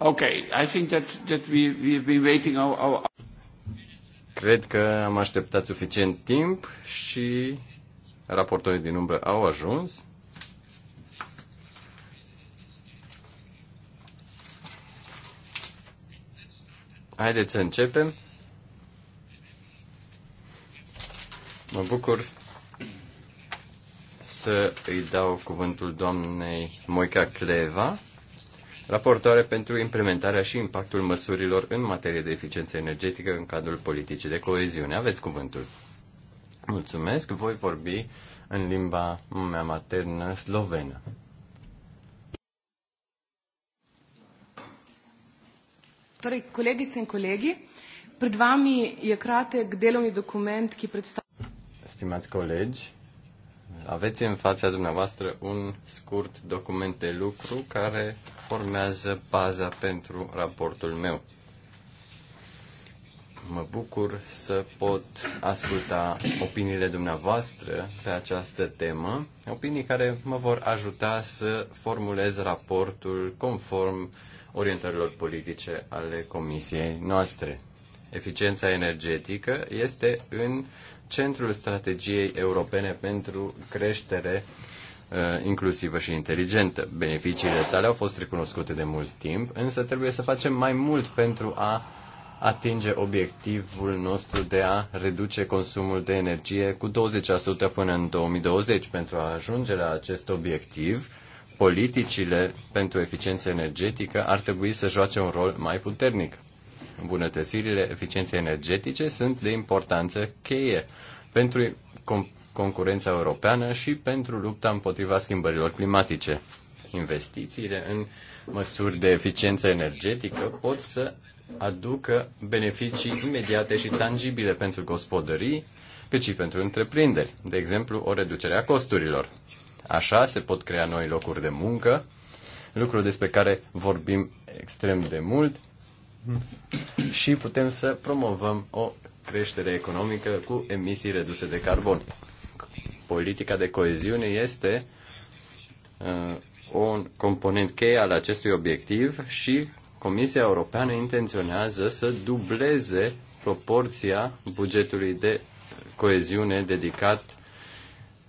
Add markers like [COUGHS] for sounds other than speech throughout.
Okay, I think that, that we, been waiting our, our... Cred că am așteptat suficient timp și raportorii din umbră au ajuns. Haideți să începem. Mă bucur să îi dau cuvântul doamnei Moica Cleva, raportoare pentru implementarea și impactul măsurilor în materie de eficiență energetică în cadrul politicii de coeziune. Aveți cuvântul. Mulțumesc, voi vorbi în limba mea maternă slovenă. Torej, kolegice in kolegi, pred vami je kratek delovni dokument, ki predstavlja. Stimați colegi, aveți în fața dumneavoastră un scurt document de lucru care formează baza pentru raportul meu. Mă bucur să pot asculta opiniile dumneavoastră pe această temă, opinii care mă vor ajuta să formulez raportul conform orientărilor politice ale comisiei noastre. Eficiența energetică este în centrul strategiei europene pentru creștere uh, inclusivă și inteligentă. Beneficiile sale au fost recunoscute de mult timp, însă trebuie să facem mai mult pentru a atinge obiectivul nostru de a reduce consumul de energie cu 20% până în 2020. Pentru a ajunge la acest obiectiv, politicile pentru eficiență energetică ar trebui să joace un rol mai puternic. Îmbunătățirile eficienței energetice sunt de importanță cheie pentru concurența europeană și pentru lupta împotriva schimbărilor climatice. Investițiile în măsuri de eficiență energetică pot să aducă beneficii imediate și tangibile pentru gospodării, cât și pentru întreprinderi, de exemplu o reducere a costurilor. Așa se pot crea noi locuri de muncă, lucru despre care vorbim extrem de mult și putem să promovăm o creștere economică cu emisii reduse de carbon. Politica de coeziune este uh, un component cheie al acestui obiectiv și Comisia Europeană intenționează să dubleze proporția bugetului de coeziune dedicat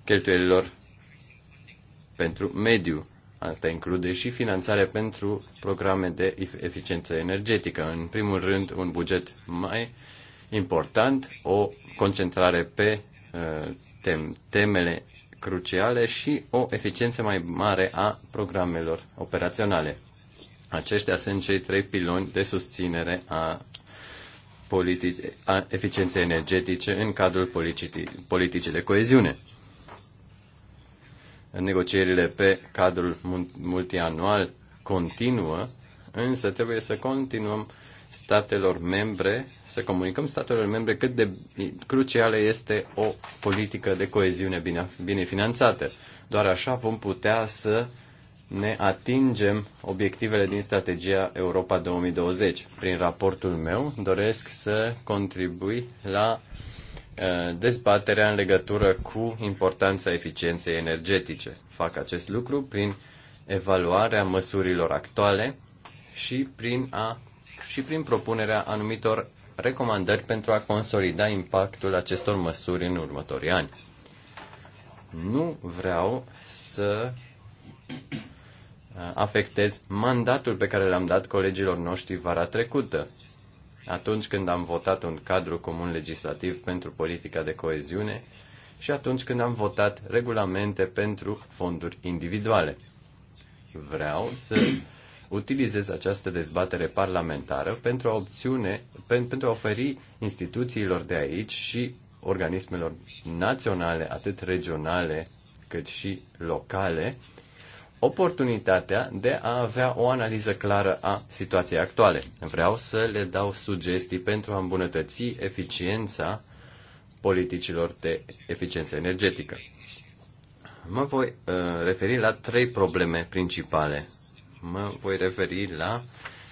cheltuielilor pentru mediu. Asta include și finanțare pentru programe de eficiență energetică. În primul rând, un buget mai important, o concentrare pe uh, temele cruciale și o eficiență mai mare a programelor operaționale. Aceștia sunt cei trei piloni de susținere a, a eficienței energetice în cadrul politicii, politicii de coeziune. Negocierile pe cadrul multianual continuă, însă trebuie să continuăm uh, statelor membre, să comunicăm statelor membre cât de crucială este o politică de coeziune bine, bine finanțată. Doar așa vom putea să ne atingem obiectivele din strategia Europa 2020. Prin raportul meu doresc să contribui la uh, dezbaterea în legătură cu importanța eficienței energetice. Fac acest lucru prin evaluarea măsurilor actuale și prin a și prin propunerea anumitor recomandări pentru a consolida impactul acestor măsuri în următorii ani. Nu vreau să uh, afectez mandatul pe care l-am dat colegilor noștri vara trecută, atunci când am votat un cadru comun legislativ pentru politica de coeziune și atunci când am votat regulamente pentru fonduri individuale. Vreau să utilizez această dezbatere parlamentară pentru a, obțiune, pen, pentru a oferi instituțiilor de aici și organismelor naționale, atât regionale cât și locale, oportunitatea de a avea o analiză clară a situației actuale. Vreau să le dau sugestii pentru a îmbunătăți eficiența politicilor de eficiență energetică. Mă voi uh, referi la trei probleme principale mă voi referi la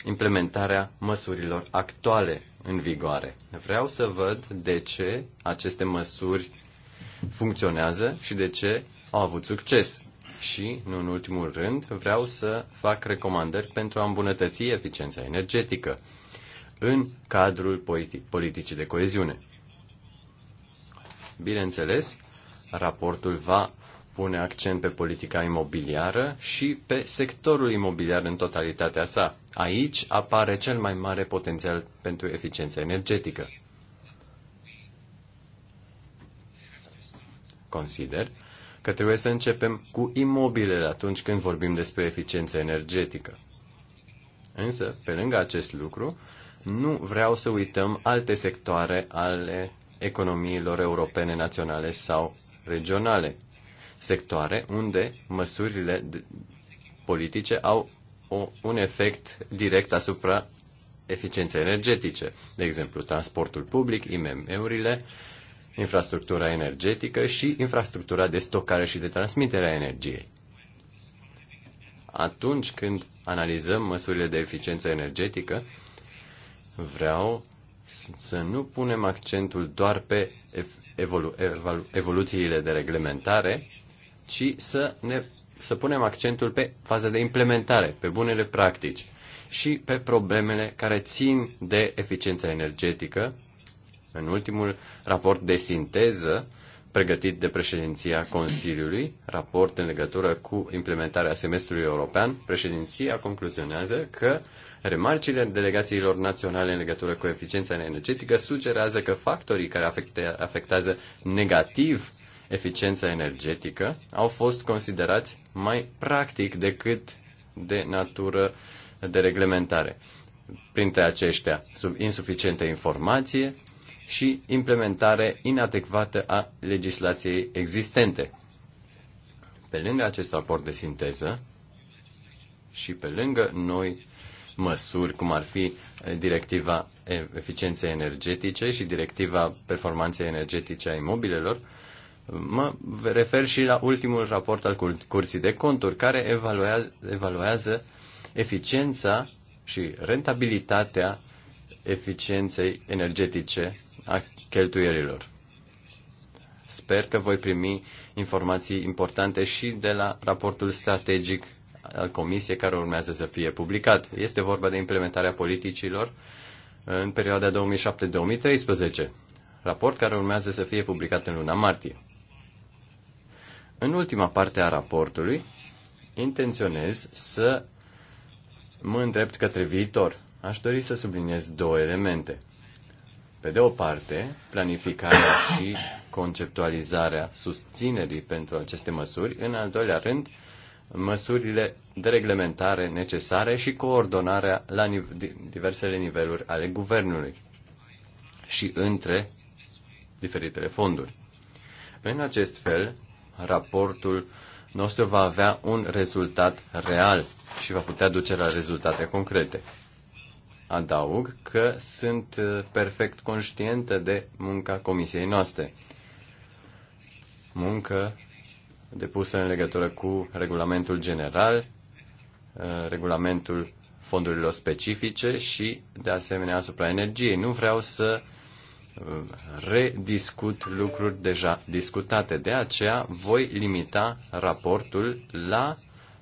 implementarea măsurilor actuale în vigoare. Vreau să văd de ce aceste măsuri funcționează și de ce au avut succes. Și, nu în ultimul rând, vreau să fac recomandări pentru a îmbunătăți eficiența energetică în cadrul politi- politicii de coeziune. Bineînțeles, raportul va pune accent pe politica imobiliară și pe sectorul imobiliar în totalitatea sa. Aici apare cel mai mare potențial pentru eficiență energetică. Consider că trebuie să începem cu imobilele atunci când vorbim despre eficiență energetică. Însă, pe lângă acest lucru, nu vreau să uităm alte sectoare ale economiilor europene, naționale sau regionale sectoare unde măsurile politice au o, un efect direct asupra eficienței energetice, de exemplu transportul public, IMM-urile, infrastructura energetică și infrastructura de stocare și de transmitere a energiei. Atunci când analizăm măsurile de eficiență energetică, vreau să nu punem accentul doar pe evolu- evolu- evoluțiile de reglementare, ci să, ne, să punem accentul pe faza de implementare, pe bunele practici și pe problemele care țin de eficiența energetică. În ultimul raport de sinteză pregătit de președinția Consiliului, raport în legătură cu implementarea semestrului european, președinția concluzionează că remarcile delegațiilor naționale în legătură cu eficiența energetică sugerează că factorii care afectează negativ eficiența energetică au fost considerați mai practic decât de natură de reglementare. Printre aceștia, sub insuficientă informație și implementare inadecvată a legislației existente. Pe lângă acest raport de sinteză și pe lângă noi măsuri, cum ar fi directiva eficienței energetice și directiva performanței energetice a imobilelor, Mă refer și la ultimul raport al Curții de Conturi, care evaluează, evaluează eficiența și rentabilitatea eficienței energetice a cheltuierilor. Sper că voi primi informații importante și de la raportul strategic al Comisiei care urmează să fie publicat. Este vorba de implementarea politicilor în perioada 2007-2013, raport care urmează să fie publicat în luna martie. În ultima parte a raportului, intenționez să mă îndrept către viitor. Aș dori să subliniez două elemente. Pe de o parte, planificarea și conceptualizarea susținerii pentru aceste măsuri, în al doilea rând, măsurile de reglementare necesare și coordonarea la diversele niveluri ale guvernului și între diferitele fonduri. În acest fel, raportul nostru va avea un rezultat real și va putea duce la rezultate concrete. Adaug că sunt uh, perfect conștientă de munca comisiei noastre. Muncă depusă în legătură cu regulamentul general, uh, regulamentul fondurilor specifice și, de asemenea, asupra energiei. Nu vreau să uh, rediscut lucruri deja discutate. De aceea voi limita raportul la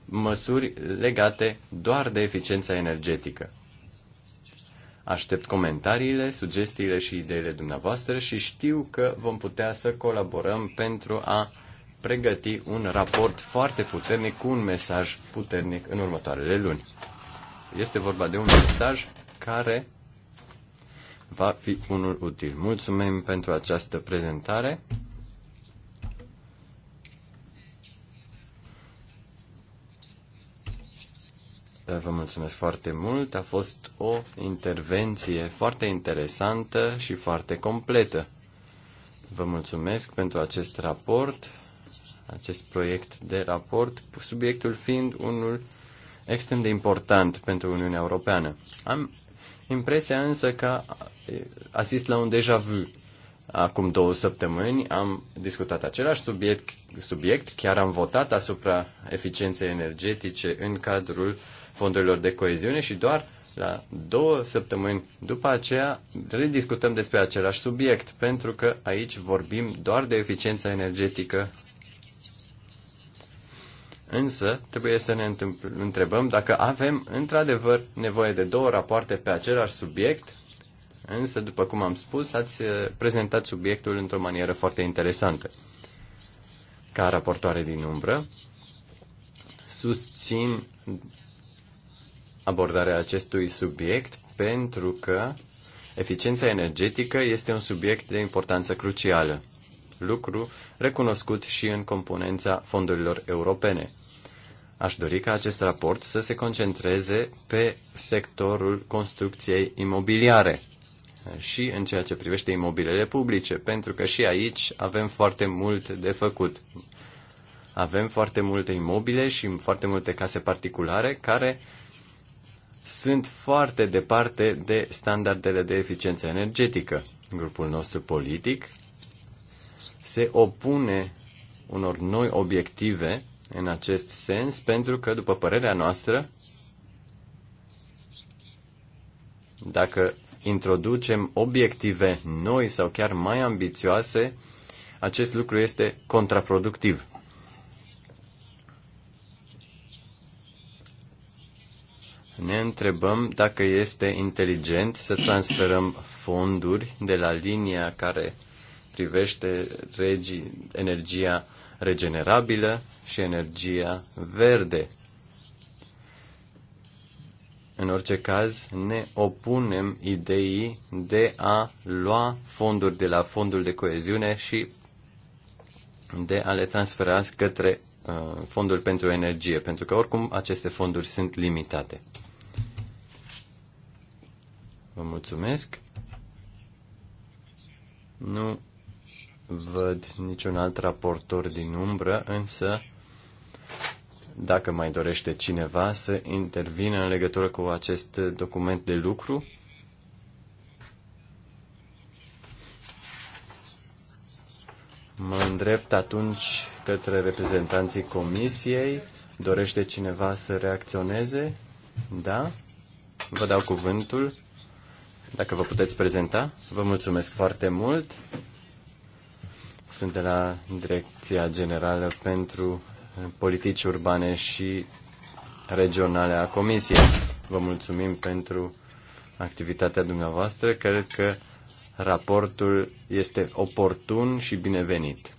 măsuri legate doar de eficiența energetică. Aștept comentariile, sugestiile și ideile dumneavoastră și știu că vom putea să colaborăm pentru a pregăti un raport foarte puternic cu un mesaj puternic în următoarele luni. Este vorba de un mesaj care va fi unul util. Mulțumim pentru această prezentare. Vă mulțumesc foarte mult. A fost o intervenție foarte interesantă și foarte completă. Vă mulțumesc pentru acest raport, acest proiect de raport, subiectul fiind unul extrem de important pentru Uniunea Europeană. Am impresia însă că asist la un deja vu. Acum două săptămâni am discutat același subiect, subiect, chiar am votat asupra eficienței energetice în cadrul fondurilor de coeziune și doar la două săptămâni după aceea rediscutăm despre același subiect, pentru că aici vorbim doar de eficiența energetică Însă, trebuie să ne întrebăm dacă avem într-adevăr nevoie de două rapoarte pe același subiect, însă, după cum am spus, ați eh, prezentat subiectul într-o manieră foarte interesantă. Ca raportoare din umbră, susțin abordarea acestui subiect pentru că eficiența energetică este un subiect de importanță crucială, lucru recunoscut și în componența fondurilor europene. Aș dori ca acest raport să se concentreze pe sectorul construcției imobiliare și în ceea ce privește imobilele publice, pentru că și aici avem foarte mult de făcut. Avem foarte multe imobile și foarte multe case particulare care sunt foarte departe de standardele de eficiență energetică. Grupul nostru politic se opune unor noi obiective în acest sens, pentru că, după părerea noastră, dacă introducem obiective noi sau chiar mai ambițioase, acest lucru este contraproductiv. Ne întrebăm dacă este inteligent să transferăm fonduri de la linia care privește regii, energia regenerabilă și energia verde. În orice caz, ne opunem ideii de a lua fonduri de la fondul de coeziune și de a le transfera către uh, fondul pentru energie, pentru că oricum aceste fonduri sunt limitate. Vă mulțumesc. Nu văd niciun alt raportor din umbră, însă dacă mai dorește cineva să intervină în legătură cu acest document de lucru, mă îndrept atunci către reprezentanții comisiei. Dorește cineva să reacționeze? Da? Vă dau cuvântul. Dacă vă puteți prezenta, vă mulțumesc foarte mult. Sunt de la Direcția Generală pentru Politici Urbane și Regionale a Comisiei. Vă mulțumim pentru activitatea dumneavoastră. Cred că raportul este oportun și binevenit.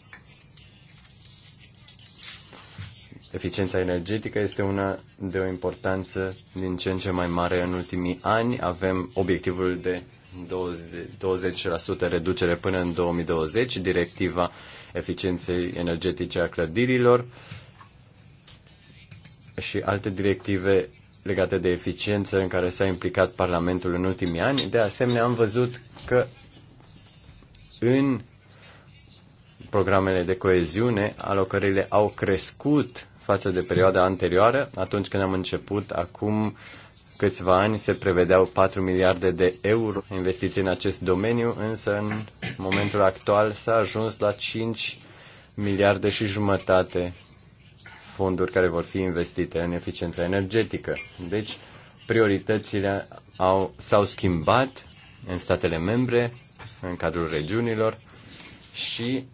Eficiența energetică este una de o importanță din ce în ce mai mare în ultimii ani. Avem obiectivul de 20%, 20% reducere până în 2020, directiva eficienței energetice a clădirilor și alte directive legate de eficiență în care s-a implicat Parlamentul în ultimii ani. De asemenea, am văzut că în programele de coeziune, alocările au crescut față de perioada anterioară, atunci când am început acum câțiva ani se prevedeau 4 miliarde de euro investiții în acest domeniu, însă în momentul actual s-a ajuns la 5 miliarde și jumătate fonduri care vor fi investite în eficiența energetică. Deci, prioritățile au, s-au schimbat în statele membre, în cadrul regiunilor și,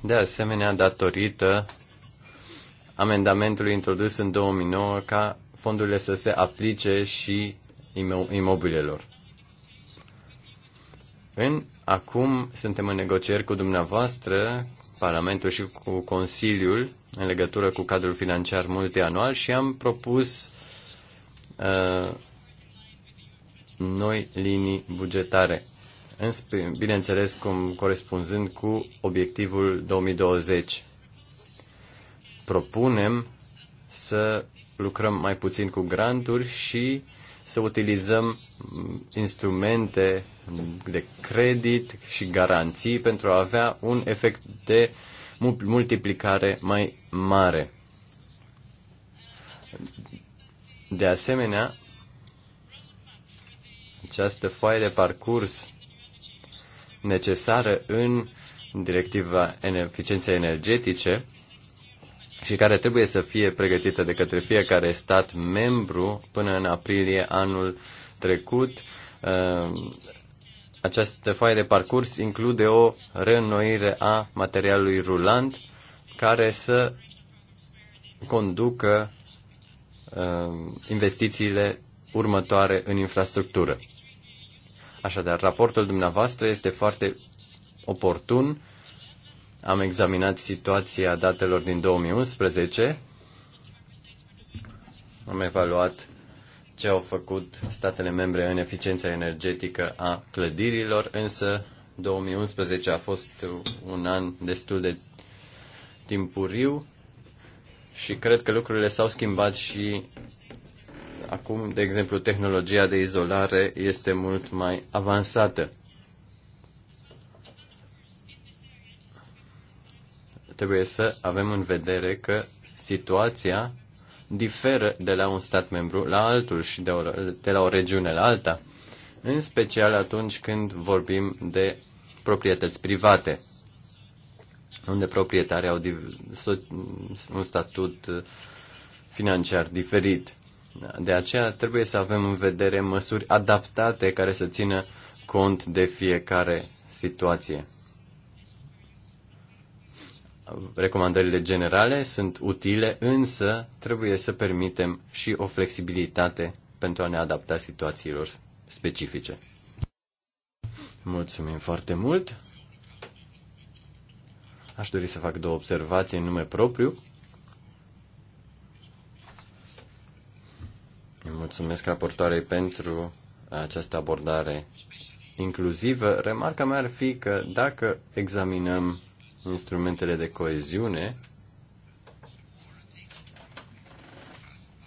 de asemenea, datorită amendamentului introdus în 2009 ca fondurile să se aplice și imobilelor. În, acum suntem în negocieri cu dumneavoastră, Parlamentul și cu Consiliul, în legătură cu cadrul financiar multianual și am propus uh, noi linii bugetare. Bineînțeles, cum corespunzând cu obiectivul 2020. Propunem să lucrăm mai puțin cu granturi și să utilizăm instrumente de credit și garanții pentru a avea un efect de multiplicare mai mare. De asemenea, această foaie de parcurs necesară în directiva eficienței energetice și care trebuie să fie pregătită de către fiecare stat membru până în aprilie anul trecut. Uh, această foaie de parcurs include o reînnoire a materialului rulant care să conducă uh, investițiile următoare în infrastructură. Așadar, raportul dumneavoastră este foarte oportun am examinat situația datelor din 2011, am evaluat ce au făcut statele membre în eficiența energetică a clădirilor, însă 2011 a fost un an destul de timpuriu și cred că lucrurile s-au schimbat și acum, de exemplu, tehnologia de izolare este mult mai avansată. trebuie să avem în vedere că situația diferă de la un stat membru la altul și de, o, de la o regiune la alta, în special atunci când vorbim de proprietăți private, unde proprietarii au un statut financiar diferit. De aceea trebuie să avem în vedere măsuri adaptate care să țină cont de fiecare situație recomandările generale sunt utile, însă trebuie să permitem și o flexibilitate pentru a ne adapta situațiilor specifice. Mulțumim foarte mult! Aș dori să fac două observații în nume propriu. Îi mulțumesc raportoarei pentru această abordare inclusivă. Remarca mea ar fi că dacă examinăm instrumentele de coeziune,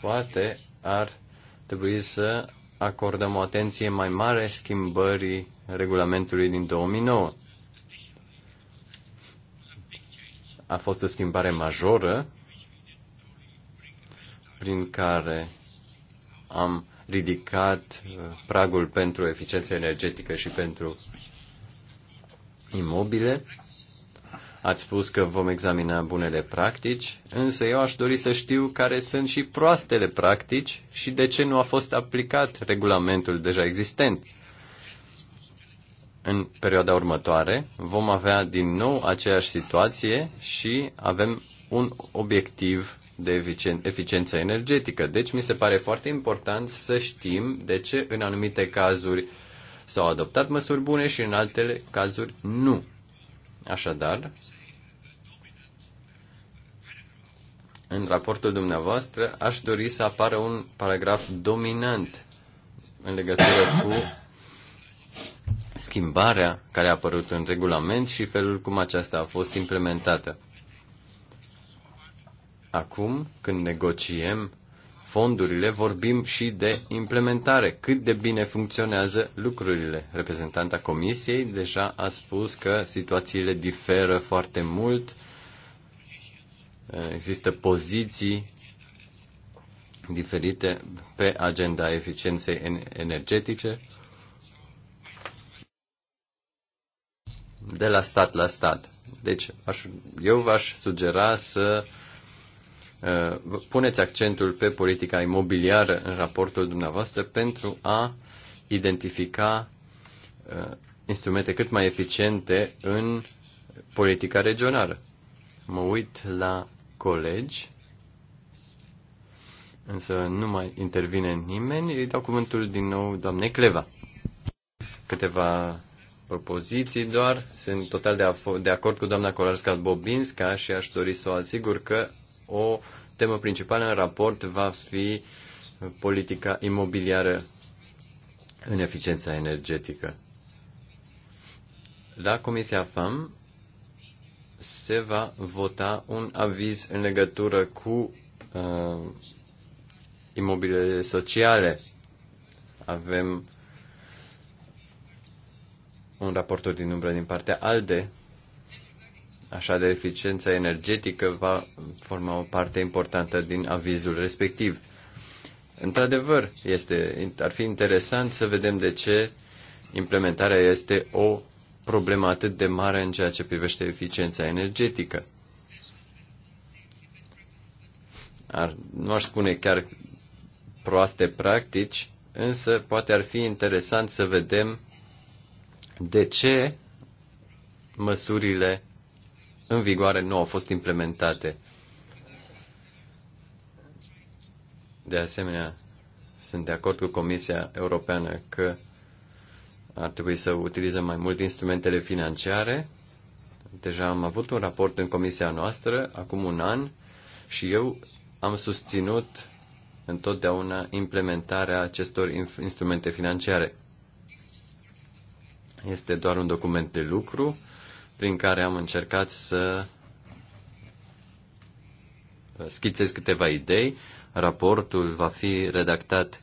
poate ar trebui să acordăm o atenție mai mare schimbării regulamentului din 2009. A fost o schimbare majoră prin care am ridicat uh, pragul pentru eficiență energetică și pentru imobile Ați spus că vom examina bunele practici, însă eu aș dori să știu care sunt și proastele practici și de ce nu a fost aplicat regulamentul deja existent. În perioada următoare vom avea din nou aceeași situație și avem un obiectiv de eficien- eficiență energetică. Deci mi se pare foarte important să știm de ce în anumite cazuri s-au adoptat măsuri bune și în altele cazuri nu. Așadar, în raportul dumneavoastră aș dori să apară un paragraf dominant în legătură cu schimbarea care a apărut în regulament și felul cum aceasta a fost implementată. Acum, când negociem fondurile, vorbim și de implementare, cât de bine funcționează lucrurile. Reprezentanta Comisiei deja a spus că situațiile diferă foarte mult, există poziții diferite pe agenda eficienței energetice de la stat la stat. Deci, aș, eu v-aș sugera să uh, Uh, puneți accentul pe politica imobiliară în raportul dumneavoastră pentru a identifica uh, instrumente cât mai eficiente în politica regională. Mă uit la colegi, însă nu mai intervine nimeni. Îi dau cuvântul din nou doamnei Cleva. Câteva propoziții doar. Sunt total de, de acord cu doamna colarska bobinska și aș dori să o asigur că o temă principală în raport va fi politica imobiliară în eficiența energetică. La Comisia FAM se va vota un aviz în legătură cu uh, imobilele sociale. Avem un raportor din umbră din partea ALDE Așa de eficiența energetică va forma o parte importantă din avizul respectiv. Într-adevăr, este, ar fi interesant să vedem de ce implementarea este o problemă atât de mare în ceea ce privește eficiența energetică. Ar, nu aș spune chiar proaste practici, însă poate ar fi interesant să vedem de ce măsurile în vigoare nu au fost implementate. De asemenea, sunt de acord cu Comisia Europeană că ar trebui să utilizăm mai mult instrumentele financiare. Deja am avut un raport în comisia noastră acum un an și eu am susținut întotdeauna implementarea acestor instrumente financiare. Este doar un document de lucru prin care am încercat să uh, schițez câteva idei. Raportul va fi redactat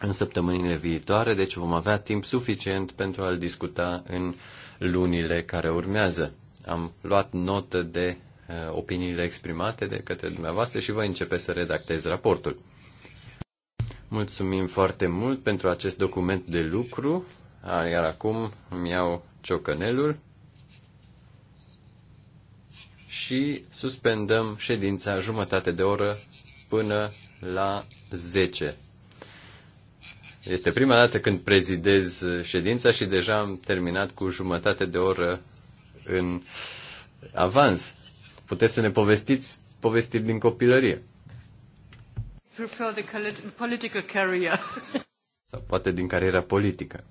în săptămânile viitoare, deci vom avea timp suficient pentru a-l discuta în lunile care urmează. Am luat notă de uh, opiniile exprimate de către dumneavoastră și voi începe să redactez raportul. Mulțumim foarte mult pentru acest document de lucru. Ah, iar acum îmi iau ciocănelul și suspendăm ședința jumătate de oră până la 10. Este prima dată când prezidez ședința și deja am terminat cu jumătate de oră în avans. Puteți să ne povestiți povestiri din copilărie. Sau poate din cariera politică.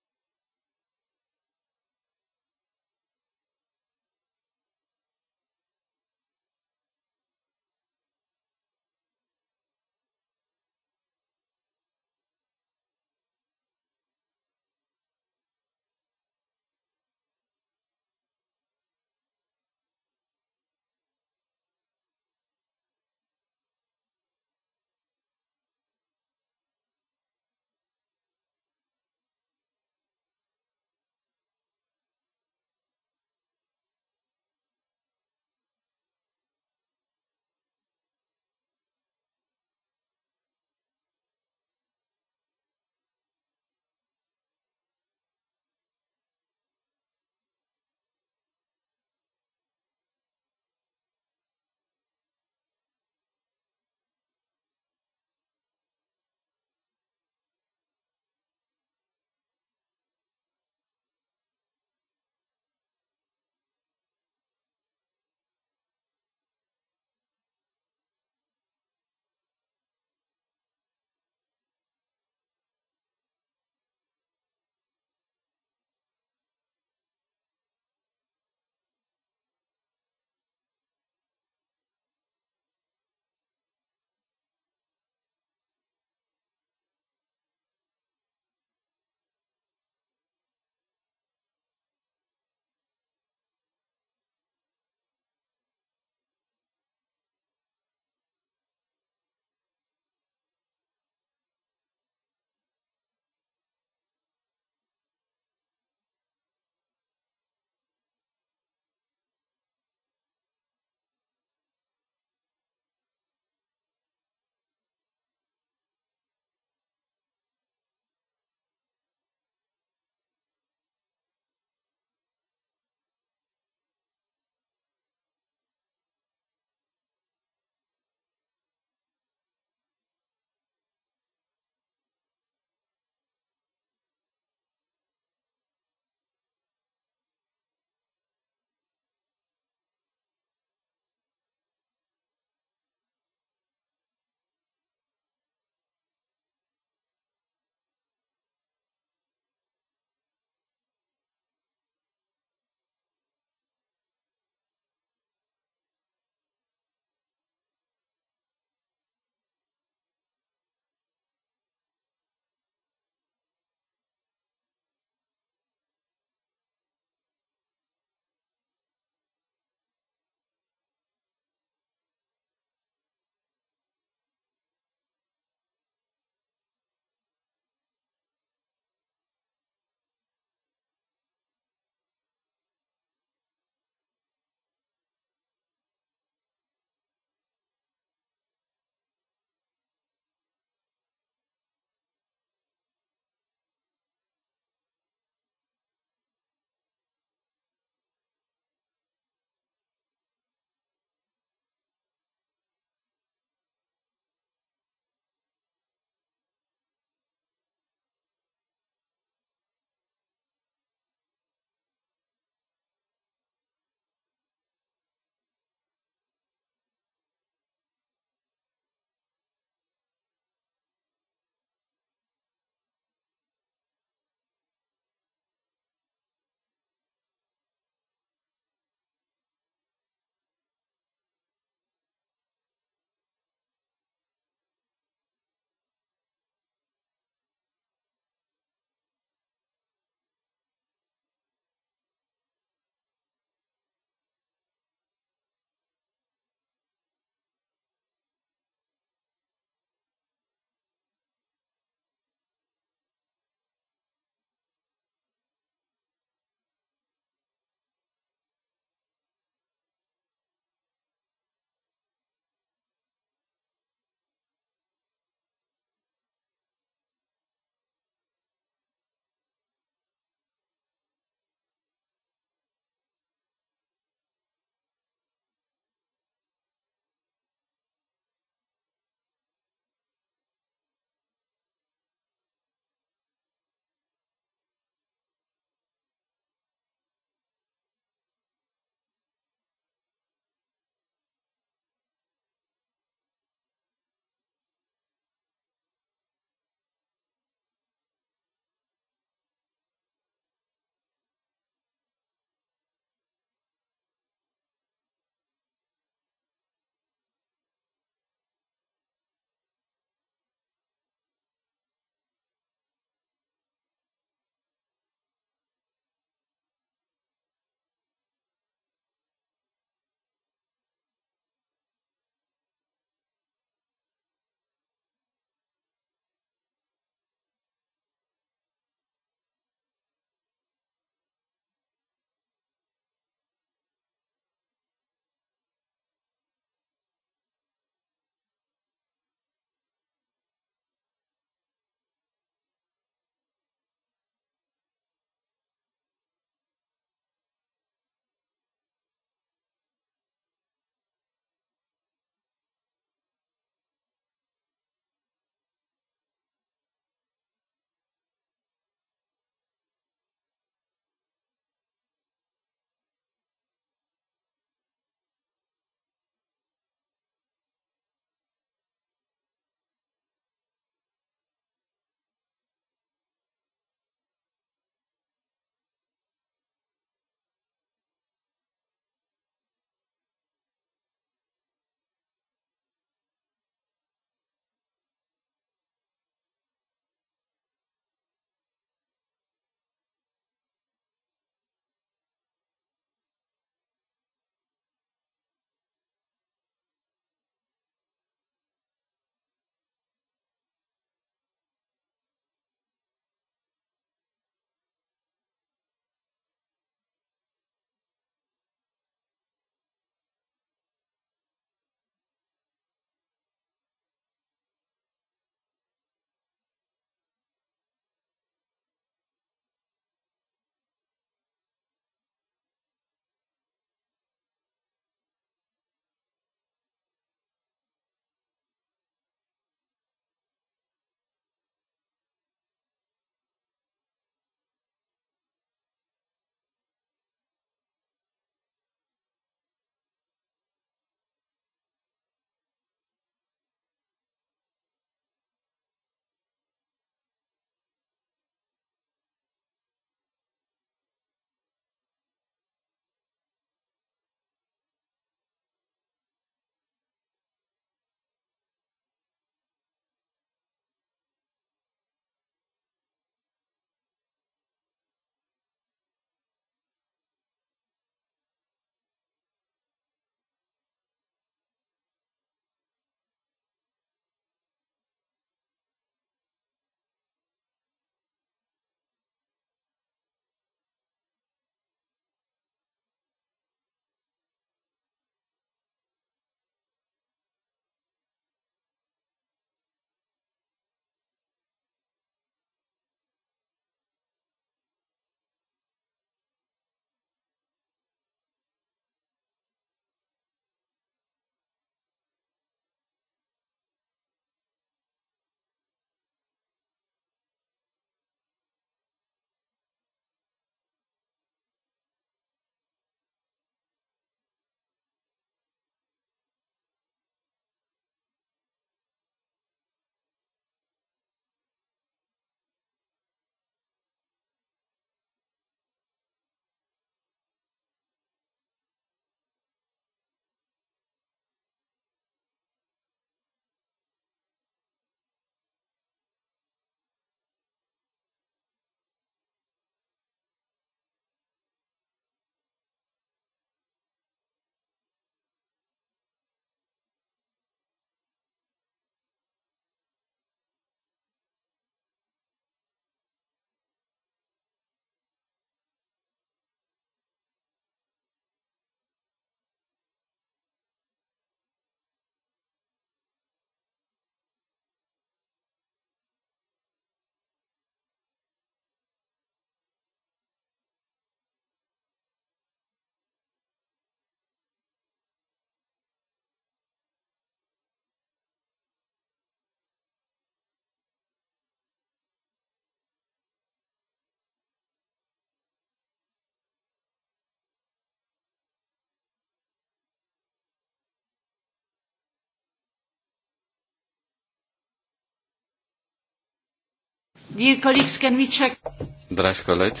Dear colleagues, can we check? Dragi colegi,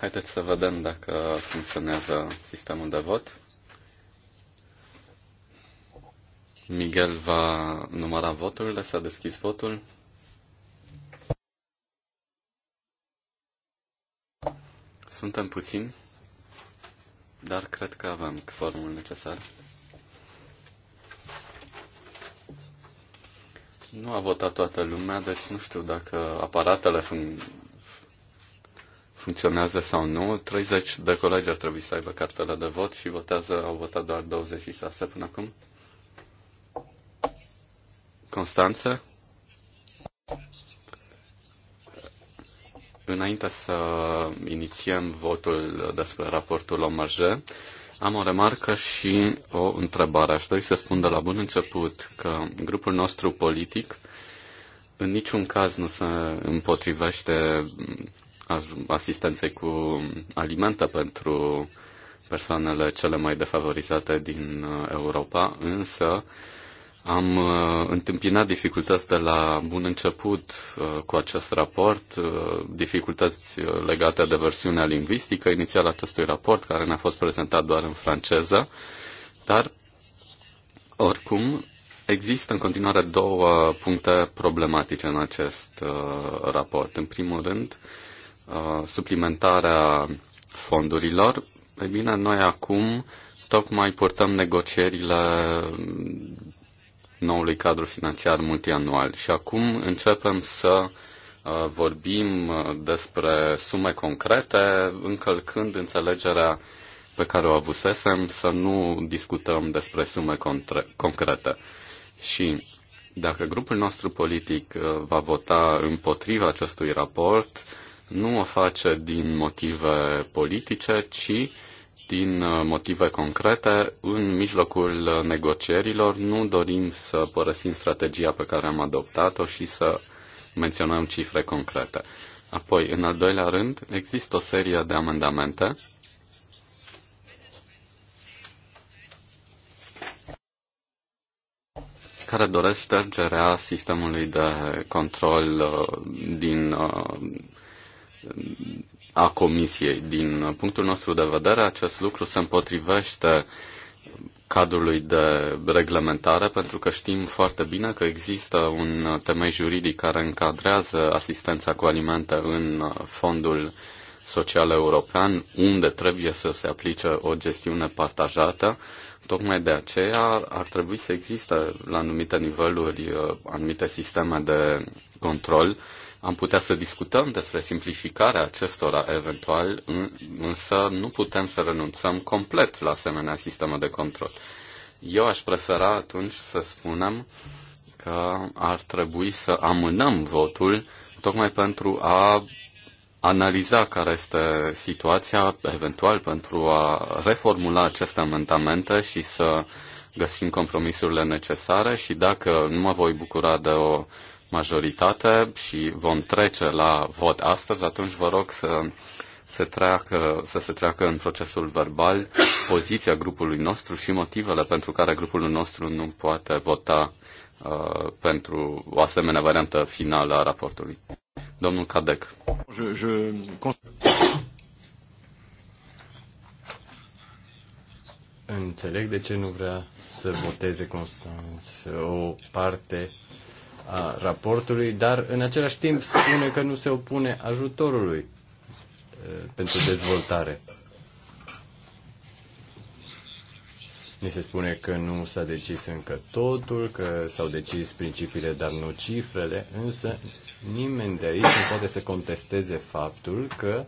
haideți să vedem dacă funcționează sistemul de vot. Miguel va număra voturile, s-a deschis votul. Suntem puțini, dar cred că avem formul necesar. Nu a votat toată lumea, deci nu știu dacă aparatele fun- funcționează sau nu. 30 de colegi ar trebui să aibă cartele de vot și votează, au votat doar 26 până acum. Constanță? Înainte să inițiem votul despre raportul Omarje, am o remarcă și o întrebare. Aș dori să spun de la bun început că grupul nostru politic în niciun caz nu se împotrivește asistenței cu alimente pentru persoanele cele mai defavorizate din uh, Europa, însă am uh, întâmpinat dificultăți de la bun început uh, cu acest raport, uh, dificultăți uh, legate de versiunea lingvistică inițială acestui raport, care ne-a fost prezentat doar în franceză, dar oricum există în continuare două puncte problematice în acest uh, raport. În primul rând, uh, suplimentarea fondurilor. Ei bine, noi acum tocmai purtăm negocierile noului cadru financiar multianual. Și acum începem să uh, vorbim uh, despre sume concrete, încălcând înțelegerea pe care o avusesem să nu discutăm despre sume concrete. Și dacă grupul nostru politic uh, va vota împotriva acestui raport, nu o face din motive politice, ci din uh, motive concrete, în mijlocul uh, negocierilor nu dorim să părăsim strategia pe care am adoptat-o și să menționăm cifre concrete. Apoi, în al doilea rând, există o serie de amendamente care doresc ștergerea sistemului de control uh, din a Comisiei. Din punctul nostru de vedere, acest lucru se împotrivește cadrului de reglementare, pentru că știm foarte bine că există un temei juridic care încadrează asistența cu alimente în fondul social european, unde trebuie să se aplice o gestiune partajată. Tocmai de aceea ar trebui să existe la anumite niveluri uh, anumite sisteme de control am putea să discutăm despre simplificarea acestora eventual, însă nu putem să renunțăm complet la asemenea sistemă de control. Eu aș prefera atunci să spunem că ar trebui să amânăm votul tocmai pentru a analiza care este situația, eventual pentru a reformula aceste amendamente și să găsim compromisurile necesare și dacă nu mă voi bucura de o majoritate și vom trece la vot astăzi, atunci vă rog să se treacă, să se treacă în procesul verbal poziția grupului nostru și motivele pentru care grupul nostru nu poate vota uh, pentru o asemenea variantă finală a raportului. Domnul Cadec. Je, je... Înțeleg de ce nu vrea să voteze Constanț o parte a raportului, dar în același timp spune că nu se opune ajutorului pentru dezvoltare. Ni se spune că nu s-a decis încă totul, că s-au decis principiile, dar nu cifrele, însă nimeni de aici nu poate să contesteze faptul că,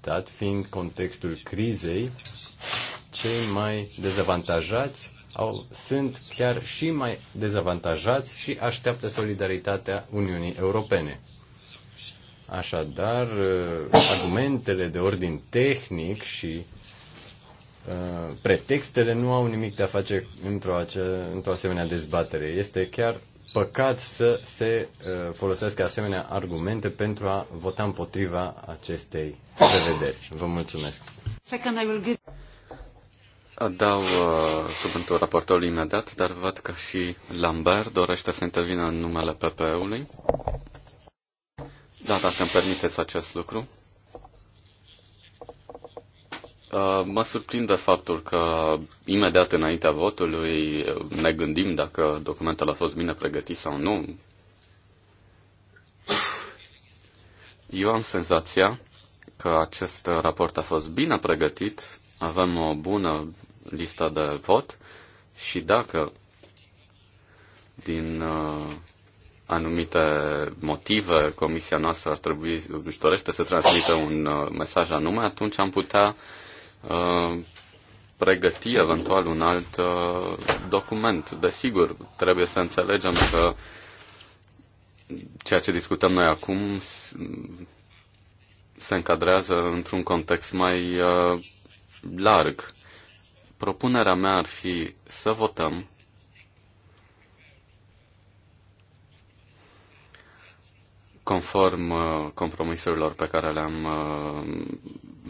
dat fiind contextul crizei, cei mai dezavantajați au, sunt chiar și mai dezavantajați și așteaptă solidaritatea Uniunii Europene. Așadar, uh, argumentele de ordin tehnic și uh, pretextele nu au nimic de a face într-o, ace- într-o asemenea dezbatere. Este chiar păcat să se folosesc uh, folosească asemenea argumente pentru a vota împotriva acestei prevederi. Vă mulțumesc. Dau uh, cuvântul raportorului imediat, dar văd că și Lambert dorește să intervină în numele PPE-ului. Da, dacă îmi permiteți acest lucru. Uh, mă surprinde faptul că imediat înaintea votului ne gândim dacă documentul a fost bine pregătit sau nu. Eu am senzația că acest raport a fost bine pregătit, avem o bună lista de vot și dacă din uh, anumite motive comisia noastră ar trebui, își dorește să transmită un uh, mesaj anume, atunci am putea uh, pregăti eventual un alt uh, document. Desigur, trebuie să înțelegem că ceea ce discutăm noi acum se încadrează într-un context mai uh, larg. Propunerea mea ar fi să votăm conform uh, compromisurilor pe care le-am uh,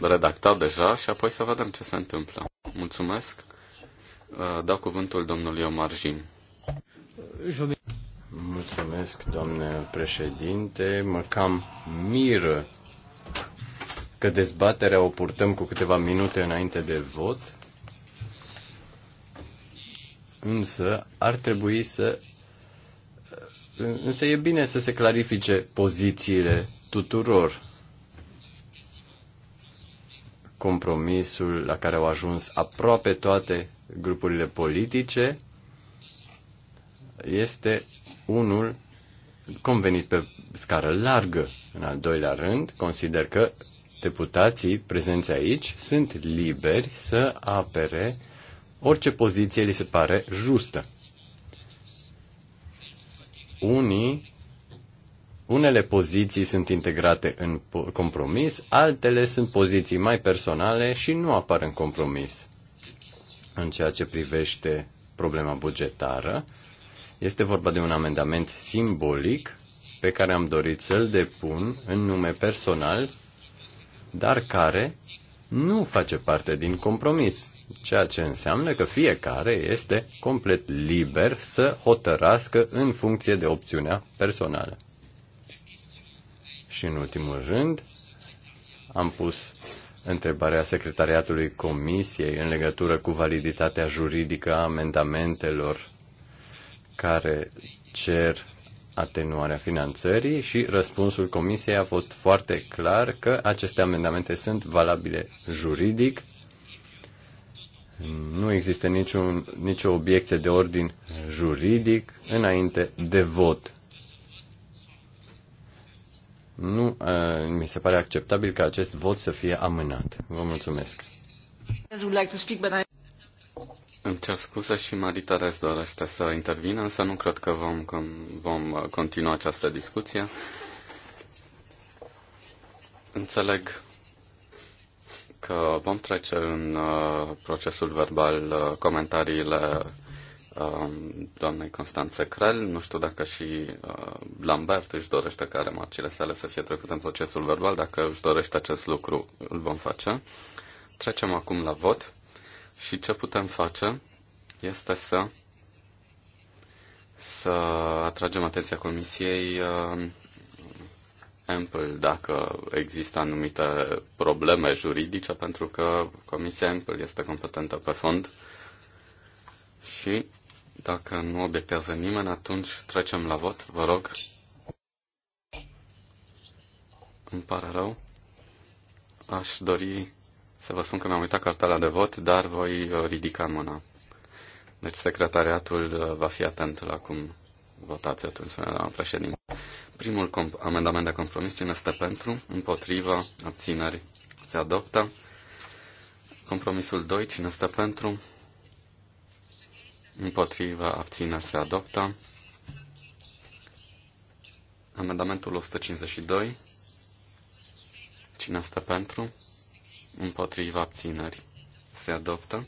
redactat deja și apoi să vedem ce se întâmplă. Mulțumesc. Uh, dau cuvântul domnului Omar Jim. Mulțumesc, domnule președinte. Mă cam miră că dezbaterea o purtăm cu câteva minute înainte de vot însă ar trebui să. Însă e bine să se clarifice pozițiile tuturor. Compromisul la care au ajuns aproape toate grupurile politice este unul convenit pe scară largă. În al doilea rând, consider că deputații prezenți aici sunt liberi să apere uh, Orice poziție li se pare justă. Unii, unele poziții sunt integrate în compromis, altele sunt poziții mai personale și nu apar în compromis. În ceea ce privește problema bugetară, este vorba de un amendament simbolic pe care am dorit să-l depun în nume personal, dar care nu face parte din compromis ceea ce înseamnă că fiecare este complet liber să hotărască în funcție de opțiunea personală. Și în ultimul rând, am pus întrebarea secretariatului comisiei în legătură cu validitatea juridică a amendamentelor care cer atenuarea finanțării și răspunsul comisiei a fost foarte clar că aceste amendamente sunt valabile juridic nu există niciun, nicio obiecție de ordin juridic înainte de vot. Nu mi se pare acceptabil ca acest vot să fie amânat. Vă mulțumesc. Îmi cer scuze și Marita doar aștept să intervină, însă nu cred că vom, că vom uh, continua această discuție. Înțeleg că vom trece în uh, procesul verbal uh, comentariile uh, doamnei Constanțe Crel. Nu știu dacă și Lambert își dorește ca remarcile sale să fie trecute în procesul verbal. Dacă își dorește acest lucru, îl vom face. Trecem acum la vot și ce putem face este să să atragem atenția Comisiei Ample dacă există anumite probleme juridice, pentru că Comisia Ample este competentă pe fond și dacă nu obiectează nimeni, atunci trecem la vot. Vă rog. Îmi pare rău. Aș dori să vă spun că mi-am uitat cartela de vot, dar voi ridica mâna. Deci secretariatul uh, va fi atent la cum votați atunci, la uh, președinte. Primul amendament de compromis, cine este pentru, împotriva, abțineri, se adoptă. Compromisul 2, cine este pentru, împotriva, abțineri, se adoptă. Amendamentul 152, cine este pentru, împotriva, abțineri, se adoptă.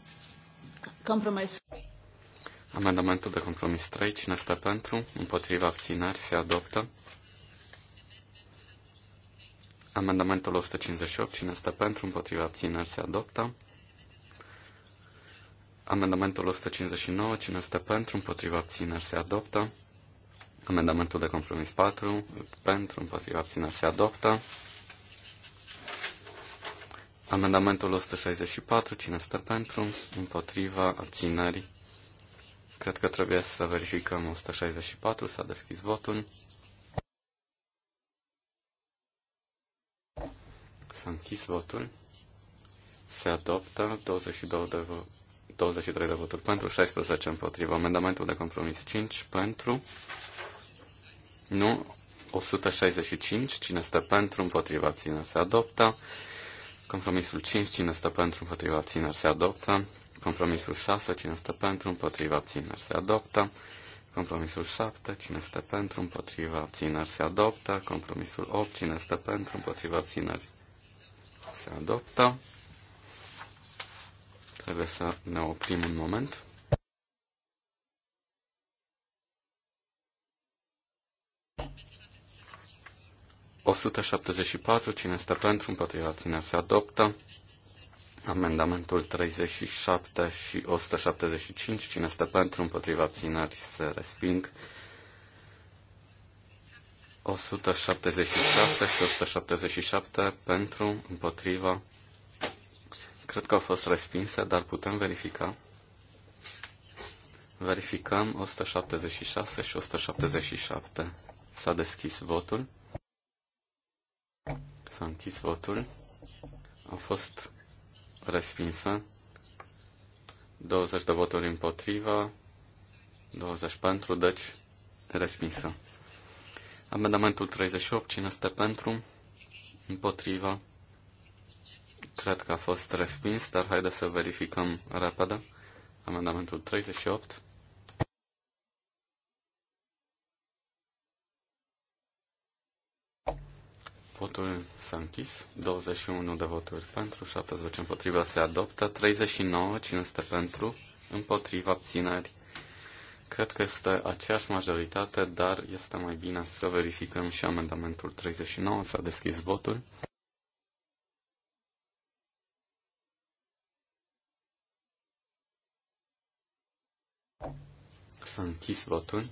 Compromis. Amendamentul de compromis 3. Cine stă pentru? Împotriva abțineri se adoptă. Amendamentul 158. Cine stă pentru? Împotriva abțineri se adoptă. Amendamentul 159. Cine stă pentru? Împotriva abțineri se adoptă. Amendamentul de compromis 4. Pentru? Împotriva abțineri se adoptă. Amendamentul 164, cine stă pentru, împotriva, abțineri. Cred că trebuie să verificăm 164, s-a deschis votul. S-a închis votul. Se adoptă 22 de 23 de voturi pentru, 16 împotriva. Amendamentul de compromis 5 pentru. Nu. 165. Cine stă pentru, împotriva, ține, se adoptă. Compromisul 5, cine stă pentru, împotriva țineri, se adoptă. Compromisul 6, cine stă pentru, împotriva țineri, se adoptă. Compromisul 7, cine stă pentru, împotriva țineri, se adoptă. Compromisul 8, cine stă pentru, împotriva țineri, se adoptă. Trebuie să ne oprim un moment. 174. Cine este pentru? Împotriva abțineri se adoptă. Amendamentul 37 și 175. Cine este pentru? Împotriva abțineri se resping. 176 și 177 pentru, împotriva. Cred că au fost respinse, dar putem verifica. Verificăm 176 și 177. S-a deschis votul. S-a închis votul. A fost respinsă. 20 de voturi împotriva, 20 pentru, deci respinsă. Amendamentul 38, cine este pentru? Împotriva. Cred că a fost respins, dar haideți să verificăm repede. Amendamentul 38. Votul s-a închis. 21 de voturi pentru, 70 împotriva se adoptă, 39, 500 pentru, împotriva abțineri. Cred că este aceeași majoritate, dar este mai bine să verificăm și amendamentul 39. S-a deschis votul. S-a închis votul.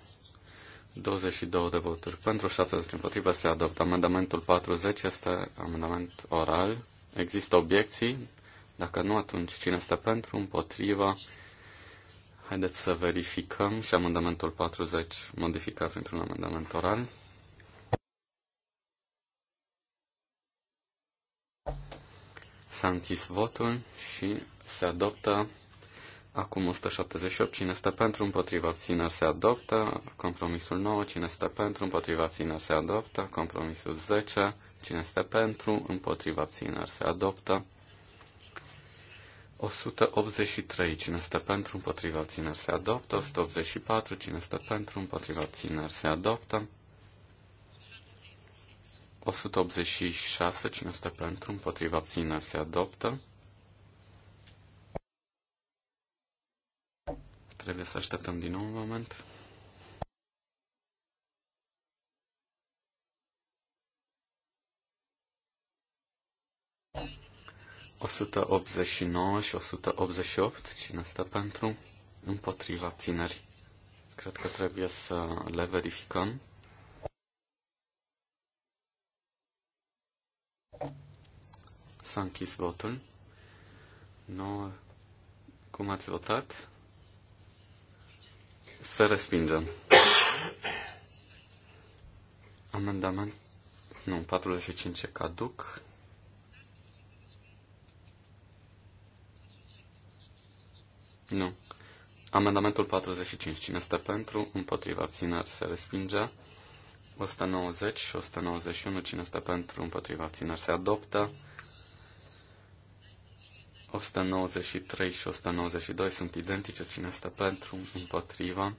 22 de voturi pentru, 70 împotrivă se adoptă. Amendamentul 40 este amendament oral. Există obiecții? Dacă nu, atunci cine este pentru, împotriva? Haideți să verificăm și amendamentul 40 modificat într un amendament oral. S-a închis votul și se adoptă Acum 178, cine stă pentru, împotriva abțineri se adoptă. Compromisul 9, cine stă pentru, împotriva abțineri se adoptă. Compromisul 10, cine stă pentru, împotriva abțineri se adoptă. 183. Cine stă pentru, împotriva abțineri se adoptă. 184. Cine stă pentru, împotriva abțineri se adoptă. 186. Cine stă pentru, împotriva abțineri se adoptă. Trebuie să așteptăm din nou un moment. ...189 și 188, cine stă pentru? Împotriva abțineri. Cred că trebuie să le verificăm. S-a închis votul. nu Cum ați votat? să respingem. [COUGHS] Amendament. Nu, 45 e caduc. Nu. Amendamentul 45. Cine este pentru? Împotriva abțineri se respinge. 190 și 191. Cine este pentru? Împotriva abțineri se adoptă. 193 și 192 sunt identice. Cine este pentru? Împotriva.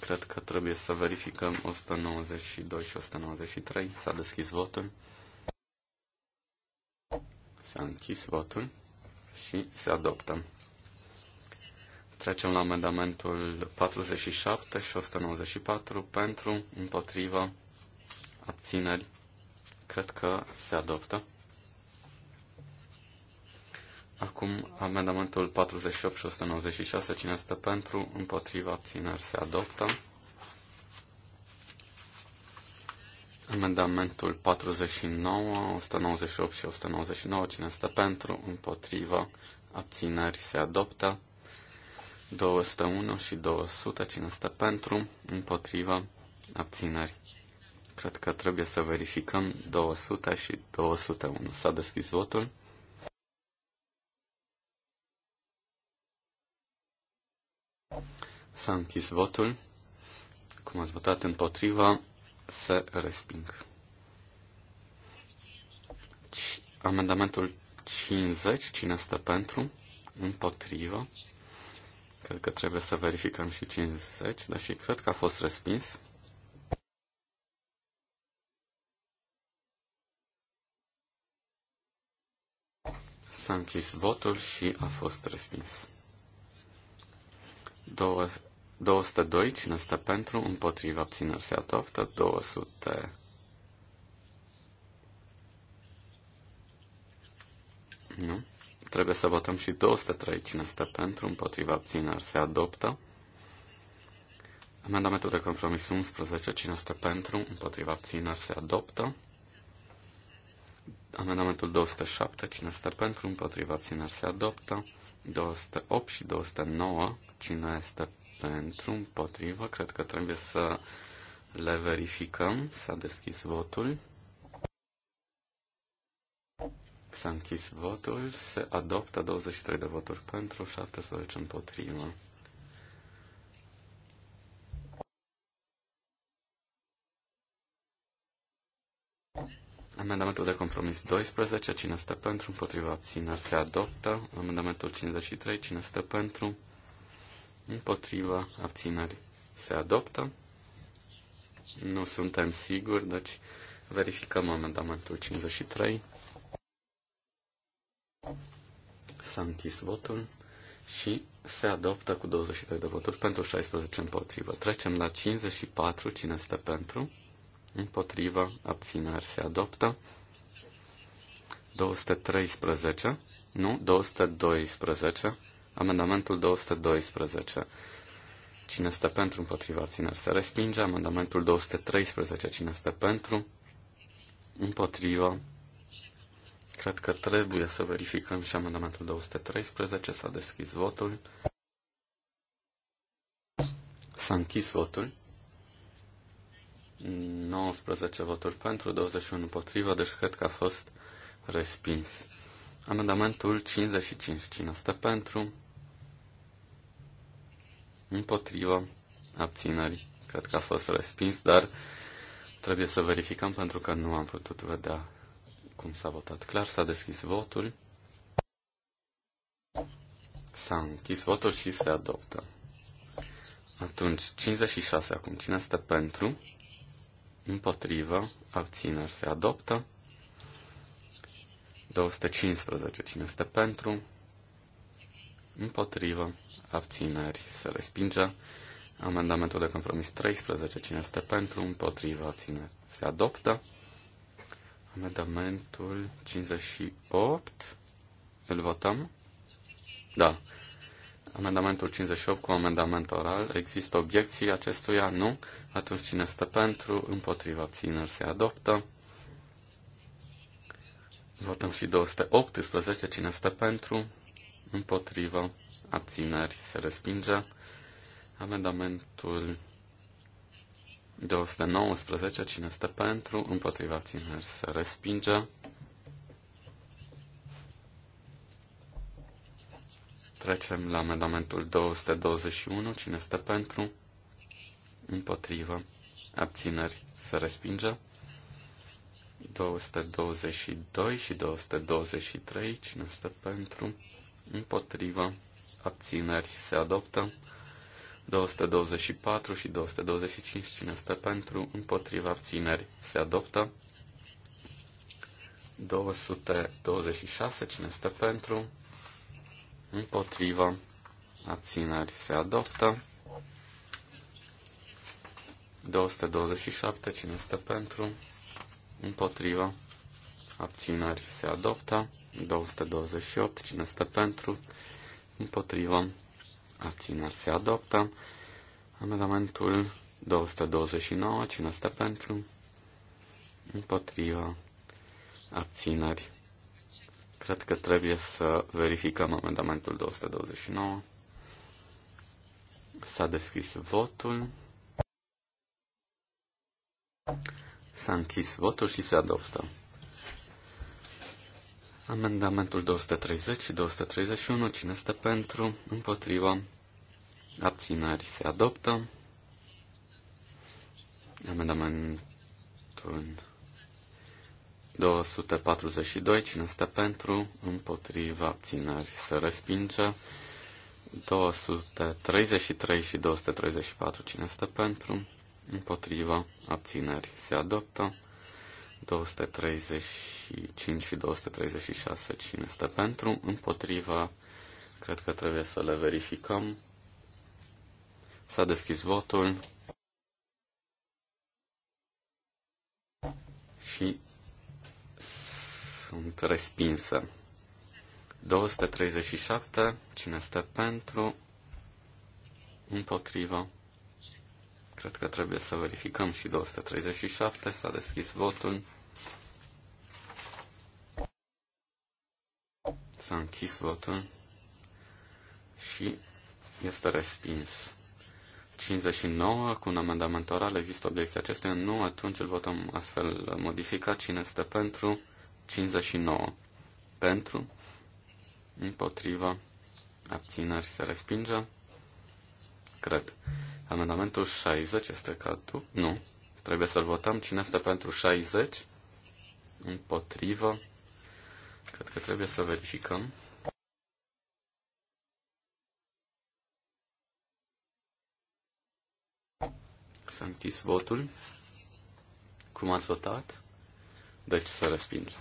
Cred că trebuie să verificăm 192 și 193. S-a deschis votul. S-a închis votul și se adoptă. Trecem la amendamentul 47 și 194 pentru, împotriva, abțineri. Cred că se adoptă. Acum amendamentul 48 și 196, cine este pentru, împotriva abțineri se adoptă. Amendamentul 49, 198 și 199, cine este pentru, împotriva abțineri se adoptă. 201 și 200, cine este pentru, împotriva abțineri. Cred că trebuie să verificăm 200 și 201. S-a deschis votul. S-a închis votul. Cum ați votat împotriva, se resping. Amendamentul 50, cine stă pentru? Împotrivă. Cred că trebuie să verificăm și 50, dar și cred că a fost respins. S-a închis votul și a fost respins. 202, cine stă pentru, împotriva, abțineri se adoptă, 200. Nu? Trebuie să votăm și 203, cine stă pentru, împotriva, abțineri se adoptă. Amendamentul de compromis 11, cine stă pentru, împotriva, abțineri se adoptă. Amendamentul 207, cine stă pentru, împotriva, abțineri se adoptă. 208 și 209 Cine este pentru? Împotrivă? Cred că trebuie să le verificăm. S-a deschis votul. S-a închis votul. Se adoptă 23 de voturi pentru, 17 împotrivă. Amendamentul de compromis 12, cine stă pentru, împotriva abțineri se adoptă. Amendamentul 53, cine stă pentru, împotriva abținării. Se adoptă? Nu suntem siguri, deci verificăm amendamentul 53. S-a închis votul și se adoptă cu 23 de voturi pentru 16 împotrivă. Trecem la 54, cine este pentru? Împotrivă, abțineri, se adoptă. 213, nu, 212, Amendamentul 212. Cine este pentru, împotriva, țineri se respinge. Amendamentul 213. Cine este pentru, împotriva, cred că trebuie să verificăm și amendamentul 213. S-a deschis votul. S-a închis votul. 19 voturi pentru, 21 împotriva, deci cred că a fost respins. Amendamentul 55. Cine stă pentru? împotrivă, abținării. cred că a fost respins, dar trebuie să verificăm pentru că nu am putut vedea cum s-a votat clar, s-a deschis votul, s-a închis votul și se adoptă. Atunci, 56 acum, cine este pentru, împotrivă, abțineri, se adoptă, 215, cine este pentru, împotrivă, abțineri, se respinge. Amendamentul de compromis 13, cine este pentru, împotriva, abțineri, se adoptă. Amendamentul 58, îl votăm? Da. Amendamentul 58 cu amendament oral. Există obiecții acestuia? Nu. Atunci cine este pentru? Împotriva abțineri se adoptă. Votăm și 218. Cine este pentru? Împotriva abțineri, se respinge. Amendamentul 219, cine este pentru, împotriva abțineri, se respinge. Trecem la amendamentul 221, cine este pentru, împotriva, abțineri, se respinge. 222 și 223, cine este pentru, împotriva, abțineri se adoptă. 224 și 225, cine stă pentru, împotriva abțineri se adoptă. 226, cine stă pentru, împotriva abțineri se adoptă. 227, cine stă pentru, împotriva abțineri se adoptă. 228, cine stă pentru, împotrivă, abțineri se adoptă. Amendamentul 229, cine este pentru, împotrivă, abțineri. Cred că trebuie să verificăm amendamentul 229. S-a deschis votul. S-a închis votul și se adoptă. Amendamentul 230 și 231, cine este pentru, împotriva, abținări se adoptă. Amendamentul 242, cine este pentru, împotriva, abținări se respinge. 233 și 234, cine este pentru, împotriva, abținări se adoptă. 235 și 236 cine este pentru, împotriva, cred că trebuie să le verificăm. S-a deschis votul și sunt respinse. 237, cine este pentru, împotriva, Cred că trebuie să verificăm și 237. S-a deschis votul. S-a închis votul și este respins. 59, cu un amendament oral, există obiecția acestea? Nu, atunci îl votăm astfel modificat. Cine este pentru? 59. Pentru? Împotriva? Abțineri se respinge cred. Amendamentul 60 este cadru? Nu. Trebuie să-l votăm. Cine este pentru 60? Împotrivă. Cred că trebuie să verificăm. S-a închis votul. Cum ați votat? Deci să respingem.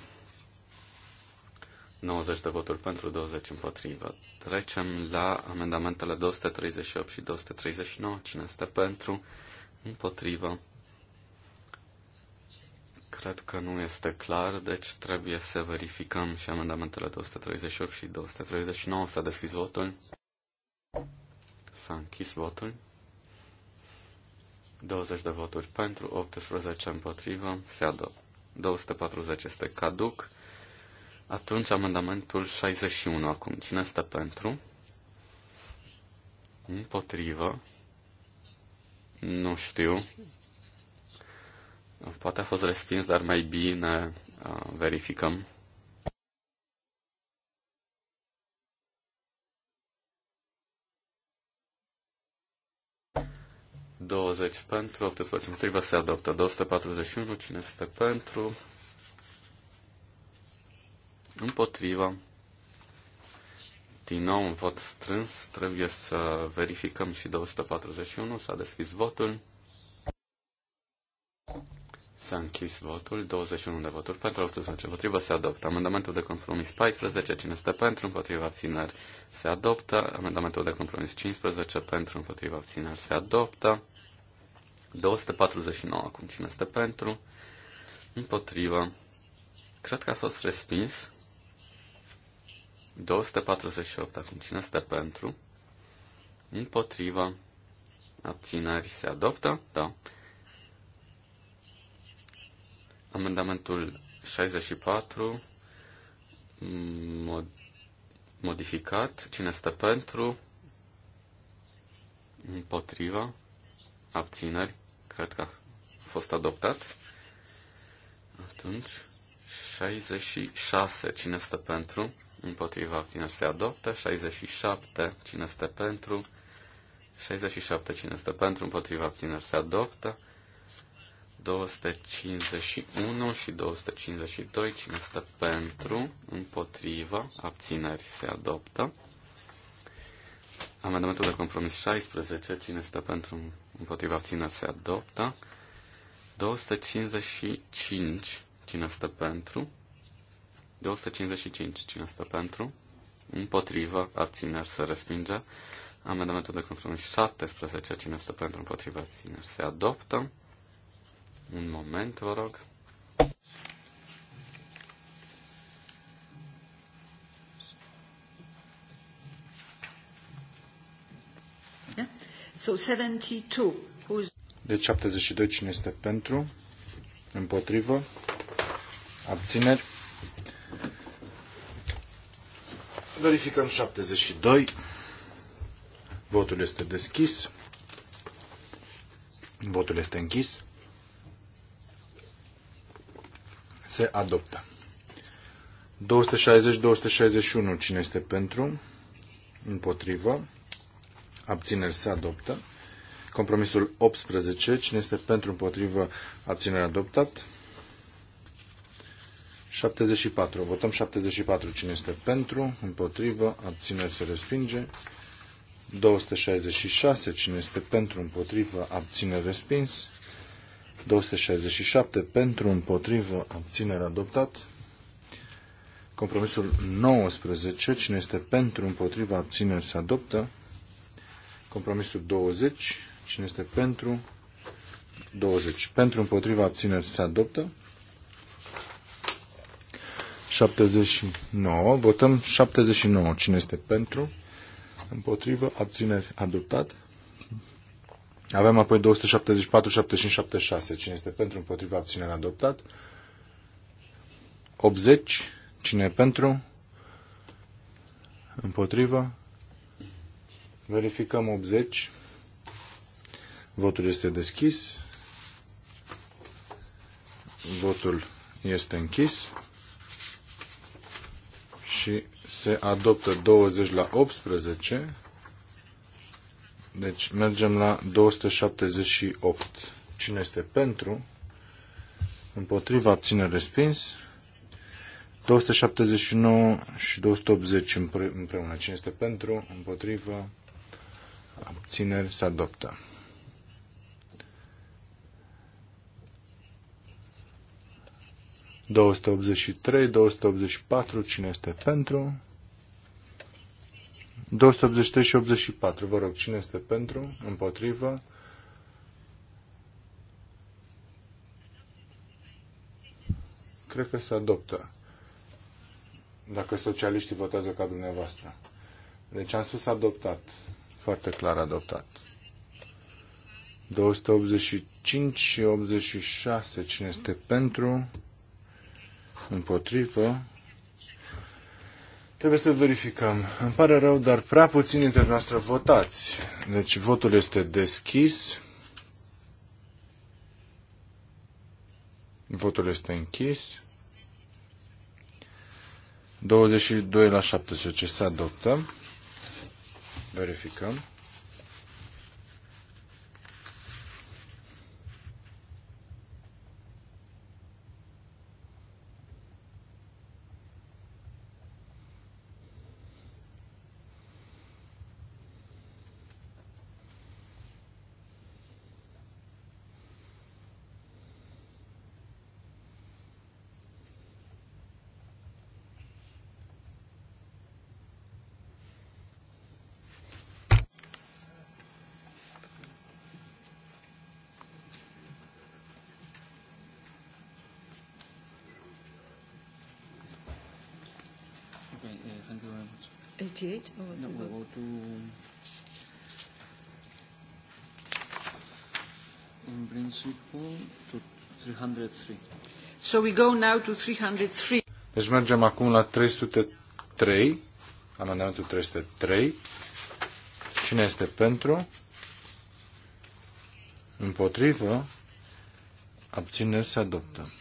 90 de voturi pentru, 20 împotrivă. Trecem la amendamentele 238 și 239. Cine este pentru? Împotrivă. Cred că nu este clar, deci trebuie să verificăm și amendamentele 238 și 239. S-a deschis votul. S-a închis votul. 20 de voturi pentru, 18 împotrivă, se adoptă. 240 este caduc. Atunci amendamentul 61 acum. Cine este pentru? Împotrivă. Nu știu. Poate a fost respins, dar mai bine uh, verificăm. Douăzeci pentru, 18 împotriva se adoptă. 241, cine este pentru? împotriva. Din nou un vot strâns, trebuie să verificăm și 241, s-a deschis votul. S-a închis votul, 21 de voturi pentru, 18 împotrivă, se adoptă. Amendamentul de compromis 14, cine este pentru, împotriva abțineri, se adoptă. Amendamentul de compromis 15, pentru, împotriva abțineri, se adoptă. 249 acum, cine este pentru, împotriva. Cred că a fost respins, 248 acum. Cine este pentru? Împotriva. Abțineri se adoptă? Da. Amendamentul 64 mod, modificat. Cine este pentru? Împotriva. Abțineri. Cred că a fost adoptat. Atunci, 66. Cine este pentru? împotriva cine se adoptă, 67 cine este pentru, 67 cine este pentru, împotriva cine se adoptă, 251 și 252 cine este pentru, împotriva abțineri se adoptă. Amendamentul de compromis 16, cine este pentru, împotriva abțineri se adoptă. 255, cine este pentru, 255. Cine stă pentru? Împotrivă. Abțineri se respinge. Amendamentul de compromis 17. Cine stă pentru? Împotrivă. Abțineri se adoptă. Un moment, vă rog. So 72. Deci 72 cine este pentru? Împotrivă? Abțineri? Verificăm 72. Votul este deschis. Votul este închis. Se adoptă. 260-261. Cine este pentru? Împotrivă. Abțineri se adoptă. Compromisul 18. Cine este pentru împotrivă? Abținere adoptat. 74. Votăm 74. Cine este pentru? Împotrivă. Abțineri se respinge. 266. Cine este pentru? Împotrivă. Abțineri respins. 267. Pentru? Împotrivă. Abțineri adoptat. Compromisul 19. Cine este pentru? Împotrivă. Abțineri se adoptă. Compromisul 20. Cine este pentru? 20. Pentru Împotrivă? abțineri se adoptă. 79. Votăm 79. Cine este pentru? Împotrivă. Abțineri. Adoptat. Avem apoi 274, 75, 76. Cine este pentru? Împotrivă. Abțineri? Adoptat. 80. Cine e pentru? Împotrivă. Verificăm 80. Votul este deschis. Votul este închis și se adoptă 20 la 18. Deci mergem la 278. Cine este pentru? Împotriva abține respins. 279 și 280 împreună. Cine este pentru? Împotriva abțineri se adoptă. 283, 284, cine este pentru? 283 și 84, vă rog, cine este pentru? Împotrivă? Cred că se adoptă. Dacă socialiștii votează ca dumneavoastră. Deci am spus adoptat. Foarte clar adoptat. 285 și 86, cine este pentru? împotrivă. Trebuie să verificăm. Îmi pare rău, dar prea puțini dintre noastre votați. Deci votul este deschis. Votul este închis. 22 la 17 se adoptă. Verificăm. in principle to 303. So we go now to 303. Deci mergem acum la 303, amendamentul 303. Cine este pentru? Împotrivă? Abțineri se adoptă.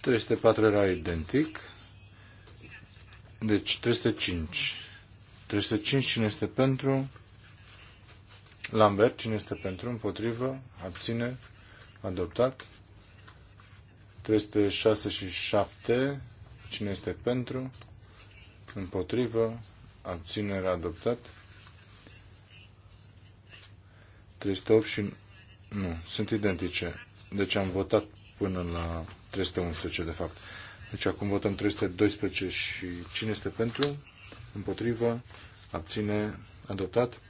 304 era identic. Deci 305. 305 cine este pentru? Lambert cine este pentru? Împotrivă? Abține? Adoptat. 306 și 7 cine este pentru? Împotrivă? Abținere adoptat. 308 și... Nu, sunt identice. Deci am votat până la 311, de fapt. Deci acum votăm 312 și cine este pentru? Împotrivă? Abține? Adoptat?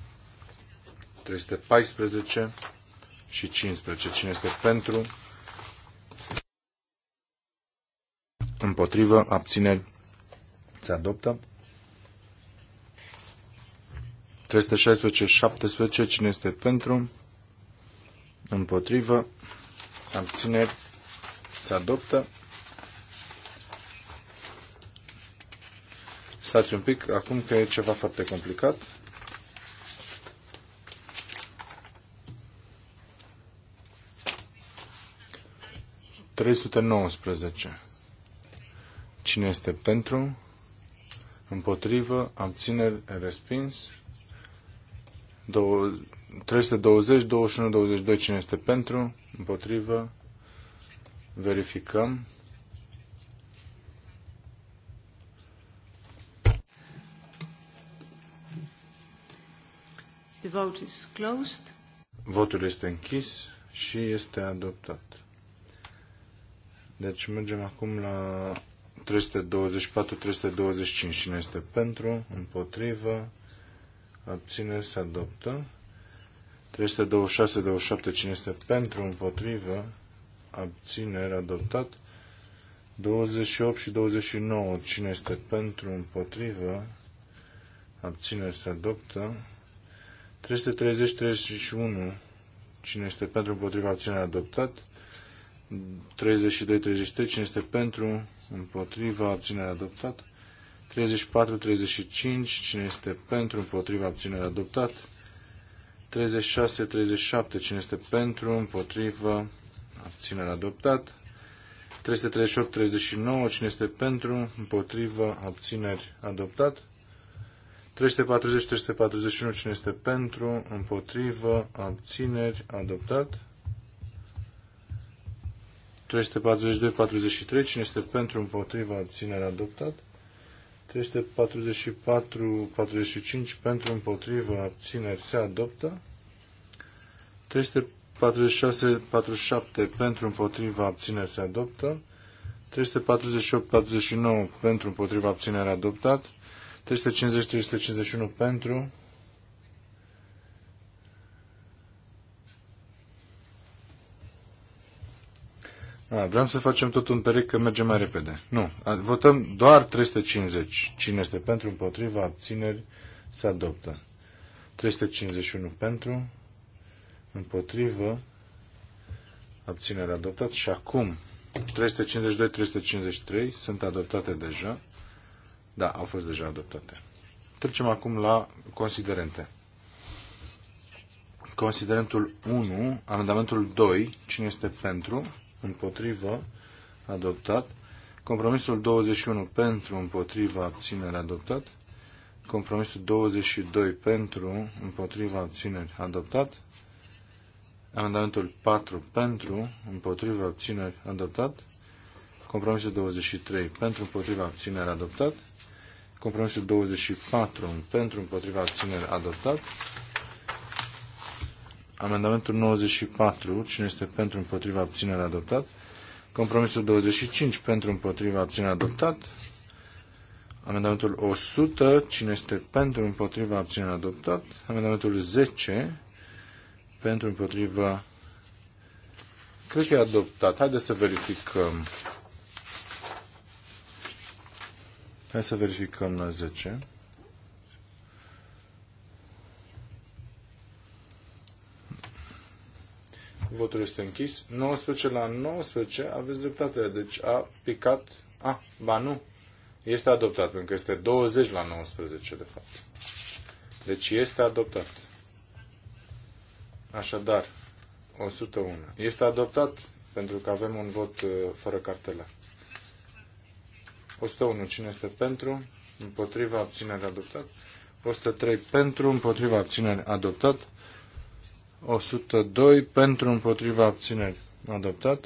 314 și 15. Cine este pentru? Împotrivă? Abține? Se adoptă? 316, 17. Cine este pentru? Împotrivă? Abține? Se adoptă? Stați un pic, acum că e ceva foarte complicat. ...319. Cine este pentru? Împotrivă? Abțineri? Respins? 320, 21, 22. Cine este pentru? Împotrivă? Verificăm. The vote is closed. Votul este închis și este adoptat. Deci mergem acum la 324-325. Cine este pentru? Împotrivă? Abține? Se adoptă. 326-27. Cine este pentru? Împotrivă? Abțineri? Adoptat. 28 și 29. Cine este pentru? Împotrivă? abține Se adoptă. 330-31. Cine este pentru, împotriva, abținere adoptat. 32-33. Cine este pentru, împotriva, abținere adoptat. 34-35. Cine este pentru, împotriva, abținere adoptat. 36-37. Cine este pentru, împotriva, abținere adoptat. 338-39. Cine este pentru, împotriva, abțineri adoptat. 340, 341, cine este pentru, împotrivă, abțineri, adoptat. 342, 43, cine este pentru, împotrivă, abțineri, adoptat. 344, 45, pentru, împotrivă, abțineri, se adoptă. 346, 47, pentru, împotrivă, abțineri, se adoptă. 348, 49, pentru, împotrivă, abțineri, adoptat. 350-351 pentru. A, vrem să facem tot un peric că mergem mai repede. Nu, votăm doar 350. Cine este pentru, împotriva, abțineri, se adoptă. 351 pentru, împotrivă, abținere adoptat și acum 352-353 sunt adoptate deja. Da, au fost deja adoptate. Trecem acum la considerente. Considerentul 1, amendamentul 2, cine este pentru, împotrivă, adoptat. Compromisul 21 pentru, împotrivă, abținere, adoptat. Compromisul 22 pentru, împotrivă, abținere, adoptat. Amendamentul 4 pentru, împotrivă, abținere, adoptat. Compromisul 23 pentru împotriva abținere adoptat. Compromisul 24 pentru împotriva abținere adoptat. Amendamentul 94, cine este pentru împotriva abținere adoptat. Compromisul 25 pentru împotriva abținere adoptat. Amendamentul 100, cine este pentru împotriva abținere adoptat. Amendamentul 10 pentru împotriva Cred că e adoptat. Haideți să verificăm. Hai să verificăm la 10. Votul este închis. 19 la 19, aveți dreptate. Deci a picat... A, ah, ba nu. Este adoptat, pentru că este 20 la 19, de fapt. Deci este adoptat. Așadar, 101. Este adoptat pentru că avem un vot uh, fără cartela. 101. Cine este pentru? Împotriva abținere adoptat. 103 pentru, împotriva abțineri adoptat. 102 pentru, împotriva abțineri adoptat.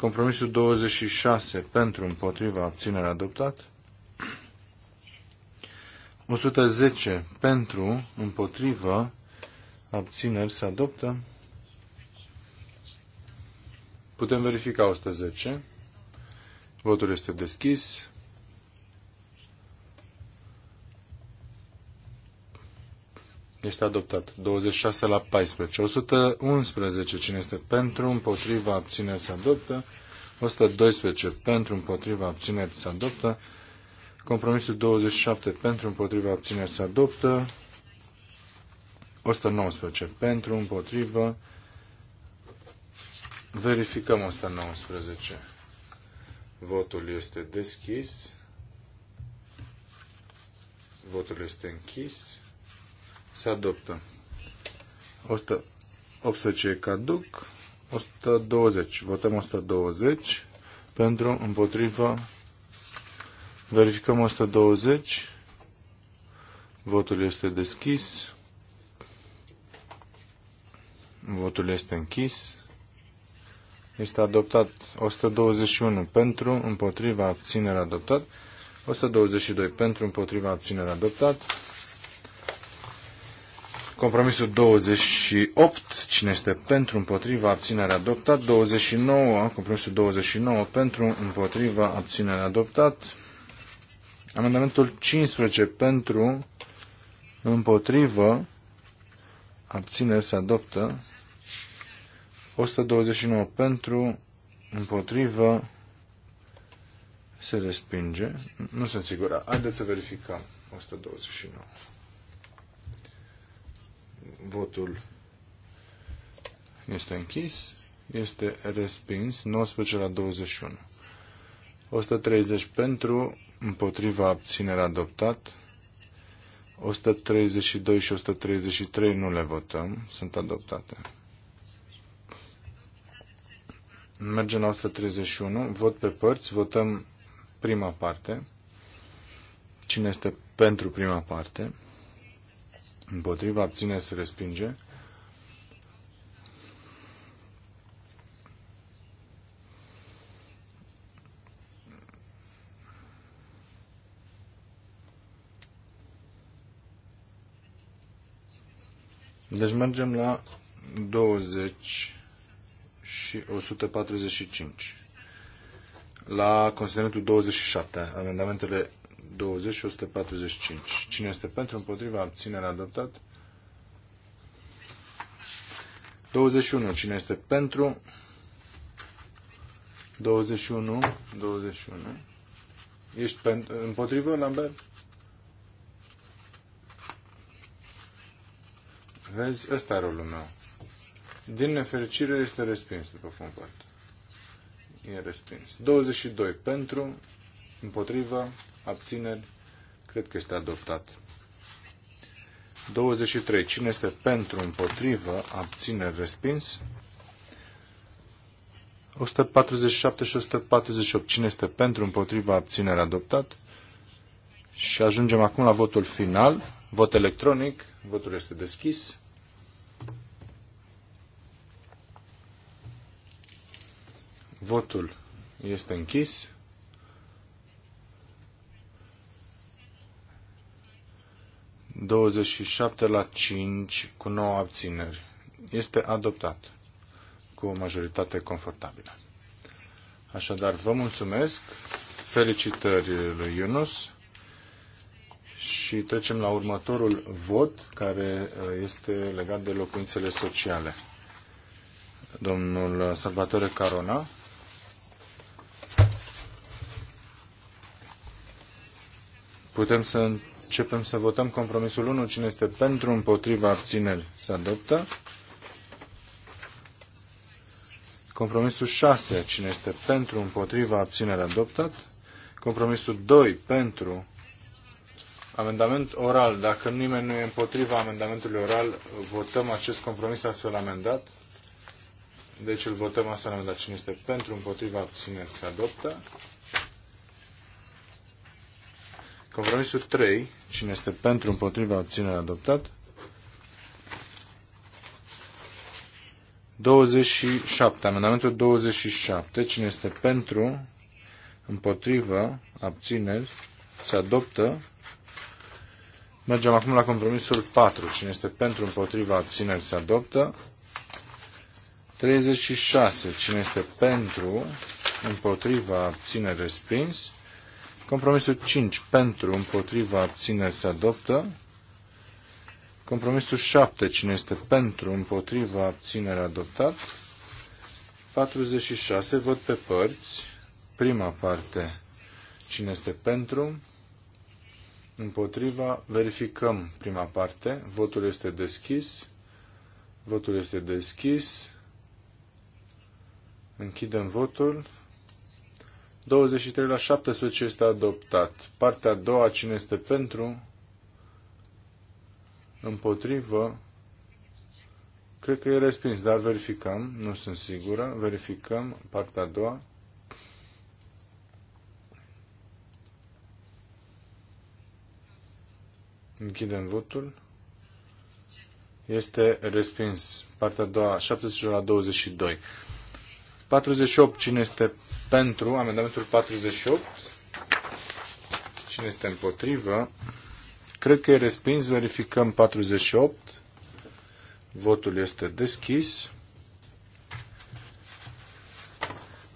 Compromisul 26 pentru, împotriva abțineri adoptat. 110 pentru, împotriva abțineri se adoptă. Putem verifica 110. Votul este deschis. Este adoptat. 26 la 14. 111. Cine este pentru, împotriva, abțineri, se adoptă. 112. Pentru, împotriva, abțineri, se adoptă. Compromisul 27. Pentru, împotriva, abțineri, se adoptă. 119. Pentru, împotriva. Verificăm 119. Votul este deschis. Votul este închis. Se adoptă. 100, caduc. 120. Votăm 120. Pentru, împotrivă. Verificăm 120. Votul este deschis. Votul este închis. Este adoptat 121 pentru, împotriva, abținerea adoptat. 122 pentru, împotriva, abținerea adoptat. Compromisul 28, cine este pentru, împotriva, abținerea adoptat. 29, compromisul 29 pentru, împotriva, abținerea adoptat. Amendamentul 15 pentru, împotrivă, abțineri se adoptă. 129 pentru, împotrivă, se respinge. Nu sunt sigură. Haideți să verificăm. 129. Votul este închis. Este respins. 19 la 21. 130 pentru, împotriva abținerea adoptat. 132 și 133 nu le votăm, sunt adoptate. Mergem la 131. Vot pe părți. Votăm prima parte. Cine este pentru prima parte? Împotriva abține se respinge. Deci mergem la 20 și 145. La considerentul 27, amendamentele 20 și 145. Cine este pentru, împotriva, abținere, adoptat? 21. Cine este pentru? 21. 21. Ești pentru, împotrivă, Lambert? Vezi, ăsta e rolul meu. Din nefericire este respins, după cum E respins. 22 pentru, împotriva, abțineri, cred că este adoptat. 23. Cine este pentru, împotrivă, abțineri, respins? 147 și 148. Cine este pentru, împotriva, abținere, adoptat? Și ajungem acum la votul final. Vot electronic. Votul este deschis. Votul este închis. Douăzeci și șapte la cinci cu nouă abțineri. Este adoptat cu o majoritate confortabilă. Așadar, vă mulțumesc. Felicitări lui Yunus. Și trecem la următorul vot, care uh, este legat de locuințele sociale. Domnul Salvatore Carona Putem să începem să votăm compromisul 1. Cine este pentru, împotriva, abțineri, se adoptă. Compromisul 6. Cine este pentru, împotriva, abțineri, adoptat. Compromisul 2. Pentru, Amendament oral. Dacă nimeni nu e împotriva amendamentului oral, votăm acest compromis astfel amendat. Deci îl votăm astfel amendat. Cine este pentru, împotriva, abțineri, se adoptă. Compromisul 3. Cine este pentru, împotriva, abținere, adoptat. 27. Amendamentul 27. Cine este pentru, împotrivă, abțineri, se adoptă. Mergem acum la compromisul 4. Cine este pentru, împotriva, abțineri, se adoptă. 36. Cine este pentru, împotriva, abțineri, respins. Compromisul 5 pentru, împotriva, abțineri se adoptă. Compromisul 7, cine este pentru, împotriva, abținere adoptat. 46, vot pe părți. Prima parte, cine este pentru, împotriva, verificăm prima parte. Votul este deschis. Votul este deschis. Închidem votul. 23 la 17 este adoptat. Partea a doua, cine este pentru? Împotrivă. Cred că e respins, dar verificăm. Nu sunt sigură. Verificăm partea a doua. Închidem votul. Este respins. Partea a doua, 17 la 22. 48. Cine este pentru? Amendamentul 48. Cine este împotrivă? Cred că e respins. Verificăm 48. Votul este deschis.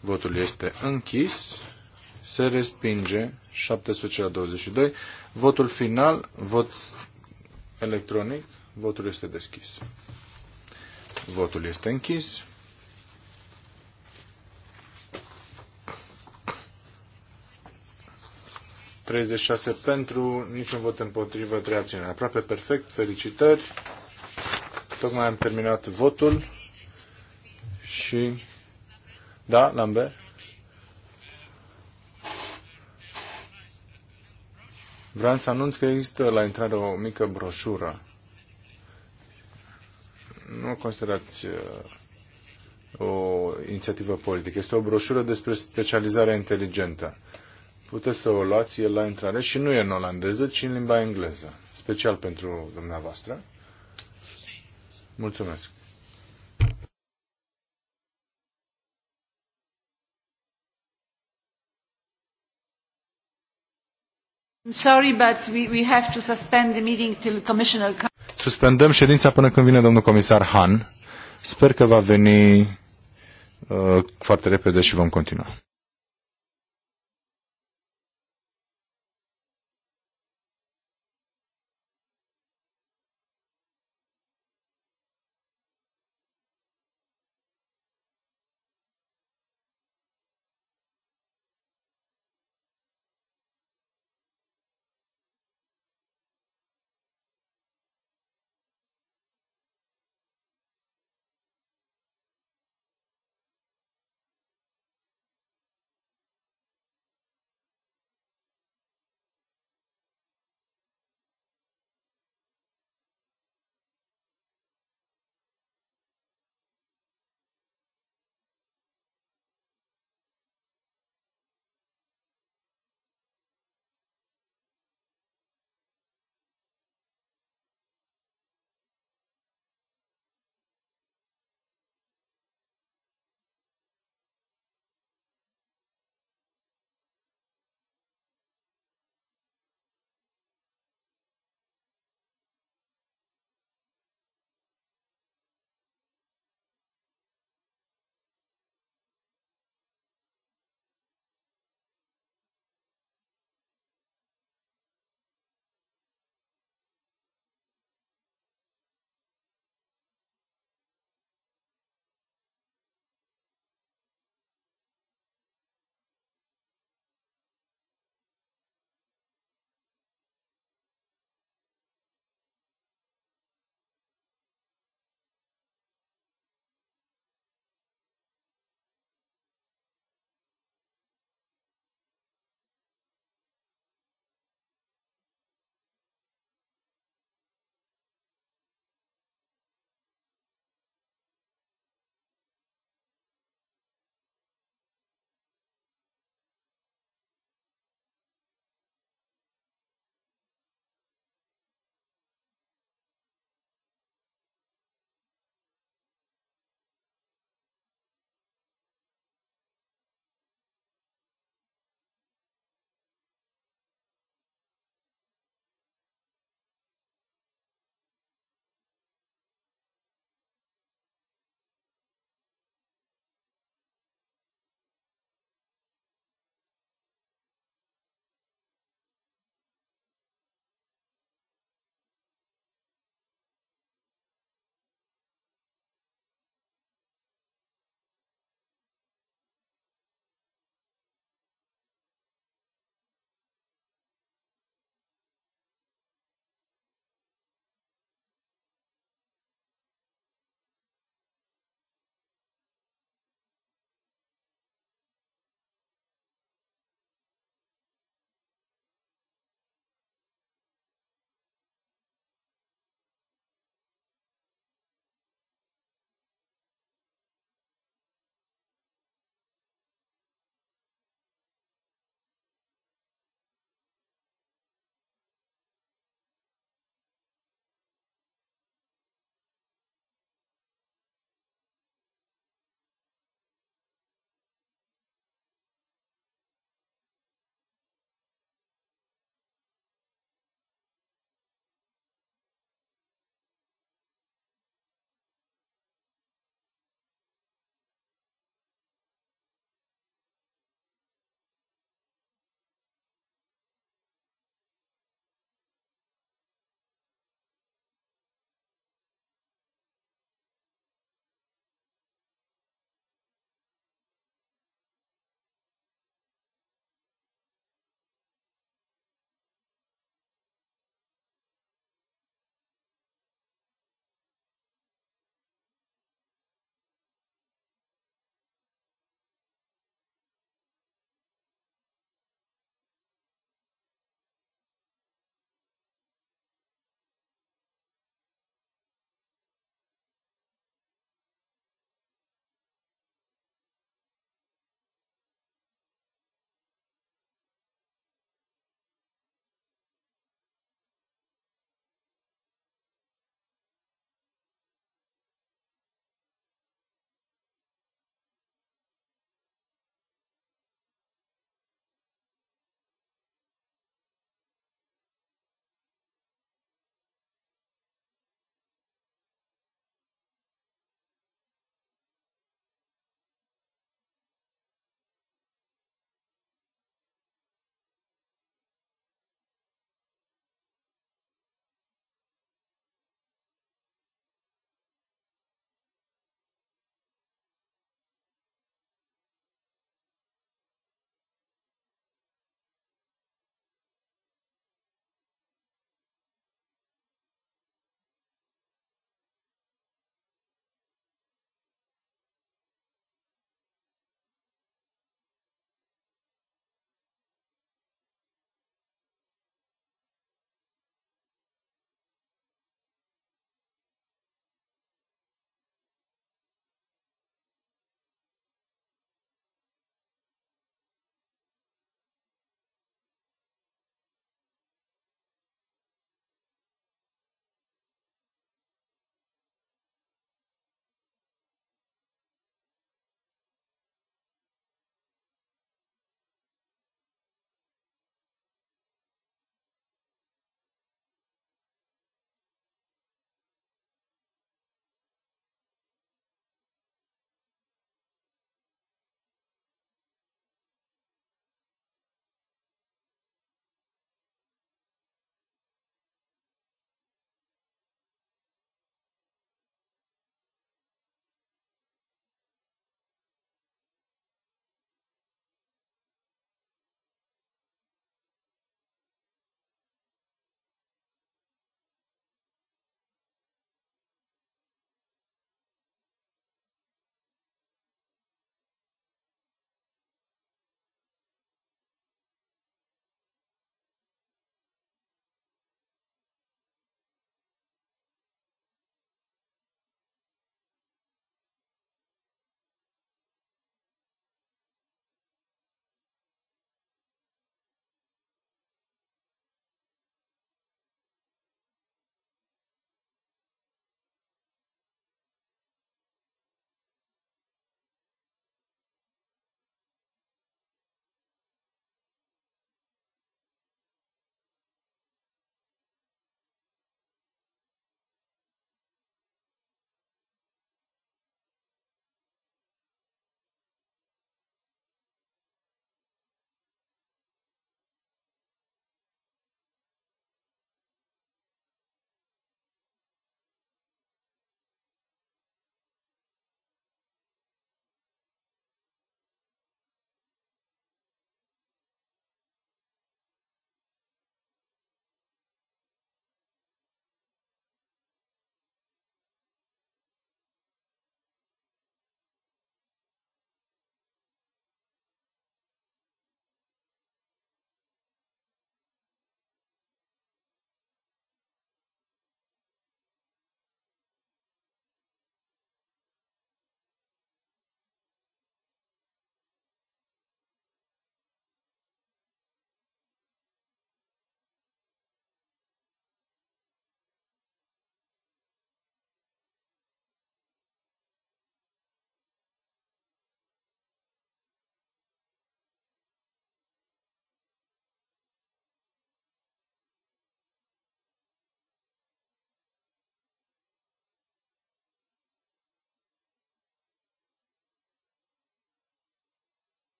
Votul este închis. Se respinge 17 la 22. Votul final, vot electronic, votul este deschis. Votul este închis. 36 pentru, niciun vot împotrivă, 3 abțineri. Aproape perfect, felicitări. Tocmai am terminat votul și... Da, Lambert? Vreau să anunț că există la intrare o mică broșură. Nu considerați uh, o inițiativă politică. Este o broșură despre specializarea inteligentă puteți să o luați, el la intrare și nu e în olandeză, ci în limba engleză, special pentru dumneavoastră. Mulțumesc! Sorry, but we, we have to suspend the meeting till Commissioner Suspendăm ședința până când vine domnul comisar Han. Sper că va veni uh, foarte repede și vom continua.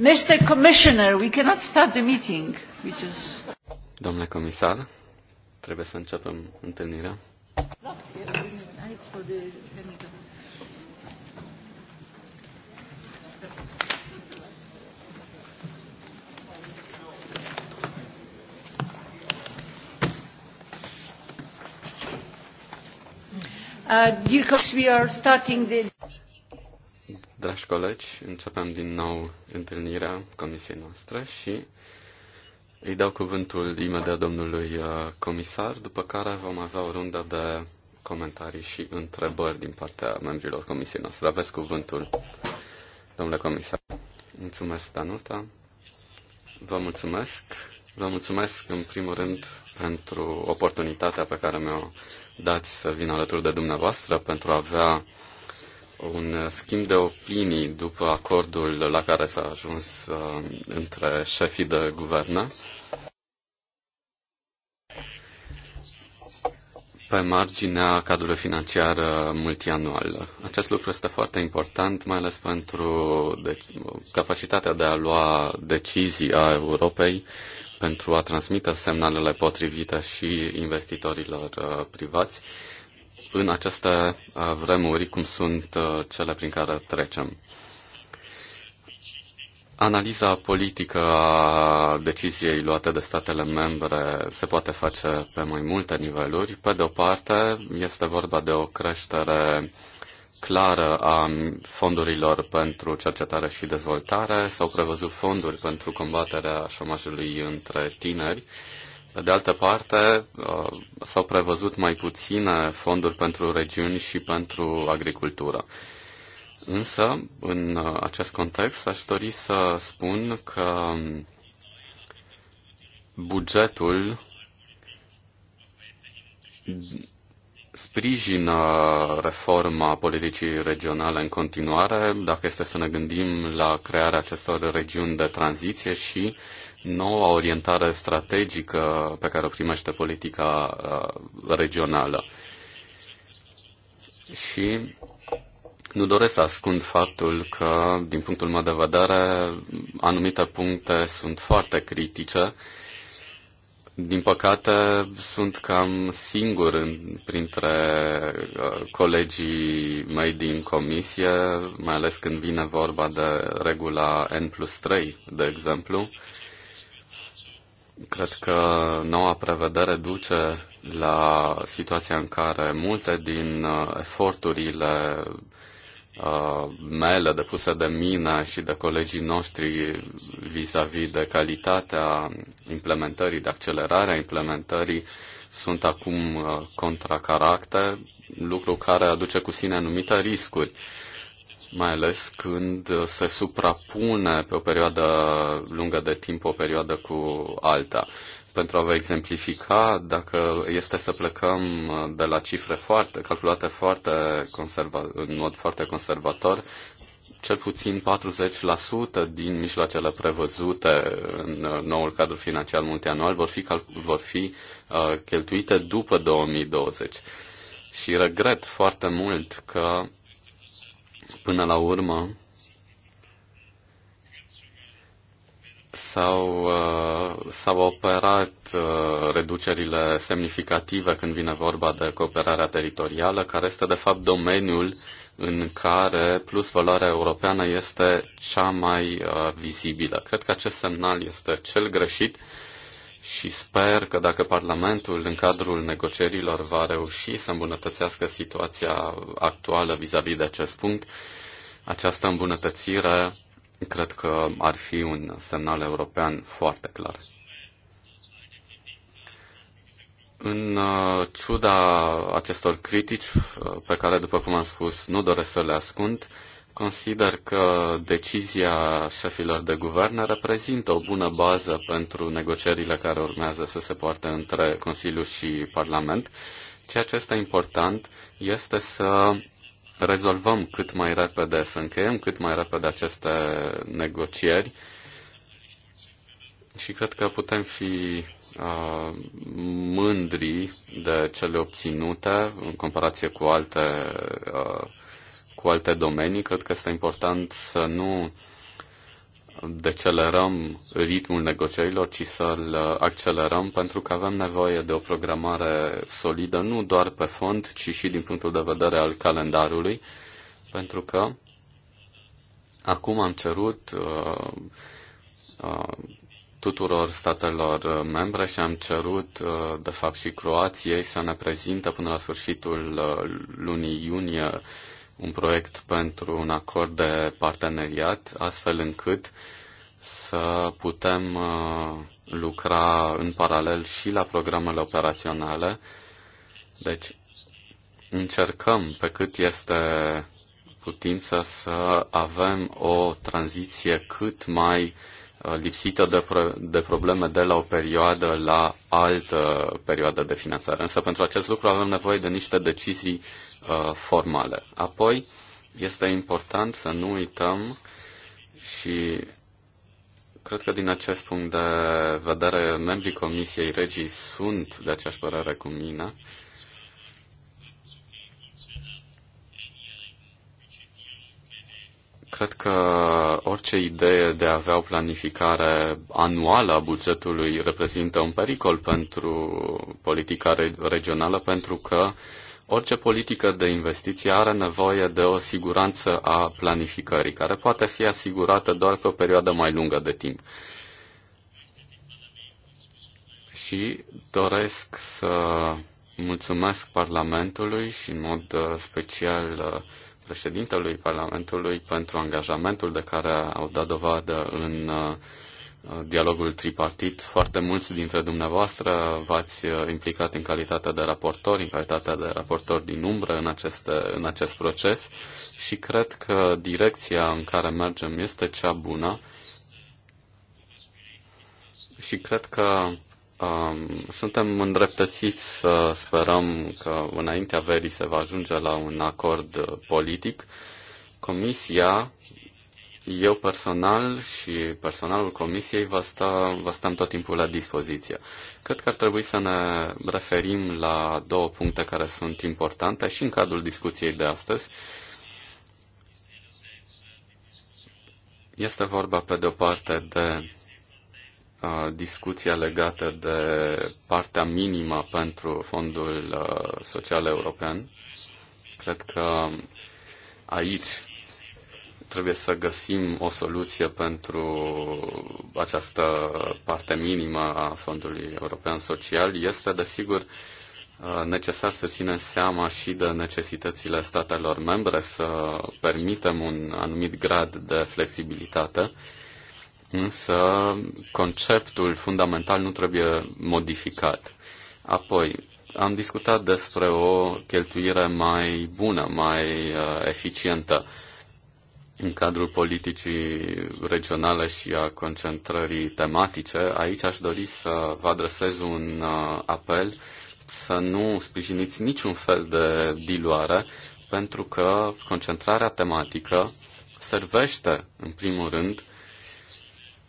Mr. Commissioner, we cannot start the meeting. We just... Domnule comisar, trebuie să începem întâlnirea. Uh, dear we are starting the Dragi colegi, începem din nou întâlnirea comisiei noastre și îi dau cuvântul imediat domnului uh, comisar, după care vom avea o rundă de comentarii și întrebări din partea membrilor comisiei noastre. Aveți cuvântul, domnule comisar. Mulțumesc, Danuta. Vă mulțumesc. Vă mulțumesc, în primul rând, pentru oportunitatea pe care mi-o dați să vin alături de dumneavoastră pentru a avea un schimb de opinii după acordul la care s-a ajuns uh, între șefii de guvernă. pe marginea cadrului financiar uh, multianual. Acest lucru este foarte important, mai ales pentru deci, capacitatea de a lua decizii a Europei pentru a transmite semnalele potrivite și investitorilor uh, privați în aceste uh, vremuri cum sunt uh, cele prin care trecem. Analiza politică a deciziei luate de statele membre se poate face pe mai multe niveluri. Pe de o parte, este vorba de o creștere clară a fondurilor pentru cercetare și dezvoltare. S-au prevăzut fonduri pentru combaterea șomajului între tineri pe de altă parte, uh, s-au prevăzut mai puține fonduri pentru regiuni și pentru agricultură. Însă, în uh, acest context, aș dori să spun că bugetul sprijină reforma politicii regionale în continuare, dacă este să ne gândim la crearea acestor regiuni de tranziție și uh, noua orientare strategică pe care o primește politica uh, regională. Și nu doresc să ascund faptul că, din punctul meu de vedere, anumite puncte sunt foarte critice. Din păcate, sunt cam singur în, printre uh, colegii mei din comisie, mai ales când vine vorba de regula N plus 3, de exemplu. Cred că noua prevedere duce la situația în care multe din uh, eforturile uh, mele depuse de mine și de colegii noștri vis-a-vis -vis de calitatea implementării, de accelerarea implementării, sunt acum uh, contracaracte, lucru care aduce cu sine anumite riscuri mai ales când uh, se suprapune pe o perioadă lungă de timp o perioadă cu alta. Pentru a vă exemplifica, dacă este să plecăm uh, de la cifre foarte, calculate foarte conserva, în mod foarte conservator, cel puțin 40% din mijloacele prevăzute în uh, noul cadru financiar multianual vor fi, vor fi cheltuite după 2020. Și regret foarte mult că până la urmă s-au, uh, s-au operat uh, reducerile semnificative când vine vorba de cooperarea teritorială, care este de fapt domeniul în care plus valoarea europeană este cea mai uh, vizibilă. Cred că acest semnal este cel greșit și sper că dacă Parlamentul, în cadrul negocierilor, va reuși să îmbunătățească situația actuală vis-a-vis -vis de acest punct, această îmbunătățire cred că ar fi un semnal european foarte clar. În uh, ciuda acestor critici, uh, pe care, după cum am spus, nu doresc să le ascund, Consider că decizia șefilor de guvern reprezintă o bună bază pentru negocierile care urmează să se poarte între Consiliu și Parlament. Ceea ce este important este să rezolvăm cât mai repede, să încheiem cât mai repede aceste negocieri și cred că putem fi uh, mândri de cele obținute în comparație cu alte uh, cu alte domenii, cred că este important să nu decelerăm ritmul negocierilor, ci să-l accelerăm, pentru că avem nevoie de o programare solidă, nu doar pe fond, ci și din punctul de vedere al calendarului, pentru că acum am cerut uh, uh, tuturor statelor membre și am cerut, uh, de fapt, și Croației să ne prezinte până la sfârșitul uh, lunii iunie un proiect pentru un acord de parteneriat, astfel încât să putem uh, lucra în paralel și la programele operaționale. Deci încercăm pe cât este putință să avem o tranziție cât mai uh, lipsită de, pro- de probleme de la o perioadă la altă perioadă de finanțare. Însă pentru acest lucru avem nevoie de niște decizii Uh, formale. Apoi, este important să nu uităm și cred că din acest punct de vedere, membrii Comisiei Regii sunt de aceeași părere cu mine. Cred că orice idee de a avea o planificare anuală a bugetului reprezintă un pericol pentru politica regională, pentru că uh, Orice politică de investiție are nevoie de o siguranță a planificării, care poate fi asigurată doar pe o perioadă mai lungă de timp. Și doresc să mulțumesc Parlamentului și în mod uh, special uh, președintelui Parlamentului pentru angajamentul de care au dat dovadă în uh, dialogul tripartit. Foarte mulți dintre dumneavoastră v-ați uh, implicat în calitatea de raportor, în calitatea de raportor din umbră în, aceste, în acest proces și cred că direcția în care mergem este cea bună și cred că um, suntem îndreptățiți să sperăm că înaintea verii se va ajunge la un acord politic. Comisia eu personal și personalul comisiei vă, sta vă stăm tot timpul la dispoziție. Cred că ar trebui să ne referim la două puncte care sunt importante și în cadrul discuției de astăzi. Este vorba, pe de o parte, de uh, discuția legată de partea minimă pentru Fondul uh, Social European. Cred că aici trebuie să găsim o soluție pentru această parte minimă a Fondului European Social. Este, desigur, uh, necesar să ținem seama și de necesitățile statelor membre, să permitem un anumit grad de flexibilitate, însă conceptul fundamental nu trebuie modificat. Apoi, am discutat despre o cheltuire mai bună, mai uh, eficientă în cadrul politicii regionale și a concentrării tematice, aici aș dori să vă adresez un uh, apel să nu sprijiniți niciun fel de diluare, pentru că concentrarea tematică servește, în primul rând,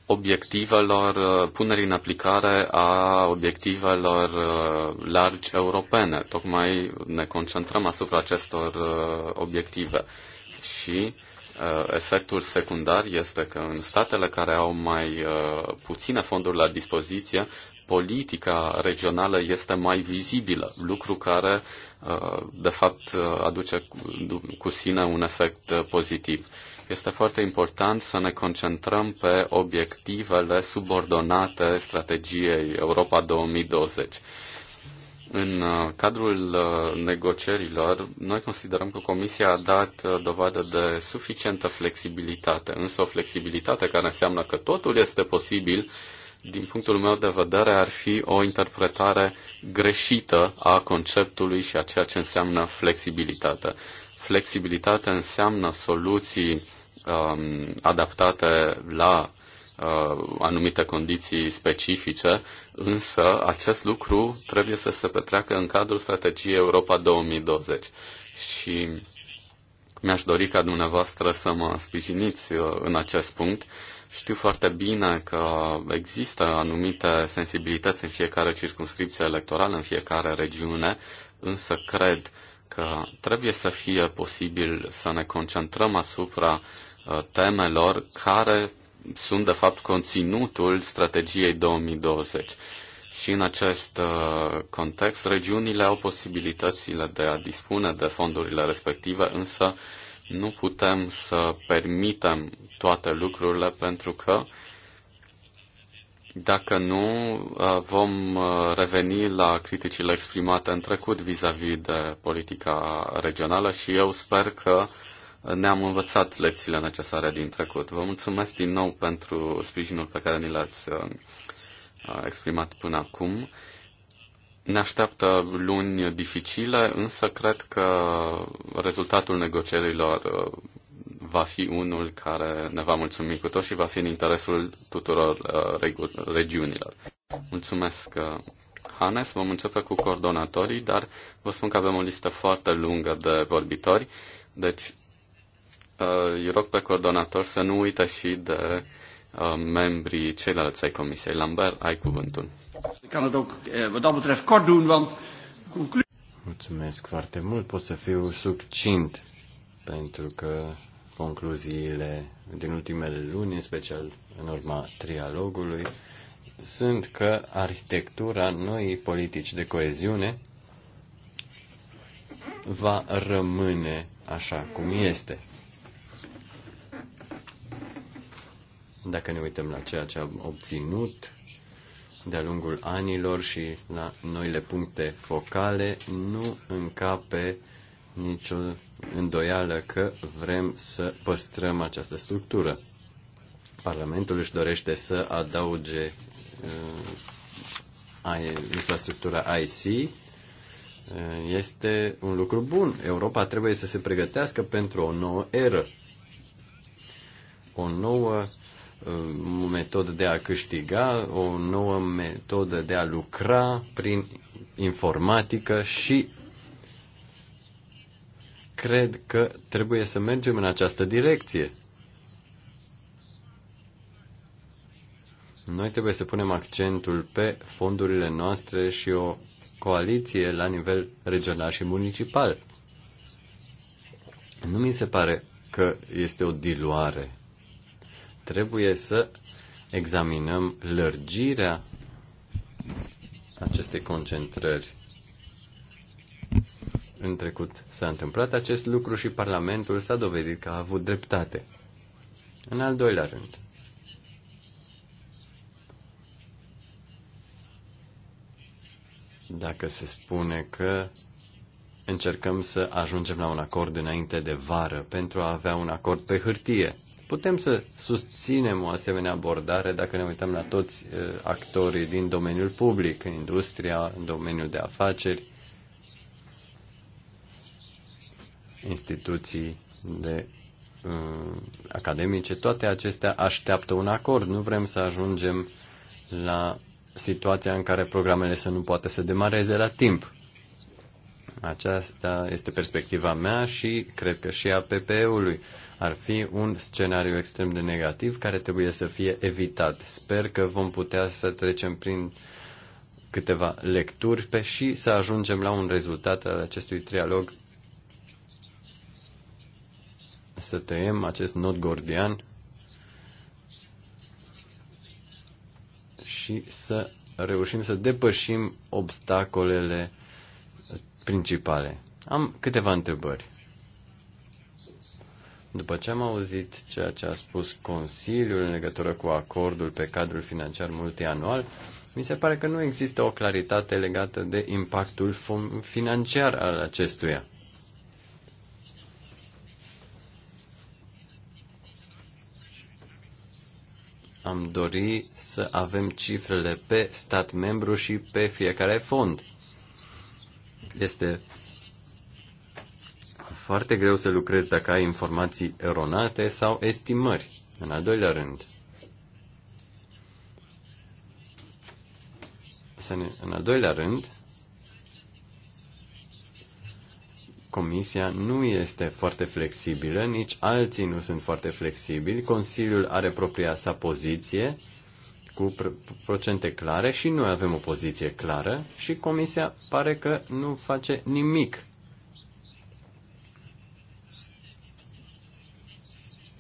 obiectivelor, uh, punerii în aplicare a obiectivelor uh, largi europene. Tocmai ne concentrăm asupra acestor obiective. Și Uh, efectul secundar este că în statele care au mai uh, puține fonduri la dispoziție, politica regională este mai vizibilă, lucru care, uh, de fapt, aduce cu sine un efect pozitiv. Este foarte important să ne concentrăm pe obiectivele subordonate strategiei Europa 2020. În uh, cadrul uh, negocierilor, noi considerăm că Comisia a dat uh, dovadă de suficientă flexibilitate, însă o flexibilitate care înseamnă că totul este posibil, din punctul meu de vedere, ar fi o interpretare greșită a conceptului și a ceea ce înseamnă flexibilitate. Flexibilitate înseamnă soluții um, adaptate la uh, anumite condiții specifice, însă acest lucru trebuie să se petreacă în cadrul strategiei Europa 2020. Și mi-aș dori ca dumneavoastră să mă sprijiniți uh, în acest punct. Știu foarte bine că există anumite sensibilități în fiecare circunscripție electorală, în fiecare regiune, însă cred că trebuie să fie posibil să ne concentrăm asupra uh, temelor care sunt, de fapt, conținutul strategiei 2020. Și în acest uh, context, regiunile au posibilitățile de a dispune de fondurile respective, însă nu putem să permitem toate lucrurile pentru că dacă nu, uh, vom uh, reveni la criticile exprimate în trecut vis-a-vis -vis de politica regională și eu sper că uh, ne-am învățat lecțiile necesare din trecut. Vă mulțumesc din nou pentru sprijinul pe care ni l-ați uh, uh, exprimat până acum. Ne așteaptă luni dificile, însă cred că rezultatul negocierilor uh, va fi unul care ne va mulțumi cu toți și va fi în interesul tuturor regiunilor. Mulțumesc, Hannes. Vom începe cu coordonatorii, dar vă spun că avem o listă foarte lungă de vorbitori, deci îi uh, rog pe coordonator să nu uită și de uh, membrii ceilalți ai Comisiei. Lambert, ai cuvântul. Eh, Mulțumesc foarte mult. Pot să fiu succint pentru că concluziile din ultimele luni, în special în urma trialogului, sunt că arhitectura noii politici de coeziune va rămâne așa cum este. Dacă ne uităm la ceea ce am obținut de-a lungul anilor și la noile puncte focale, nu încape nicio îndoială că vrem să păstrăm această structură. Parlamentul își dorește să adauge uh, infrastructura IC uh, este un lucru bun. Europa trebuie să se pregătească pentru o nouă eră, o nouă Um, o metodă de a câștiga, o nouă metodă de a lucra prin informatică și cred că trebuie să mergem în această direcție. Noi trebuie să punem accentul pe fondurile noastre și o coaliție la nivel regional și municipal. Nu mi se pare că este o diluare Trebuie să examinăm lărgirea acestei concentrări. În trecut s-a întâmplat acest lucru și Parlamentul s-a dovedit că a avut dreptate. În al doilea rând, dacă se spune că încercăm să ajungem la un acord înainte de vară pentru a avea un acord pe hârtie. Putem să susținem o asemenea abordare dacă ne uităm la toți eh, actorii din domeniul public, în industria, în domeniul de afaceri, instituții de uh, academice, toate acestea așteaptă un acord. Nu vrem să ajungem la situația în care programele să nu poată să demareze la timp. Aceasta este perspectiva mea și cred că și a PPE-ului. Uh, ar fi un scenariu extrem de negativ care trebuie să fie evitat. Sper că vom putea să trecem prin câteva lecturi pe și să ajungem la un rezultat al acestui trialog. Să tăiem acest nod gordian și să reușim să depășim obstacolele principale. Am câteva întrebări. După ce am auzit ceea ce a spus Consiliul în legătură cu acordul pe cadrul financiar multianual, mi se pare că nu există o claritate legată de impactul financiar al acestuia. Am dori să avem cifrele pe stat membru și pe fiecare fond. Este foarte greu să lucrezi dacă ai informații eronate sau estimări. În al doilea rând, în al doilea rând, Comisia nu este foarte flexibilă, nici alții nu sunt foarte flexibili. Consiliul are propria sa poziție cu procente clare și noi avem o poziție clară și Comisia pare că nu face nimic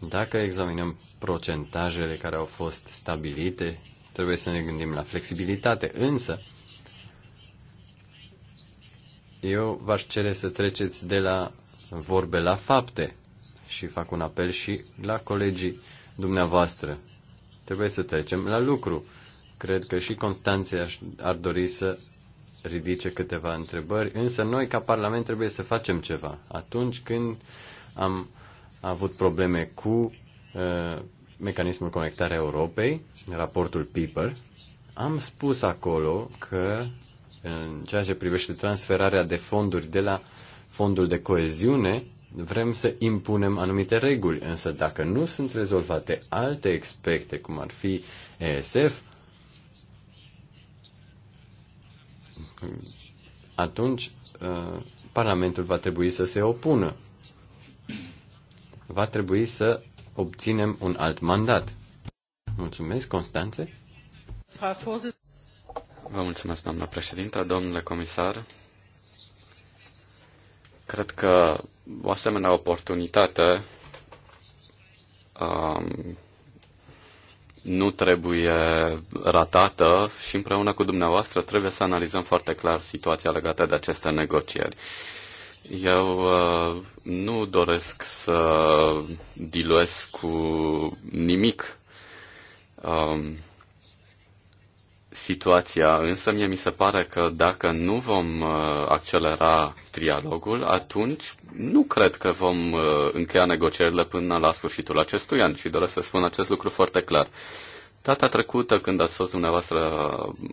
Dacă examinăm procentajele care au fost stabilite, trebuie să ne gândim la flexibilitate, însă eu v-aș cere să treceți de la vorbe la fapte și fac un apel și la colegii dumneavoastră. Trebuie să trecem la lucru. Cred că și Constanția ar dori să ridice câteva întrebări, însă noi ca Parlament trebuie să facem ceva. Atunci când am a avut probleme cu uh, mecanismul a Europei, raportul PIPER. Am spus acolo că în ceea ce privește transferarea de fonduri de la fondul de coeziune, vrem să impunem anumite reguli, însă dacă nu sunt rezolvate alte aspecte, cum ar fi ESF, atunci uh, Parlamentul va trebui să se opună va trebui să obținem un alt mandat. Mulțumesc, Constanțe. Vă mulțumesc, doamna președintă, domnule comisar. Cred că o asemenea oportunitate um, nu trebuie ratată și împreună cu dumneavoastră trebuie să analizăm foarte clar situația legată de aceste negocieri. Eu uh, nu doresc să diluez cu nimic um, uh, situația, însă mie mi se pare că dacă nu vom uh, accelera trialogul, atunci nu cred că vom uh, încheia negocierile până la sfârșitul acestui an și doresc să spun acest lucru foarte clar. Uh, Data trecută, când ați fost dumneavoastră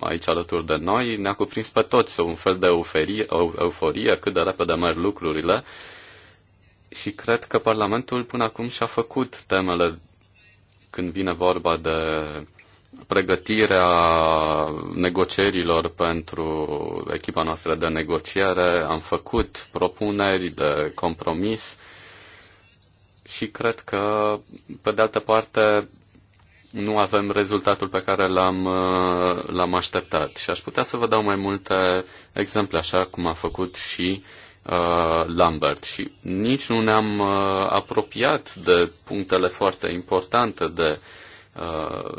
aici alături de noi, ne-a cuprins pe toți un fel de euferie, euforie, cât de repede merg lucrurile. Și cred că Parlamentul până acum și-a făcut temele când vine vorba de pregătirea negocierilor pentru echipa noastră de negociere, am făcut propuneri de compromis și cred că, pe de altă parte, nu avem rezultatul pe care l-am, uh, l-am așteptat. Și aș putea să vă dau mai multe exemple, așa cum a făcut și uh, Lambert. Și nici nu ne-am uh, apropiat de punctele foarte importante de. Uh,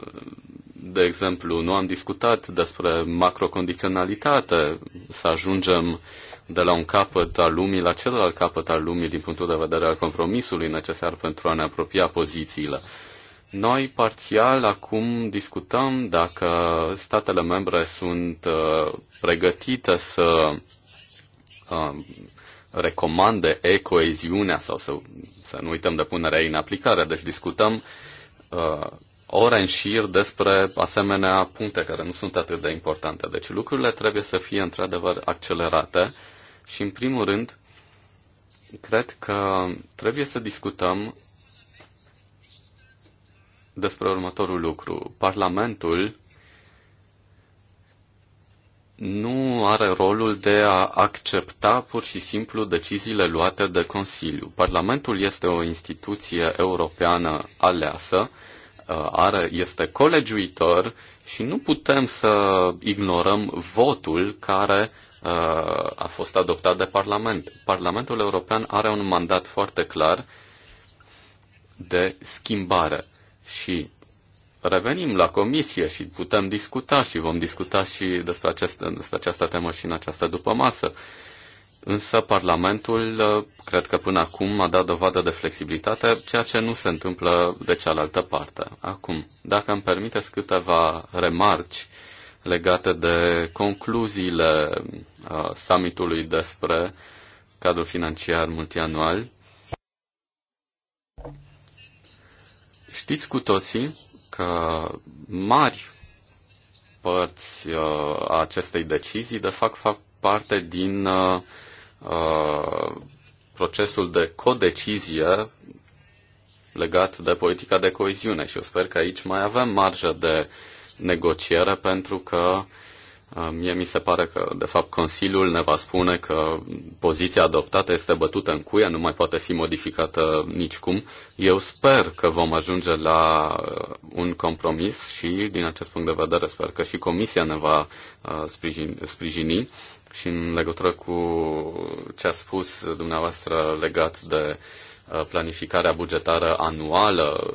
de exemplu, nu am discutat despre macrocondiționalitate, să ajungem de la un capăt al lumii la celălalt capăt al lumii din punctul de vedere al compromisului necesar pentru a ne apropia pozițiile. Uh, noi, parțial, acum discutăm dacă statele membre sunt uh, pregătite să uh, recomande ecoeziunea sau să, să nu uităm de punerea ei în aplicare. Deci discutăm uh, ore în șir despre asemenea puncte care nu sunt atât de importante. Deci lucrurile trebuie să fie într-adevăr accelerate și, în primul rând, cred că trebuie să discutăm despre următorul lucru. Parlamentul nu are rolul de a accepta pur și simplu deciziile luate de Consiliu. Parlamentul este o instituție europeană aleasă, uh, are, este colegiuitor și nu putem să ignorăm votul care uh, a fost adoptat de Parlament. Parlamentul European are un mandat foarte clar de schimbare și revenim la comisie și putem discuta și vom discuta și despre, acest, despre această temă și în această după masă. Însă Parlamentul, uh, cred că până acum, a dat dovadă de flexibilitate, ceea ce nu se întâmplă de cealaltă parte. Acum, dacă îmi permiteți câteva remarci legate de concluziile uh, summitului despre cadrul financiar multianual, Știți cu toții că mari părți uh, acestei decizii, de fapt, fac parte din uh, uh, procesul de codecizie legat de politica de coeziune și eu sper că aici mai avem marjă de negociere pentru că uh, Uh, mie mi se pare că, de fapt, Consiliul ne va spune că poziția adoptată este bătută în cuie, nu mai poate fi modificată nicicum. Eu sper că vom ajunge la uh, un compromis și, din acest punct de vedere, sper că și Comisia ne va uh, sprijini, sprijini și în legătură cu ce a spus dumneavoastră legat de planificarea bugetară anuală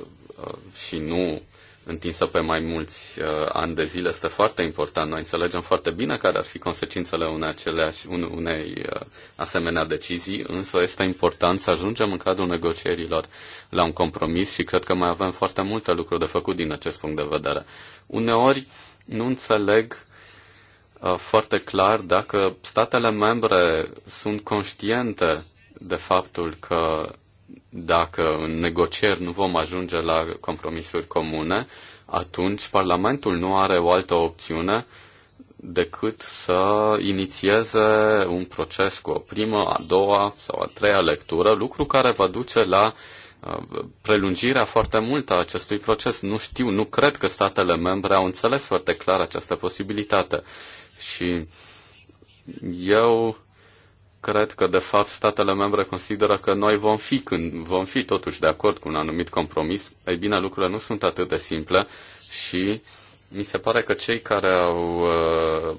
și nu întinsă pe mai mulți uh, ani de zile este foarte important. Noi înțelegem foarte bine care ar fi consecințele unei, aceleași, unei uh, asemenea decizii, însă este important să ajungem în cadrul negocierilor la un compromis și cred că mai avem foarte multe lucruri de făcut din acest punct de vedere. Uneori nu înțeleg uh, foarte clar dacă statele membre sunt conștiente de faptul că dacă în negocieri nu vom ajunge la compromisuri comune, atunci Parlamentul nu are o altă opțiune decât să inițieze un proces cu o primă, a doua sau a treia lectură, lucru care va duce la uh, prelungirea foarte multă a acestui proces. Nu știu, nu cred că statele membre au înțeles foarte clar această posibilitate. Și eu cred că, de fapt, statele membre consideră că noi vom fi, când vom fi totuși de acord cu un anumit compromis, ei bine, lucrurile nu sunt atât de simple și mi se pare că cei care au uh,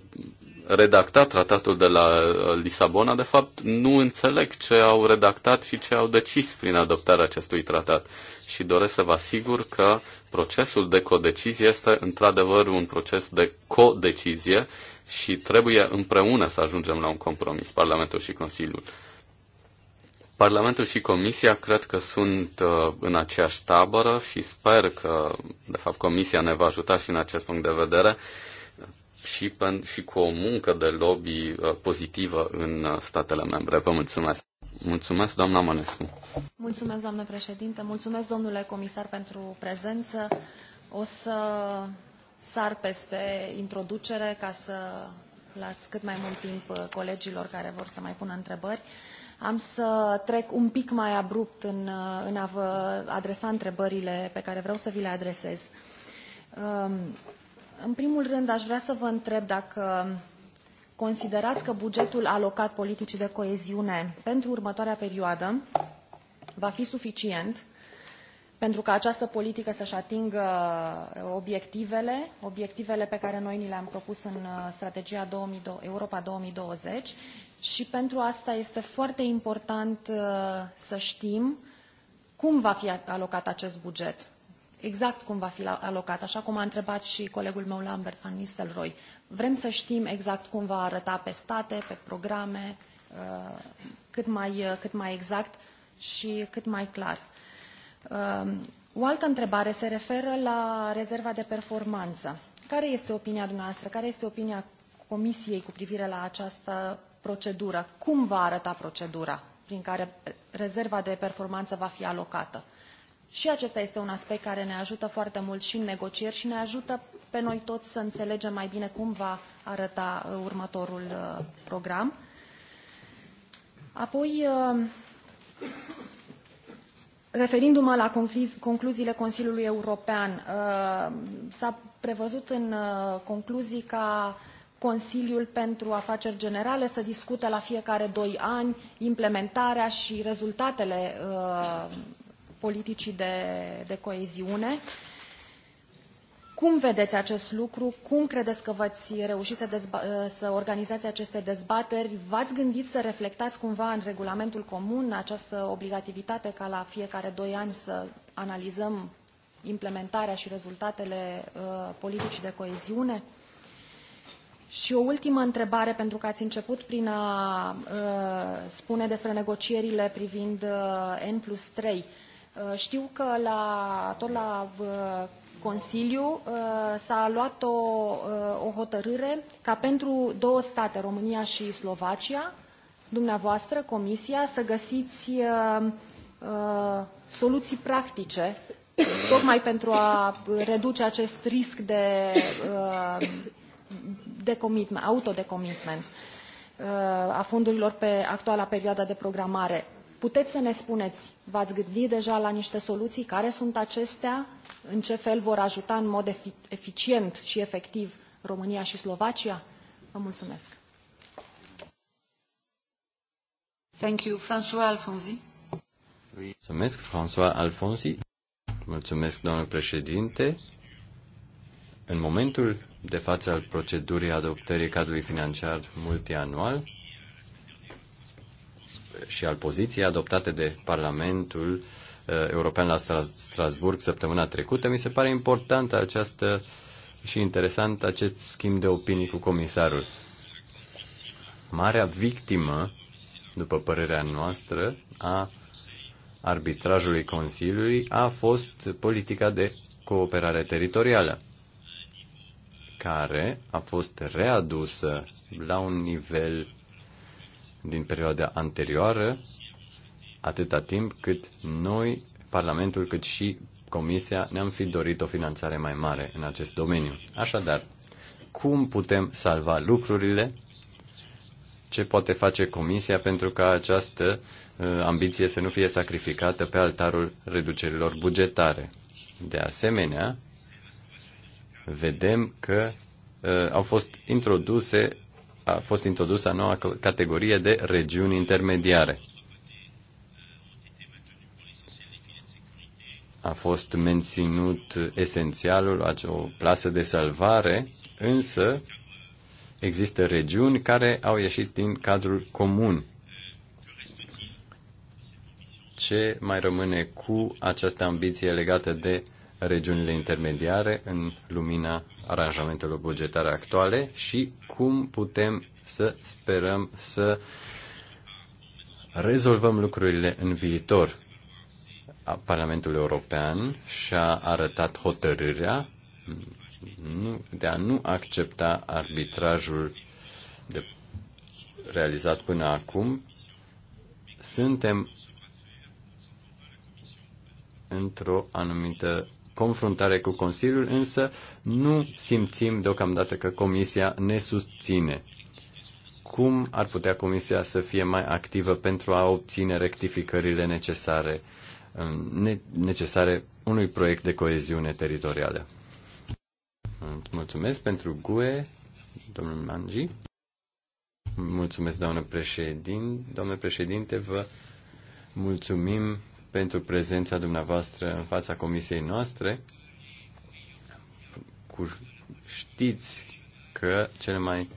redactat tratatul de la uh, Lisabona, de fapt, nu înțeleg ce au redactat și ce au decis prin adoptarea acestui tratat. Și doresc să vă asigur că procesul de codecizie este într-adevăr un proces de codecizie și trebuie împreună să ajungem la un compromis, Parlamentul și Consiliul. Parlamentul și Comisia cred că sunt uh, în aceeași tabără și sper că, de fapt, Comisia ne va ajuta și în acest punct de vedere și, pe, și cu o muncă de lobby uh, pozitivă în uh, statele membre. Vă mulțumesc! Mulțumesc, doamna Mănescu! Mulțumesc, doamnă președinte! Mulțumesc, domnule comisar, pentru prezență. O să sar peste introducere ca să las cât mai mult timp uh, colegilor care vor să mai pună întrebări. Am să trec un pic mai abrupt în, uh, în a vă adresa întrebările pe care vreau să vi le adresez. Um, în primul rând, aș vrea să vă întreb dacă considerați că bugetul alocat politicii de coeziune pentru următoarea perioadă va fi suficient uh, pentru ca această politică să-și atingă uh, obiectivele, obiectivele pe care noi ni le-am propus în uh, strategia 2000, Europa 2020 și pentru asta este foarte important uh, să știm cum va fi alocat acest buget, exact cum va fi alocat, așa cum a întrebat și colegul meu Lambert van Nistelrooy. Vrem să știm exact cum va arăta pe state, pe programe, cât mai, cât mai exact și cât mai clar. Ehm, o altă întrebare se referă la rezerva de performanță. Care este opinia dumneavoastră? Care este opinia Comisiei cu privire la această procedură? Cum va arăta procedura prin care rezerva de performanță va fi alocată? Și acesta este un aspect care ne ajută foarte mult și în negocieri și ne ajută pe noi toți să înțelegem mai bine cum va arăta uh, următorul uh, program. Apoi, uh, Referindu-mă la concluziile Consiliului European, uh, s-a prevăzut în uh, concluzii ca Consiliul pentru Afaceri Generale să discute la fiecare doi ani implementarea și rezultatele uh, politicii de, de coeziune. Uh, cum vedeți acest lucru? Cum credeți că veți reuși să, ă, să organizați aceste dezbateri? V-ați gândit să reflectați cumva în regulamentul comun această obligativitate ca la fiecare doi ani să analizăm implementarea și rezultatele uh, politicii de coeziune? Și o ultimă întrebare, pentru că ați început prin a uh, spune despre negocierile privind uh, N plus 3. Știu că la, tot la Consiliu uh, s-a luat o, uh, o hotărâre ca pentru două state, România și Slovacia, dumneavoastră, Comisia, să găsiți uh, soluții practice tocmai pentru a reduce acest risc de, de commitment, autodecommitment a fondurilor pe actuala perioadă de programare. Puteți să ne spuneți, v-ați gândit deja la niște soluții, care sunt acestea, în ce fel vor ajuta în mod eficient și efectiv România și Slovacia? Vă mulțumesc. Thank you. François Alfonsi. Mulțumesc, François Alfonsi. Mulțumesc, domnule președinte. În momentul de față al procedurii adoptării cadrului financiar multianual și al poziției adoptate de Parlamentul Uh, european la Strasburg săptămâna trecută. Mi se pare importantă această și interesant acest schimb de opinii cu comisarul. Marea victimă, după părerea noastră, a arbitrajului Consiliului a fost politica de cooperare teritorială, care a fost readusă la un nivel din perioada anterioară atâta timp cât noi, Parlamentul, cât și Comisia, ne-am fi dorit o finanțare mai mare în acest domeniu. Așadar, cum putem salva lucrurile? Ce poate face Comisia pentru ca această uh, ambiție să nu fie sacrificată pe altarul reducerilor bugetare? De asemenea, vedem că uh, au fost introduse a fost introdusă noua categorie de regiuni intermediare. a fost menținut esențialul, o plasă de salvare, însă există regiuni care au ieșit din cadrul comun. Ce mai rămâne cu această ambiție legată de regiunile intermediare în lumina aranjamentelor bugetare actuale și cum putem să sperăm să rezolvăm lucrurile în viitor. Parlamentul European și-a arătat hotărârea de a nu accepta arbitrajul de realizat până acum. Suntem într-o anumită confruntare cu Consiliul, însă nu simțim deocamdată că Comisia ne susține. Cum ar putea Comisia să fie mai activă pentru a obține rectificările necesare? Um, necesare unui proiect de coeziune teritorială. Mulțumesc pentru GUE, domnul Mangi. Mulțumesc, doamnă președinte. domnule președinte, vă mulțumim pentru prezența dumneavoastră în fața comisiei noastre. Cu, știți că cele mai,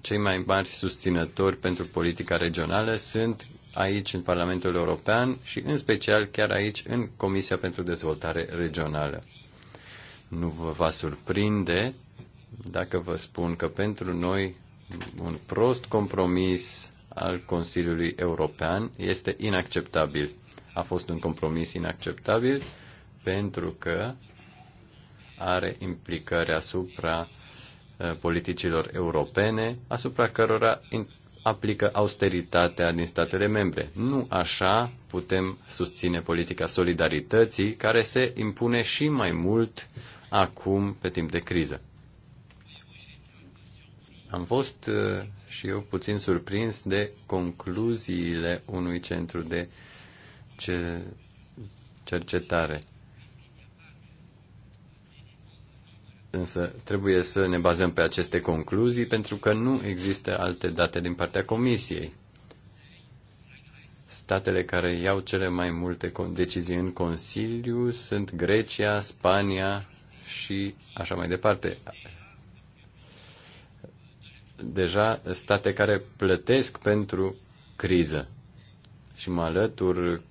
cei mai mari susținători pentru politica regională sunt aici în Parlamentul European și în special chiar aici în Comisia pentru Dezvoltare Regională. Nu vă va surprinde dacă vă spun că pentru noi un prost compromis al Consiliului European este inacceptabil. A fost un compromis inacceptabil pentru că are implicări asupra uh, politicilor europene, asupra cărora aplică austeritatea din statele membre. Nu așa putem susține politica solidarității care se impune și mai mult acum pe timp de criză. Am fost uh, și eu puțin surprins de concluziile unui centru de cercetare. Însă trebuie să ne bazăm pe aceste concluzii pentru că nu există alte date din partea Comisiei. Statele care iau cele mai multe decizii în Consiliu sunt Grecia, Spania și așa mai departe. Deja state care plătesc pentru criză. Și mă alătur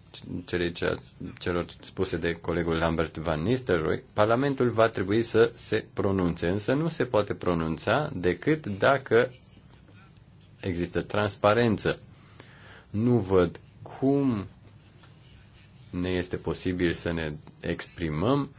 cele ce, celor spuse de colegul Lambert Van Nistelrooy, Parlamentul va trebui să se pronunțe, însă nu se poate pronunța decât dacă există transparență. Nu văd cum ne este posibil să ne exprimăm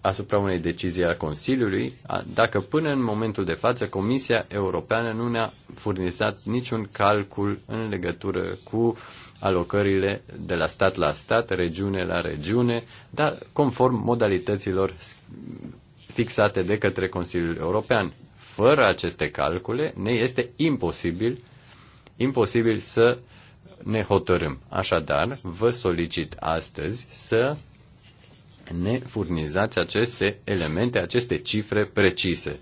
asupra unei decizii a Consiliului, dacă până în momentul de față Comisia Europeană nu ne-a furnizat niciun calcul în legătură cu uh, alocările de la stat la stat, regiune la regiune, dar conform modalităților fixate de către Consiliul European. Fără aceste calcule, ne este imposibil, imposibil să ne hotărâm. Așadar, vă solicit astăzi să ne furnizați aceste elemente, aceste cifre precise.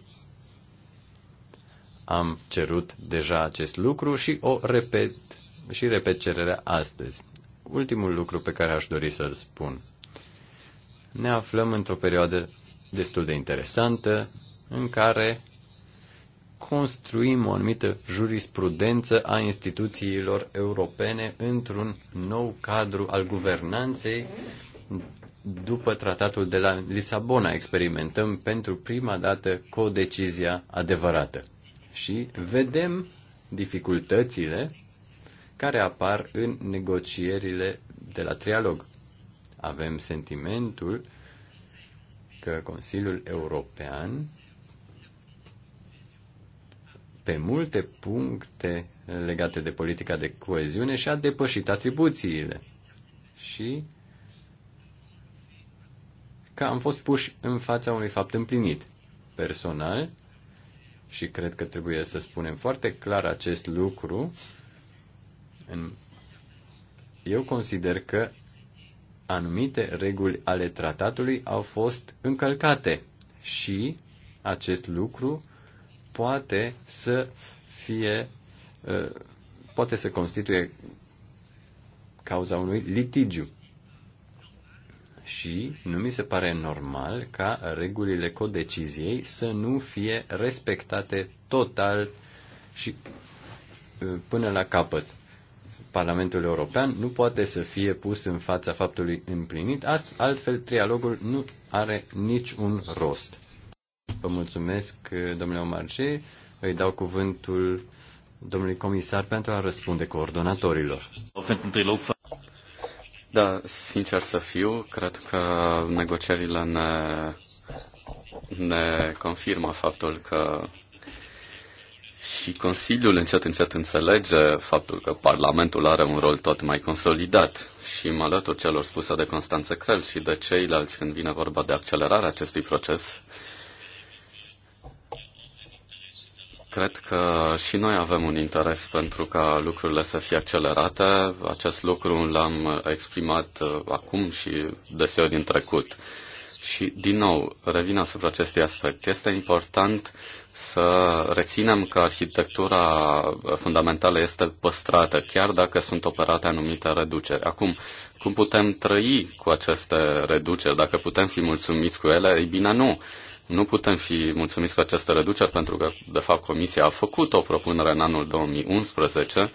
Am cerut deja acest lucru și o repet și repet cererea astăzi. Ultimul lucru pe care aș dori să-l spun. Ne aflăm într-o perioadă destul de interesantă în care construim o anumită jurisprudență a instituțiilor europene într-un nou cadru al guvernanței după tratatul de la Lisabona. Experimentăm pentru prima dată codecizia adevărată. Și vedem dificultățile care apar în negocierile de la trialog. Avem sentimentul că Consiliul European pe multe puncte legate de politica de coeziune și-a depășit atribuțiile. Și că am fost puși în fața unui fapt împlinit. Personal, și cred că trebuie să spunem foarte clar acest lucru, eu consider că anumite reguli ale tratatului au fost încălcate și acest lucru poate să fie ă, poate să constituie cauza unui litigiu. Și nu mi se pare normal ca regulile codeciziei să nu fie respectate total și ă, până la capăt. Parlamentul European nu poate să fie pus în fața faptului împlinit, altfel trialogul nu are niciun rost. Vă mulțumesc, domnule Omarje. Îi dau cuvântul domnului comisar pentru a răspunde coordonatorilor. Da, sincer să fiu, cred că negocierile ne, ne confirmă faptul că și Consiliul încet încet înțelege faptul că Parlamentul are un rol tot mai consolidat și mă alătur celor spuse de Constanță Crel și de ceilalți când vine vorba de accelerarea acestui proces. Cred că și noi avem un interes pentru ca lucrurile să fie accelerate. Acest lucru l-am exprimat uh, acum și deseori din trecut. Și, din nou, revin asupra acestui aspect. Este important uh, să reținem că arhitectura fundamentală este păstrată, chiar dacă sunt operate anumite reduceri. Acum, cum putem trăi cu aceste reduceri? Dacă putem fi mulțumiți cu ele, ei bine nu. Nu putem fi mulțumiți cu aceste reduceri pentru că, de fapt, Comisia a făcut o propunere în anul 2011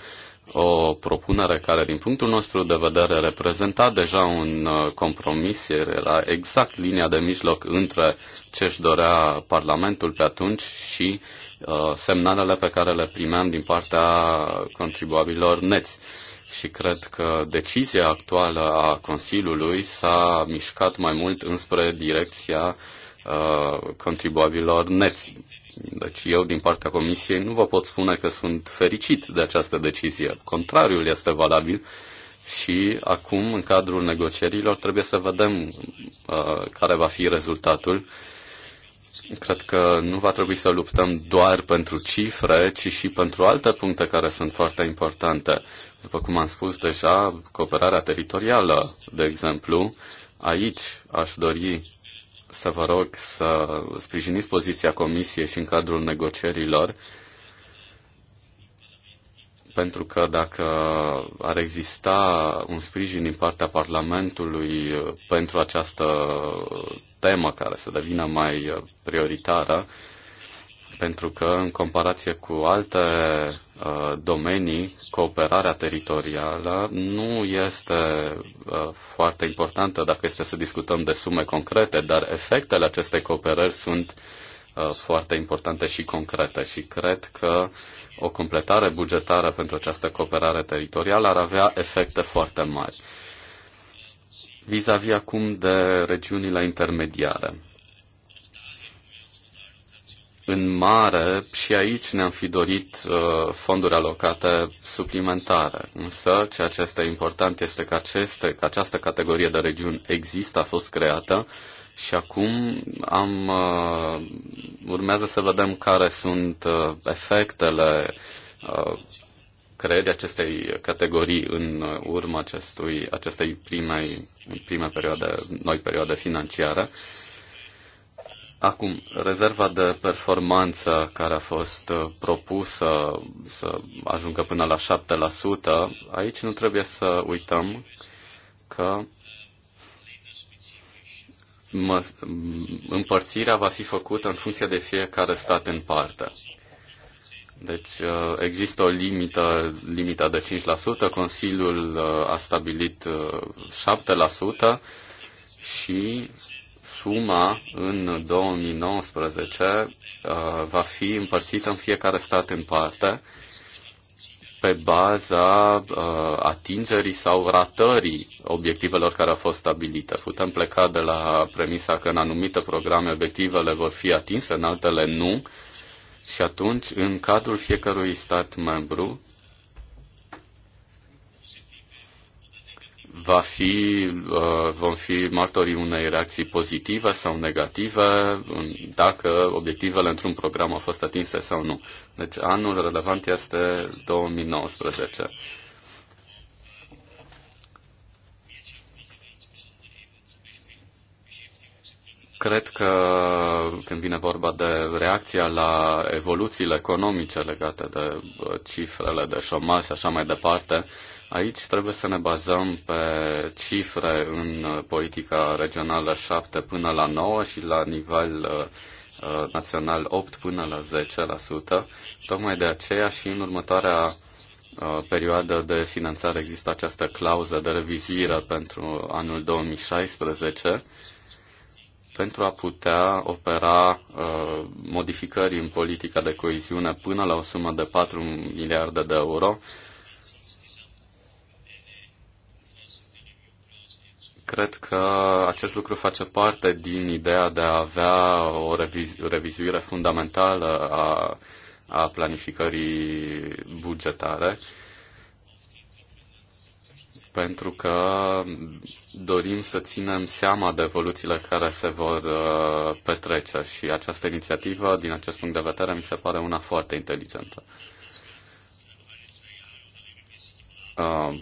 o propunere care, din punctul nostru de vedere, reprezenta deja un uh, compromis, era exact linia de mijloc între ce își dorea Parlamentul pe atunci și uh, semnalele pe care le primeam din partea contribuabilor neți. Și cred că decizia actuală a Consiliului s-a mișcat mai mult înspre direcția uh, contribuabilor neți deci eu, din partea Comisiei, nu vă pot spune că sunt fericit de această decizie. Contrariul este valabil și acum, în cadrul negocierilor, trebuie să vedem uh, care va fi rezultatul. Cred că nu va trebui să luptăm doar pentru cifre, ci și pentru alte puncte care sunt foarte importante. După cum am spus deja, cooperarea teritorială, de exemplu, aici aș dori să vă rog să sprijiniți poziția Comisiei și în cadrul negocierilor, pentru că dacă ar exista un sprijin din partea Parlamentului pentru această temă care să devină mai prioritară, pentru că în comparație cu alte Uh, domenii, cooperarea teritorială nu este uh, foarte importantă dacă este să discutăm de sume concrete, dar efectele acestei cooperări sunt uh, foarte importante și concrete și cred că o completare bugetară pentru această cooperare teritorială ar avea efecte foarte mari. Vis-a-vis -vis acum de regiunile intermediare în mare și aici ne-am fi dorit uh, fonduri alocate suplimentare. Însă, ceea ce este important este că, aceste, că această categorie de regiuni există, a fost creată și acum am, uh, urmează să vedem care sunt uh, efectele uh, creării acestei categorii în urma acestui, acestei primei, prime perioade, noi perioade financiare. Uh, Acum, rezerva de performanță care a fost uh, propusă să ajungă până la 7%, aici nu trebuie să uităm că mă, împărțirea va fi făcută în funcție de fiecare stat în parte. Deci uh, există o limită, limita de 5%, Consiliul uh, a stabilit 7% și suma în 2019 uh, va fi împărțită în fiecare stat în parte pe baza uh, atingerii sau ratării obiectivelor care au fost stabilite. Putem pleca de la premisa că în anumite programe obiectivele vor fi atinse, în altele nu, și atunci, în cadrul fiecărui stat membru, va fi, uh, vom fi martorii unei reacții pozitive sau negative dacă obiectivele într-un program au fost atinse sau nu. Deci anul relevant este 2019. Cred că când vine vorba de reacția la evoluțiile economice legate de uh, cifrele de șomaj și așa mai departe, uh, Aici trebuie să ne bazăm pe cifre în uh, politica regională 7 până la 9 și la nivel uh, uh, național 8 până la 10%. Tocmai de aceea și în următoarea perioadă de finanțare există această clauză de revizuire pentru anul 2016 pentru a putea opera uh, modificări în politica de coeziune până la o sumă de 4 miliarde de euro Cred că acest lucru face parte din ideea de a avea o reviz- revizuire fundamentală a, a planificării bugetare, pentru că dorim să ținem seama de evoluțiile care se vor uh, petrece și această inițiativă, din acest punct de vedere, mi se pare una foarte inteligentă. Uh,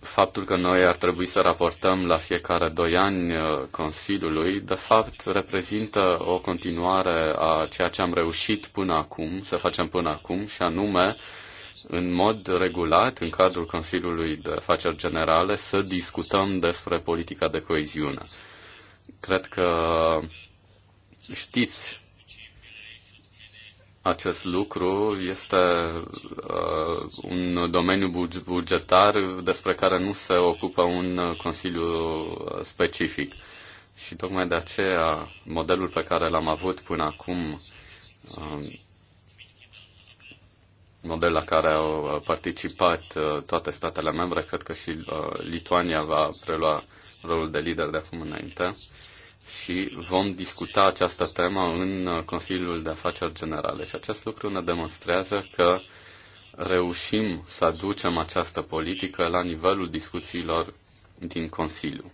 faptul că noi ar trebui să raportăm la fiecare doi ani uh, Consiliului, de fapt, reprezintă o continuare a ceea ce am reușit până acum, să facem până acum, și anume, în mod regulat, în cadrul Consiliului de Afaceri Generale, să discutăm despre politica de coeziune. Cred că știți acest lucru este uh, un domeniu bugetar despre care nu se ocupă un consiliu specific. Și tocmai de aceea modelul pe care l-am avut până acum, um, model la care au participat uh, toate statele membre, cred că și uh, Lituania va prelua rolul de lider de acum înainte, și vom discuta această temă în uh, Consiliul de Afaceri Generale. Și acest lucru ne demonstrează că reușim să aducem această politică la nivelul discuțiilor din Consiliu.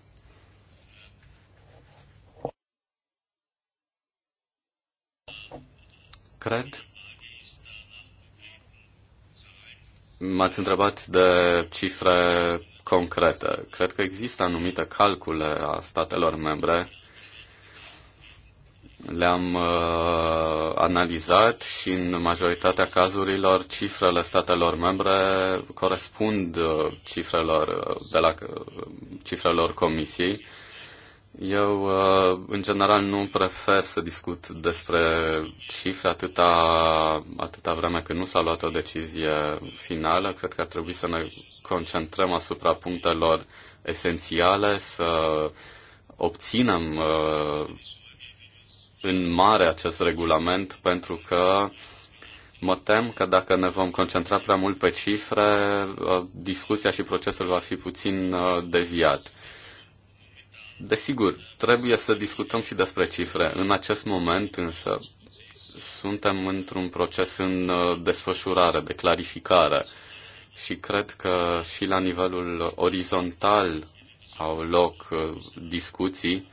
Cred M-ați întrebat de cifre concrete. Cred că există anumite calcule a statelor membre le-am uh, analizat și în majoritatea cazurilor cifrele statelor membre corespund uh, cifrelor uh, de la uh, cifrelor comisiei. Eu, uh, în general, nu prefer să discut despre cifre atâta, atâta vreme când nu s-a luat o decizie finală. Cred că ar trebui să ne concentrăm asupra punctelor esențiale, să obținem uh, în mare acest regulament pentru că mă tem că dacă ne vom concentra prea mult pe cifre, uh, discuția și procesul va fi puțin uh, deviat. Desigur, trebuie să discutăm și despre cifre. În acest moment însă suntem într-un proces în uh, desfășurare, de clarificare și cred că și la nivelul orizontal au loc discuții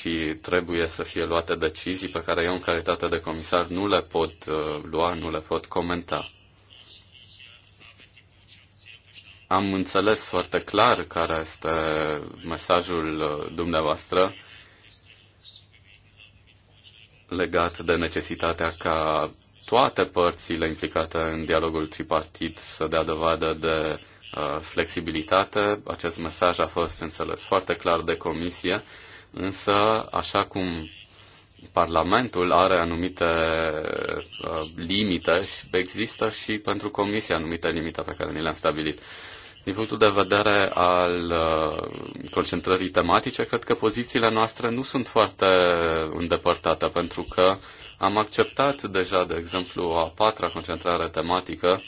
și trebuie să fie luate decizii pe care eu, în calitate de comisar, nu le pot uh, lua, nu le pot comenta. Am înțeles foarte clar care este mesajul uh, dumneavoastră legat de necesitatea ca toate părțile implicate în dialogul tripartit să dea dovadă de uh, flexibilitate. Acest mesaj a fost înțeles foarte clar de comisie însă, așa cum Parlamentul are anumite uh, limite și există și pentru Comisie anumite limite pe care ni le-am stabilit. Din punctul de vedere al uh, concentrării tematice, cred că pozițiile noastre nu sunt foarte îndepărtate, pentru că am acceptat deja, de exemplu, a patra concentrare tematică.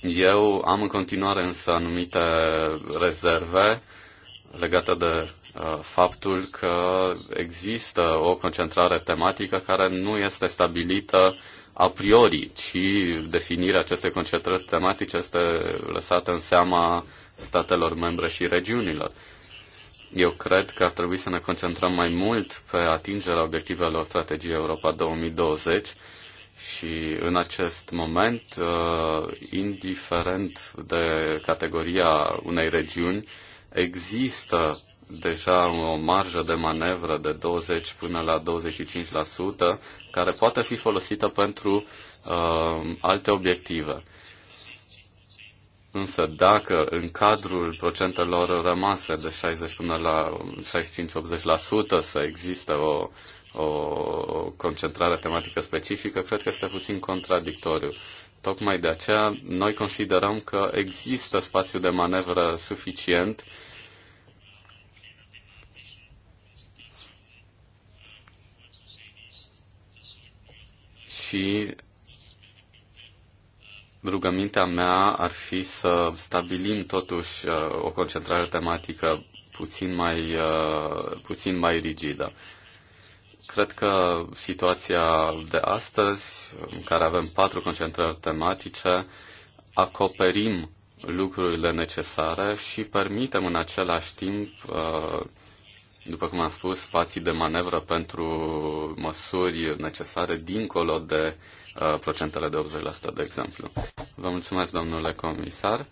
Eu am în continuare însă anumite rezerve legată de uh, faptul că există o concentrare tematică care nu este stabilită a priori, ci definirea acestei concentrări tematice este lăsată în seama statelor membre și regiunilor. Eu cred că ar trebui să ne concentrăm mai mult pe atingerea obiectivelor strategiei Europa 2020 și în acest moment, uh, indiferent de categoria unei regiuni, există deja o marjă de manevră de 20 până la 25% care poate fi folosită pentru uh, alte obiective. Însă dacă în cadrul procentelor rămase de 60 până la 65-80% să există o, o concentrare tematică specifică, cred că este puțin contradictoriu. Tocmai de aceea noi considerăm că există spațiu de manevră suficient uh, și rugămintea mea ar fi să stabilim totuși uh, o concentrare tematică puțin mai, uh, puțin mai rigidă. Cred că situația de astăzi, în care avem patru concentrări tematice, acoperim lucrurile necesare și permitem în același timp uh, după cum am spus, spații de manevră pentru măsuri necesare dincolo de uh, procentele de 80%, de exemplu. Vă mulțumesc, domnule comisar.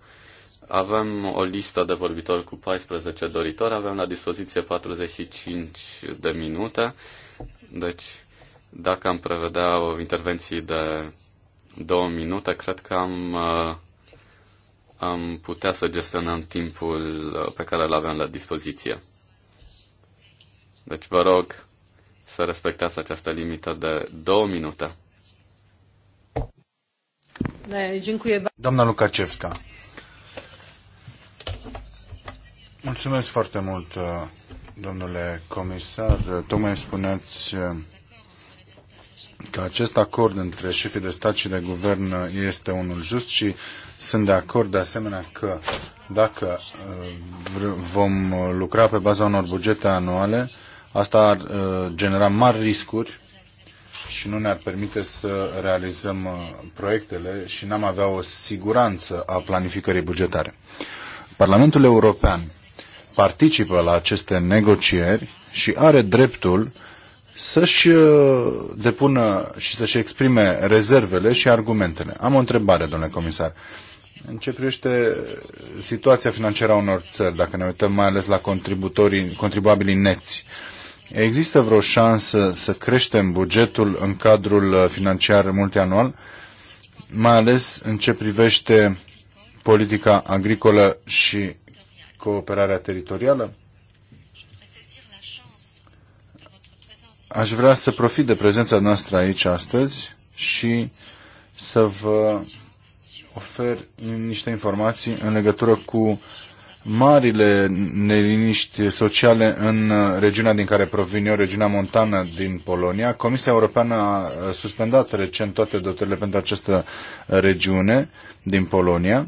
Avem o listă de vorbitori cu 14 doritori, avem la dispoziție 45 de minute, deci dacă am prevedea o intervenție de două minute, cred că am uh, am putea să gestionăm timpul uh, pe care îl avem la dispoziție. Deci vă rog să respectați această limită de două minute. Doamna Lukacevska, mulțumesc foarte mult, uh, domnule comisar. Tocmai spuneați uh, că acest acord între șefii de stat și de guvern este unul just și sunt de acord de asemenea că dacă uh, vom lucra pe baza unor bugete anuale, Asta ar uh, genera mari riscuri și nu ne-ar permite să realizăm uh, proiectele și n-am avea o siguranță a planificării bugetare. Parlamentul European participă la aceste negocieri și are dreptul să-și uh, depună și să-și exprime rezervele și argumentele. Am o întrebare, domnule comisar. În ce privește situația financiară a unor țări, dacă ne uităm mai ales la contributorii, contribuabilii neți, uh, Există vreo șansă să creștem bugetul în cadrul uh, financiar multianual, mai ales în ce privește politica agricolă și cooperarea teritorială? Aș vrea să profit de prezența noastră aici astăzi și să vă ofer niște informații în legătură cu marile neliniști sociale în uh, regiunea din care provin eu, regiunea montană din Polonia. Comisia Europeană a uh, suspendat recent toate dotările pentru această uh, regiune din Polonia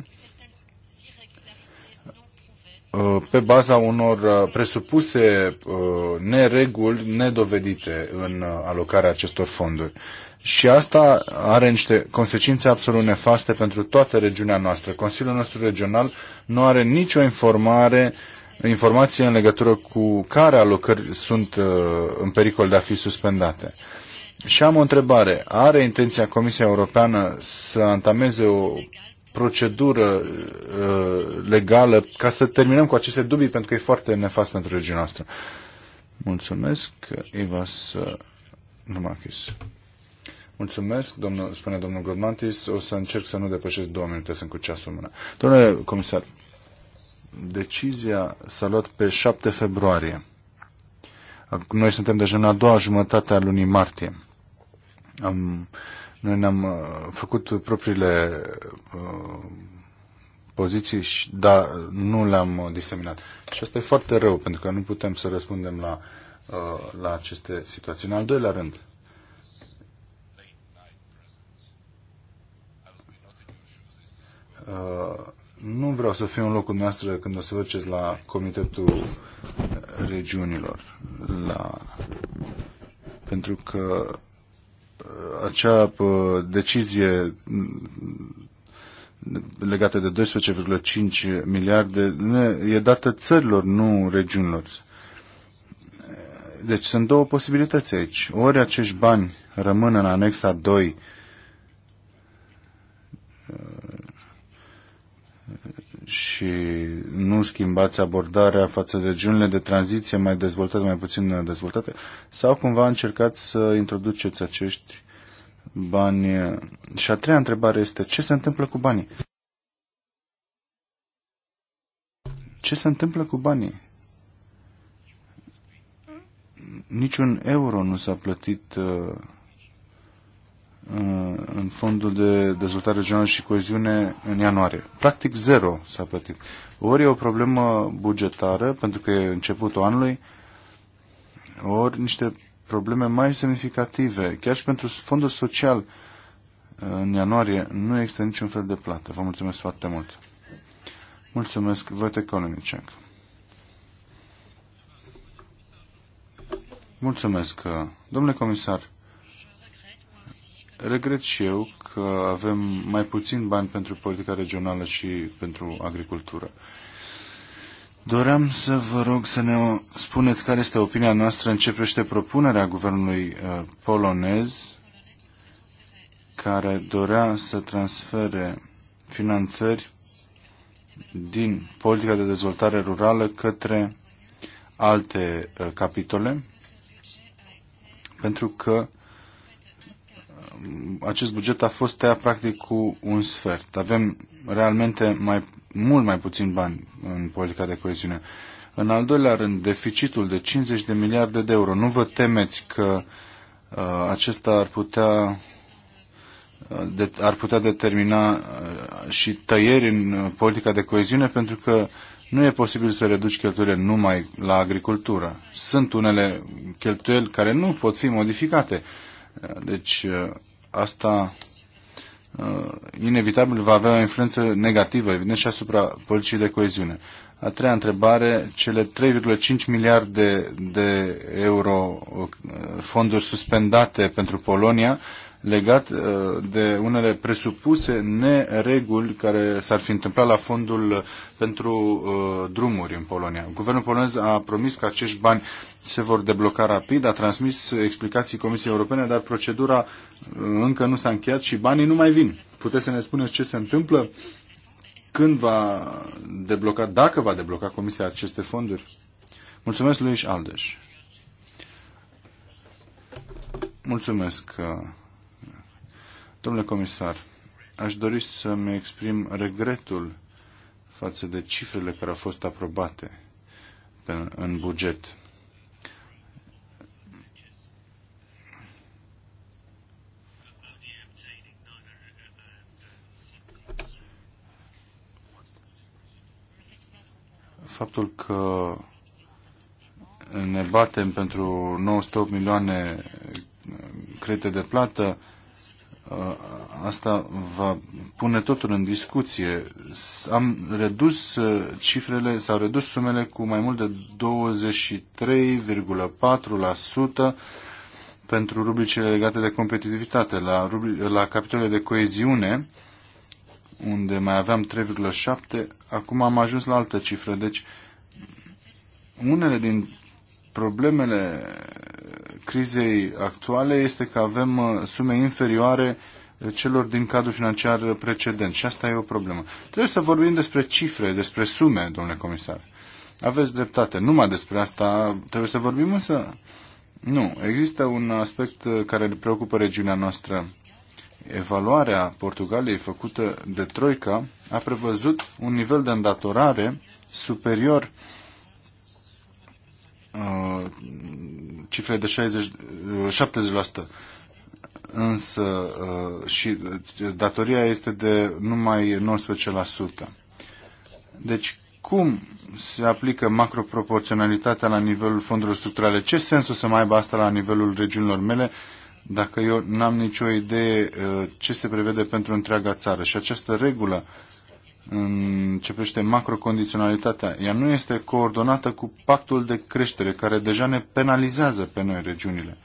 Uh, pe baza unor uh, presupuse uh, nereguli nedovedite în alocarea acestor fonduri. Și asta are niște consecințe absolut nefaste pentru toată regiunea noastră. Consiliul nostru regional nu are nicio informare informație în legătură cu care alocări sunt în pericol de a fi suspendate. Și am o întrebare. Are intenția Comisia Europeană să antameze o procedură uh, legală ca să terminăm cu aceste dubii, pentru că e foarte nefast pentru regiunea noastră. Mulțumesc, Ivas Numachis. Mulțumesc, domnul, spune domnul Godmantis. O să încerc să nu depășesc două minute, sunt cu ceasul mână. Domnule comisar, decizia s-a luat pe 7 februarie. Noi suntem deja în a doua jumătate a lunii martie. Am noi ne-am uh, făcut propriile uh, poziții, dar nu le-am uh, diseminat. Și asta e foarte rău, pentru că nu putem să răspundem la, la aceste situații. În al doilea rând, nu vreau să fiu în locul noastră când o să duceți la Comitetul Regiunilor. La... Pentru că acea decizie legată de 12,5 miliarde e dată țărilor, nu regiunilor. Deci sunt două posibilități aici. Ori acești bani rămân în anexa 2 și nu schimbați abordarea față de regiunile de tranziție mai dezvoltate, mai puțin dezvoltate? Sau cumva încercați să introduceți acești bani? Și a treia întrebare este, ce se întâmplă cu banii? Ce se întâmplă cu banii? Niciun euro nu s-a plătit uh, în Fondul de Dezvoltare Regională și Coeziune în ianuarie. Practic zero s-a plătit. Ori e o problemă bugetară, pentru că e începutul anului, ori niște probleme mai semnificative. Chiar și pentru Fondul Social în ianuarie nu există niciun fel de plată. Vă mulțumesc foarte mult. Mulțumesc, Văte Kolonicek. Mulțumesc, domnule comisar regret și eu că avem mai puțin bani pentru politica regională și pentru agricultură. Doream să vă rog să ne spuneți care este opinia noastră în ce privește propunerea guvernului uh, polonez care dorea să transfere finanțări din politica de dezvoltare rurală către alte uh, capitole, pentru că acest buget a fost tăiat practic cu un sfert. Avem realmente mai, mult mai puțin bani în politica de coeziune. În al doilea rând, deficitul de 50 de miliarde de euro. Nu vă temeți că uh, acesta ar putea, uh, de, ar putea determina uh, și tăieri în uh, politica de coeziune, pentru că nu e posibil să reduci cheltuielile numai la agricultură. Sunt unele cheltuieli care nu pot fi modificate. Uh, deci uh, asta uh, inevitabil va avea o influență negativă, evident, și asupra politicii de coeziune. A treia întrebare, cele 3,5 miliarde de euro uh, fonduri suspendate pentru Polonia legat de unele presupuse nereguli care s-ar fi întâmplat la fondul pentru drumuri în Polonia. Guvernul polonez a promis că acești bani se vor debloca rapid. A transmis explicații Comisiei Europene, dar procedura uh, încă nu s-a încheiat și banii nu mai vin. Puteți să ne spuneți ce se întâmplă? Când va debloca, dacă va debloca Comisia aceste fonduri? Mulțumesc, Luis Aldeș. Mulțumesc, uh, domnule comisar. Aș dori să-mi exprim regretul față de cifrele care au fost aprobate în buget. faptul că ne batem pentru 98 milioane uh, crete de plată, uh, asta va pune totul în discuție. Am redus uh, cifrele, s-au redus sumele cu mai mult de 23,4% pentru rubricile legate de competitivitate. La, rubri, la capitolele de coeziune, unde mai aveam 3,7, acum am ajuns la altă cifră. Deci, unele din problemele crizei actuale este că avem uh, sume inferioare uh, celor din cadrul financiar precedent și asta e o problemă. Trebuie să vorbim despre cifre, despre sume, domnule comisar. Aveți dreptate. Numai despre asta trebuie să vorbim, însă nu. Există un aspect uh, care preocupă regiunea noastră evaluarea Portugaliei făcută de Troica a prevăzut un nivel de îndatorare superior uh, cifrei de 60, 70%. Uh, Însă uh, și datoria este de numai 19%. Deci cum se aplică macroproporționalitatea la nivelul fondurilor structurale? Ce sens o să mai aibă asta la nivelul regiunilor mele? Uh, dacă eu n-am nicio idee uh, ce se prevede pentru întreaga țară. Și această regulă în ce privește macrocondiționalitatea, ea nu este coordonată cu pactul de creștere, care deja ne penalizează pe noi regiunile.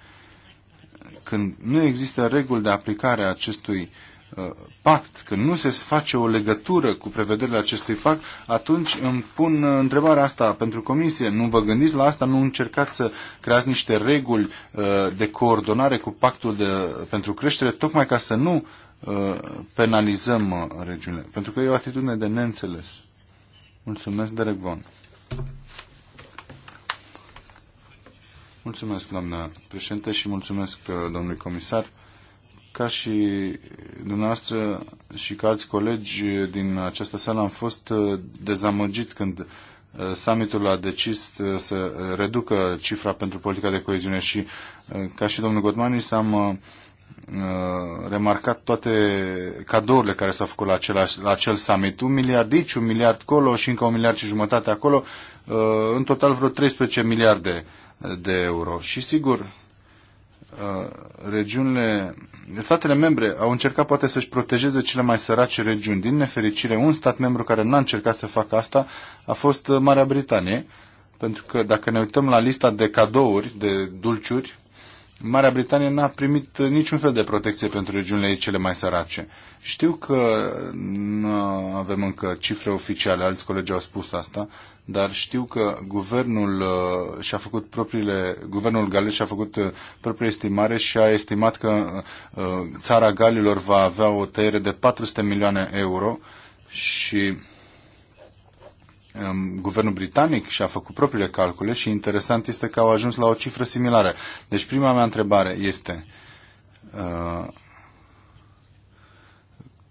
Când nu există reguli de aplicare a acestui Uh, pact, când nu se face o legătură cu prevederile acestui pact, atunci îmi pun uh, întrebarea asta pentru comisie. Nu vă gândiți la asta? Nu încercați să creați niște reguli uh, de coordonare cu pactul de, pentru creștere, tocmai ca să nu penalizăm regiunile. Pentru că e o atitudine de neînțeles. Mulțumesc, Derek Von. Mulțumesc, doamnă președinte, și mulțumesc domnului comisar ca și dumneavoastră și ca alți colegi din această sală am fost uh, dezamăgit când uh, summitul a decis uh, să reducă cifra pentru politica de coeziune și ca și domnul Gotmanis am remarcat toate cadourile care s-au făcut la, același, la acel summit. Un miliard aici, un miliard acolo și încă un miliard și jumătate acolo, în total vreo 13 miliarde de euro. Și sigur, regiunile statele membre au încercat poate să-și protejeze cele mai sărace regiuni. Din nefericire, un stat membru care n-a încercat să facă asta a fost uh, Marea Britanie, pentru că dacă ne uităm la lista de cadouri, de dulciuri, Marea Britanie n-a primit uh, niciun fel de protecție pentru regiunile ei cele mai sărace. Știu că nu avem încă cifre oficiale, alți colegi au spus asta, dar știu că guvernul uh, și-a făcut propriile, guvernul Galilor și-a făcut uh, propria estimare și a estimat că uh, țara Galilor va avea o tăiere de 400 milioane euro și um, guvernul britanic și-a făcut propriile calcule și interesant este că au ajuns la o cifră similară. Deci prima mea întrebare este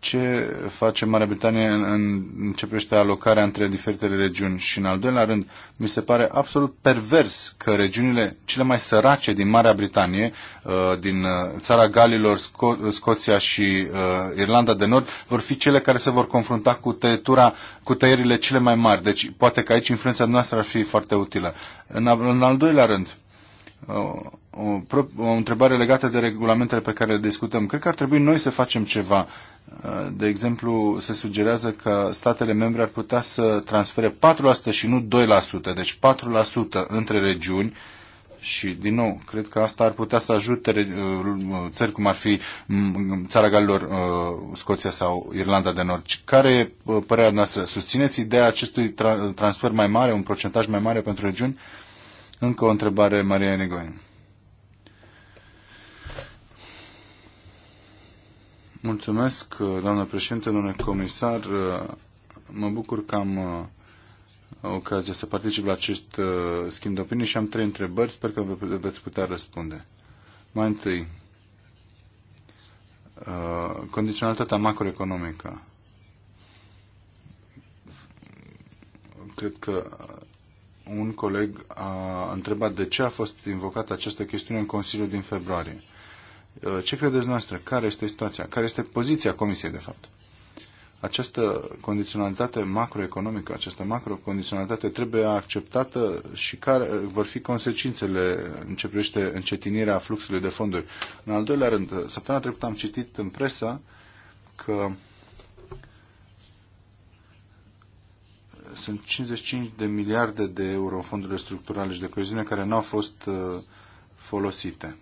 ce face Marea Britanie în ce privește alocarea între diferitele regiuni. Și în al doilea rând, mi se pare absolut pervers că regiunile cele mai sărace din Marea Britanie, uh, din uh, țara Galilor, Sco- Scoția și uh, Irlanda de Nord, vor fi cele care se vor confrunta cu tăietura, cu tăierile cele mai mari. Deci poate că aici influența noastră ar fi foarte utilă. În, în al doilea rând, o, o întrebare legată de regulamentele pe care le discutăm. Cred că ar trebui noi să facem ceva de exemplu, se sugerează că statele membre ar putea să transfere 4% și nu 2%, deci 4% între regiuni și, din nou, cred că asta ar putea să ajute uh, țări cum ar fi mm, Țara Galilor, uh, Scoția sau Irlanda de Nord. Care e uh, părerea noastră? Susțineți ideea acestui transfer mai mare, un procentaj mai mare pentru regiuni? Încă o întrebare, Maria Negoin. Mulțumesc, doamnă președinte, domnule comisar. Mă bucur că am uh, ocazia să particip la acest uh, schimb de opinii și am trei întrebări. Sper că veți putea răspunde. Mai întâi, uh, condiționalitatea macroeconomică. Cred că un coleg a întrebat de ce a fost invocată această chestiune în Consiliul din februarie. Uh, ce credeți noastră? Care este situația? Care este poziția Comisiei, de fapt? Această condiționalitate macroeconomică, această macrocondiționalitate trebuie acceptată și care uh, vor fi consecințele în ce privește încetinirea fluxului de fonduri. În al doilea rând, uh, săptămâna trecută am citit în presă că sunt 55 de miliarde de euro fondurile structurale și de coeziune care n-au fost folosite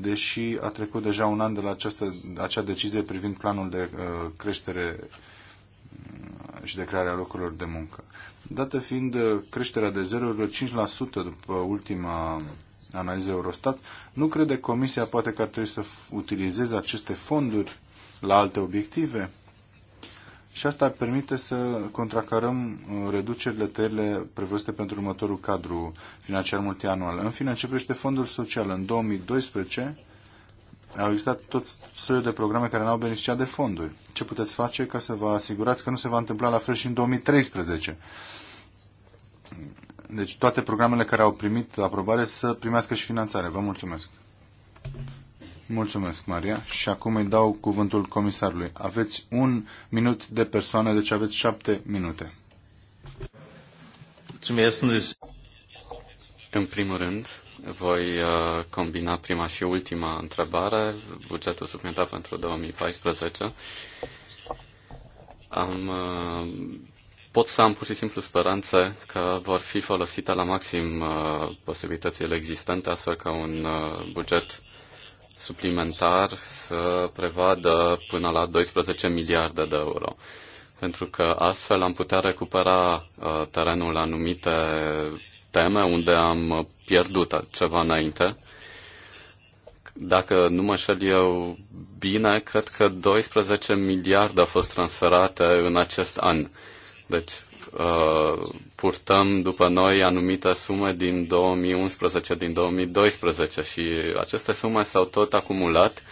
deși a trecut deja un an de la această, acea decizie privind planul de uh, creștere mm, și de crearea locurilor de muncă. Dată fiind uh, creșterea de 0,5% după ultima analiză Eurostat, nu crede Comisia poate că ar trebui să utilizeze aceste fonduri la alte obiective? și asta permite să contracarăm uh, reducerile tăierile prevăzute pentru următorul cadru financiar multianual. În fine, începește fondul social. În 2012 au existat tot soiul de programe care n-au beneficiat de fonduri. Ce puteți face ca să vă asigurați că nu se va întâmpla la fel și în 2013? Deci toate programele care au primit aprobare să primească și finanțare. Vă mulțumesc! Mulțumesc, Maria. Și acum îi dau cuvântul comisarului. Aveți un minut de persoană, deci aveți șapte minute. Mulțumesc. În primul rând, voi uh, combina prima și ultima întrebare, bugetul suplimentar pentru 2014. Am, uh, pot să am pur și simplu speranțe că vor fi folosite la maxim uh, posibilitățile existente, astfel că un buget suplimentar să prevadă până la 12 miliarde de euro. Pentru că astfel am putea recupera uh, terenul la anumite teme unde am pierdut ceva înainte. Dacă nu mă șel eu bine, cred că 12 miliarde au fost transferate în acest an. Deci uh, purtăm după noi anumite sume din 2011, din 2012 și aceste sume s-au tot acumulat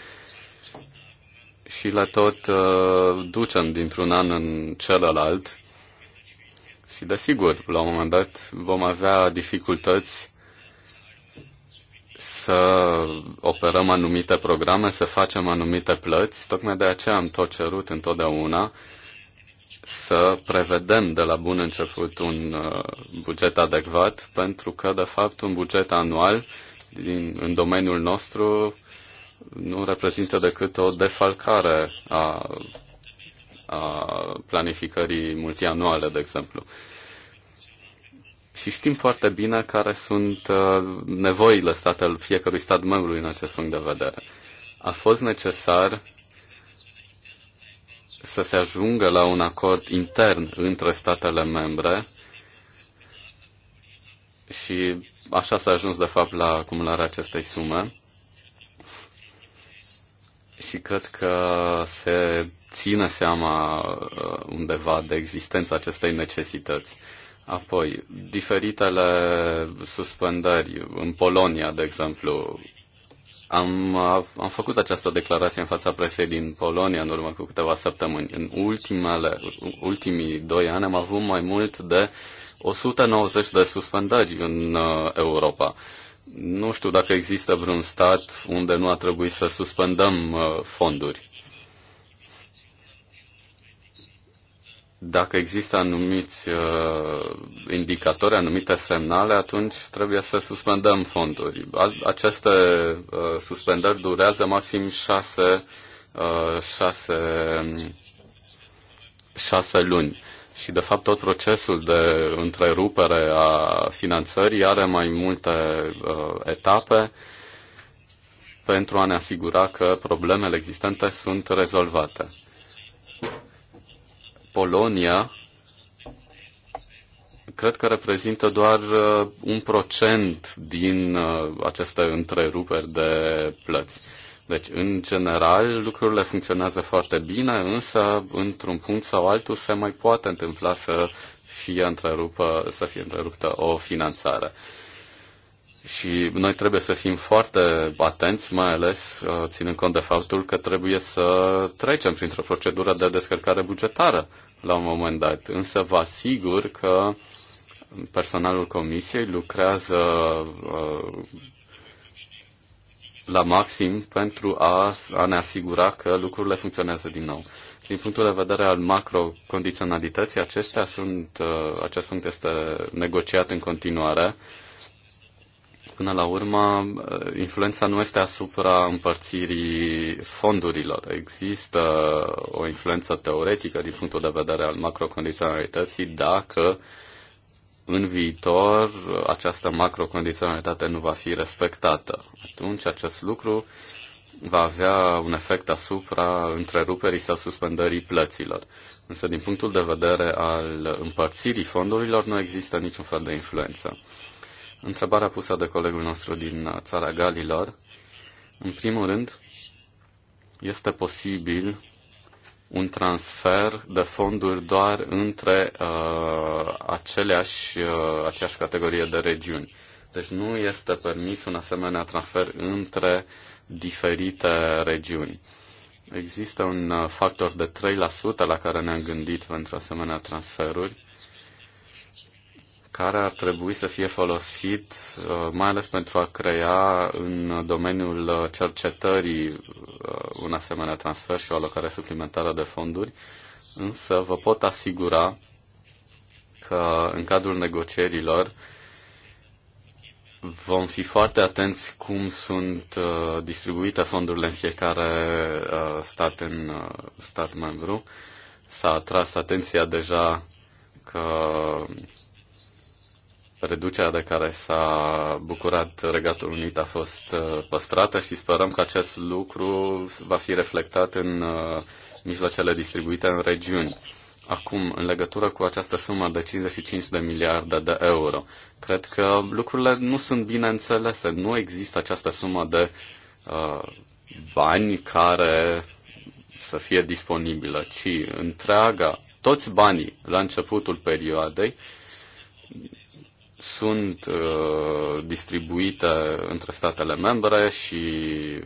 și le tot uh, ducem dintr-un an în celălalt. Și desigur, la un moment dat vom avea dificultăți să operăm anumite programe, să facem anumite plăți. Tocmai de aceea am tot cerut întotdeauna uh, să prevedem de la bun început un uh, buget adecvat, pentru că, de fapt, un buget anual din, în domeniul nostru nu reprezintă decât o defalcare a, a planificării multianuale, de exemplu. Și știm foarte bine care sunt uh, nevoile statelor fiecărui stat membru în acest punct de vedere. A fost necesar să se ajungă la un acord intern între statele membre și așa s-a ajuns, de fapt, la acumularea acestei sume. Și cred că se ține seama uh, undeva de existența acestei necesități. Apoi, diferitele suspendări în Polonia, de exemplu, am, am făcut această declarație în fața presei din Polonia în urmă cu câteva săptămâni. În ultimele, ultimii doi ani am avut mai mult de 190 de suspendări în uh, Europa. Nu știu dacă există vreun stat unde nu a trebuit să suspendăm uh, fonduri. dacă există anumiți uh, indicatori, anumite semnale, atunci trebuie să suspendăm fonduri. Aceste uh, suspendări durează maxim șase, uh, șase, șase luni. Și, de fapt, tot procesul de întrerupere a finanțării are mai multe uh, etape pentru a ne asigura că problemele existente sunt rezolvate. Polonia cred că reprezintă doar uh, un procent din uh, aceste întreruperi de plăți. Deci, în general, lucrurile funcționează foarte bine, însă, într-un punct sau altul, se mai poate întâmpla să fie, întrerupă, să fie întreruptă o finanțare. Și noi trebuie să fim foarte atenți, mai ales uh, ținând cont de faptul că trebuie să trecem printr-o procedură de descărcare bugetară la un moment dat. Însă vă asigur că personalul comisiei lucrează uh, la maxim pentru a, a ne asigura că lucrurile funcționează din nou. Din punctul de vedere al macrocondiționalității, acestea sunt, uh, acest punct este negociat în continuare Până la urmă, eh, influența nu este asupra împărțirii fondurilor. Există o influență teoretică din punctul de vedere al macrocondiționalității dacă în viitor eh, această macrocondiționalitate nu va fi respectată. Atunci acest lucru va avea un efect asupra întreruperii sau suspendării plăților. Însă din punctul de vedere al împărțirii fondurilor nu există niciun fel de influență. Întrebarea pusă de colegul nostru din țara Galilor, în primul rând, este posibil un transfer de fonduri doar între uh, aceleași, uh, aceeași categorie de regiuni. Deci nu este permis un asemenea transfer între diferite regiuni. Există un uh, factor de 3% la care ne-am gândit pentru asemenea transferuri care ar trebui să fie folosit uh, mai ales pentru a crea în domeniul uh, cercetării uh, un asemenea transfer și o alocare suplimentară de fonduri, însă vă pot asigura că în cadrul negocierilor vom fi foarte atenți cum sunt distribuite fondurile în fiecare stat, în, stat membru. S-a atras atenția deja că reducerea de care s-a bucurat Regatul Unit a fost uh, păstrată și sperăm că acest lucru va fi reflectat în uh, mijloacele distribuite în regiuni. Acum, în legătură cu această sumă de 55 de miliarde de euro, cred că lucrurile nu sunt bine înțelese. Nu există această sumă de uh, bani care să fie disponibilă, ci întreaga, toți banii la începutul perioadei sunt uh, distribuite între statele membre și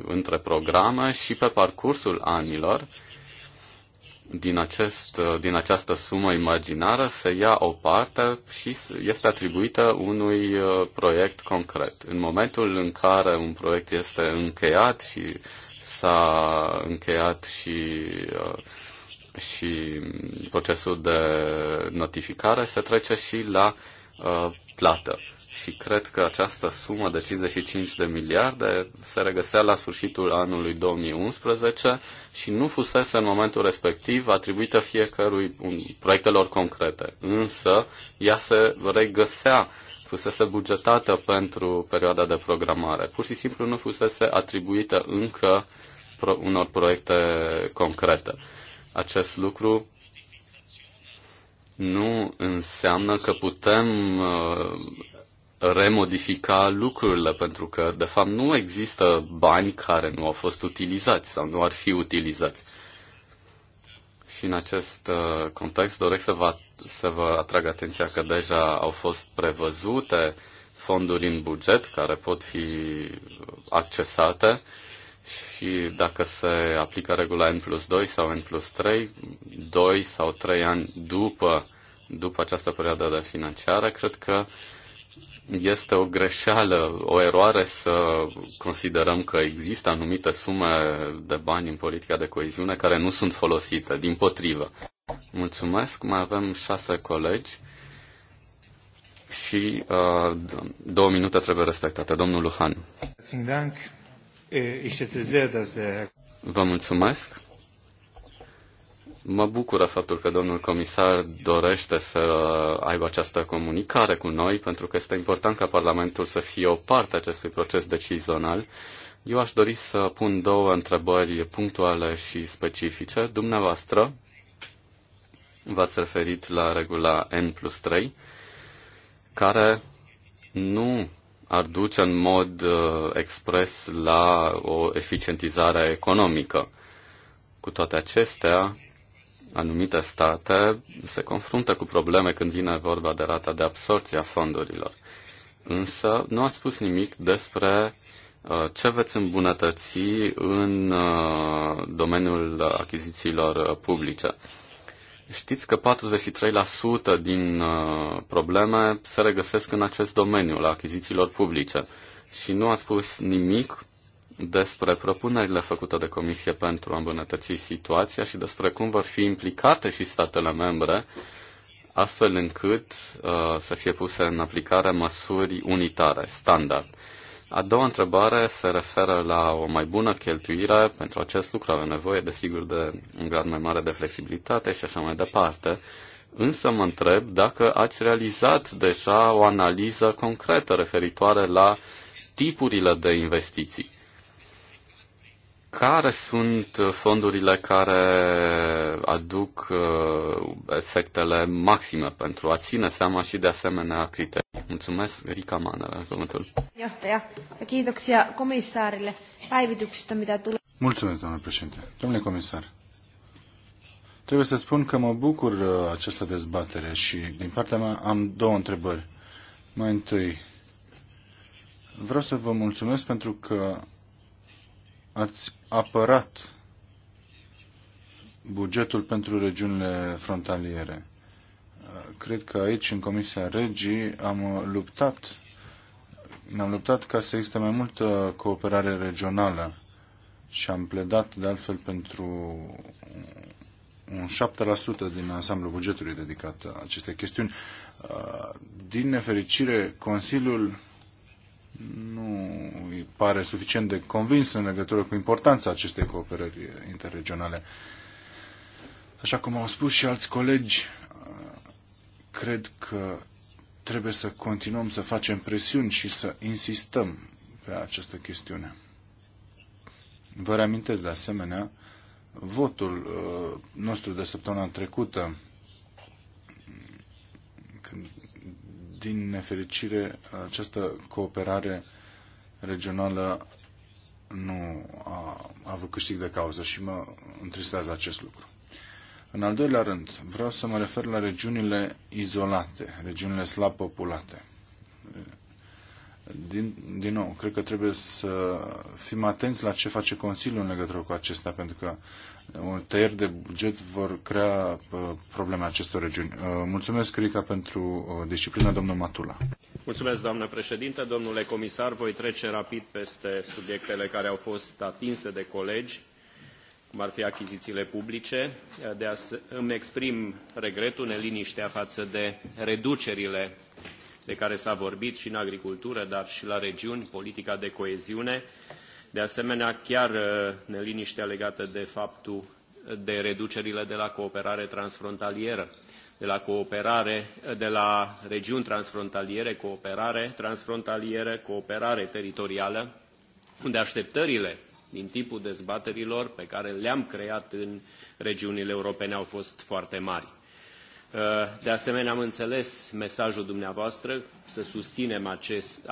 între programe și pe parcursul anilor din, acest, uh, din această sumă imaginară se ia o parte și este atribuită unui uh, proiect concret. În momentul în care un proiect este încheiat și s-a încheiat și, uh, și procesul de notificare, se trece și la plată. Și cred că această sumă de 55 de miliarde se regăsea la sfârșitul anului 2011 și nu fusese în momentul respectiv atribuită fiecărui un, proiectelor concrete. Însă ea se regăsea fusese bugetată pentru perioada de programare. Pur și simplu nu fusese atribuită încă pro- unor proiecte concrete. Acest lucru nu înseamnă că putem uh, remodifica lucrurile, pentru că, de fapt, nu există bani care nu au fost utilizați sau nu ar fi utilizați. Și în acest uh, context doresc să vă, să vă atrag atenția că deja au fost prevăzute fonduri în buget care pot fi accesate și dacă se aplică regula N plus 2 sau N plus 3, 2 sau 3 ani după, după această perioadă de financiară, cred că este o greșeală, o eroare să considerăm că există anumite sume de bani în politica de coeziune care nu sunt folosite, din potrivă. Mulțumesc, mai avem șase colegi și uh, două minute trebuie respectate. Domnul Luhan. Mulțumesc. Eh, Vă mulțumesc. Mă bucură faptul că domnul comisar dorește să aibă această comunicare cu noi, pentru că este important ca Parlamentul să fie o parte a acestui proces decizional. Eu aș dori să pun două întrebări punctuale și specifice. Dumneavoastră v-ați referit la regula N plus 3, care nu ar duce în mod uh, expres la o eficientizare economică. Cu toate acestea, anumite state se confruntă cu probleme când vine vorba de rata de absorție a fondurilor. Însă nu ați spus nimic despre uh, ce veți îmbunătăți în uh, domeniul achizițiilor publice. Știți că 43% din uh, probleme se regăsesc în acest domeniu, la achizițiilor publice. Și nu a spus nimic despre propunerile făcute de Comisie pentru a îmbunătăți situația și despre cum vor fi implicate și statele membre, astfel încât uh, să fie puse în aplicare măsuri unitare, standard. A doua întrebare se referă la o mai bună cheltuire. Pentru acest lucru avem nevoie, desigur, de un grad mai mare de flexibilitate și așa mai departe. Însă mă întreb dacă ați realizat deja o analiză concretă referitoare la tipurile de investiții. Care sunt fondurile care aduc uh, efectele maxime pentru a ține seama și de asemenea criterii? Mulțumesc, Rica Manele, cuvântul. Mulțumesc, domnule președinte. Domnule comisar, trebuie să spun că mă bucur uh, această dezbatere și din partea mea am două întrebări. Mai întâi, vreau să vă mulțumesc pentru că ați apărat bugetul pentru regiunile frontaliere. Cred că aici, în Comisia Regii, am luptat, ne-am luptat ca să existe mai multă cooperare regională și am pledat, de altfel, pentru un 7% din ansamblul bugetului dedicat acestei chestiuni. Din nefericire, Consiliul nu îi pare suficient de convins în legătură cu importanța acestei cooperări interregionale. Așa cum au spus și alți colegi, cred că trebuie să continuăm să facem presiuni și să insistăm pe această chestiune. Vă reamintesc de asemenea votul uh, nostru de săptămâna trecută din nefericire, această cooperare regională nu a, avut câștig de cauză și mă întristează acest lucru. În al doilea rând, vreau să mă refer la regiunile izolate, regiunile slab populate. Din, din nou, cred că trebuie să fim atenți la ce face Consiliul în legătură cu acestea, pentru că tăieri de buget vor crea uh, probleme acestor regiuni. Uh, mulțumesc, Rica, pentru uh, disciplina, domnul Matula. Mulțumesc, doamnă președinte, domnule comisar. Voi trece rapid peste subiectele care au fost atinse de colegi, cum ar fi achizițiile publice. De a îmi exprim regretul, neliniștea față de reducerile de care s-a vorbit și în agricultură, dar și la regiuni, politica de coeziune, de asemenea, chiar uh, neliniștea legată de faptul uh, de reducerile de la cooperare transfrontalieră, de la cooperare, uh, de la regiuni transfrontaliere, cooperare transfrontalieră, cooperare teritorială, unde așteptările din timpul dezbaterilor pe care le-am creat în regiunile europene au fost foarte mari. De asemenea, am înțeles mesajul dumneavoastră să susținem acest,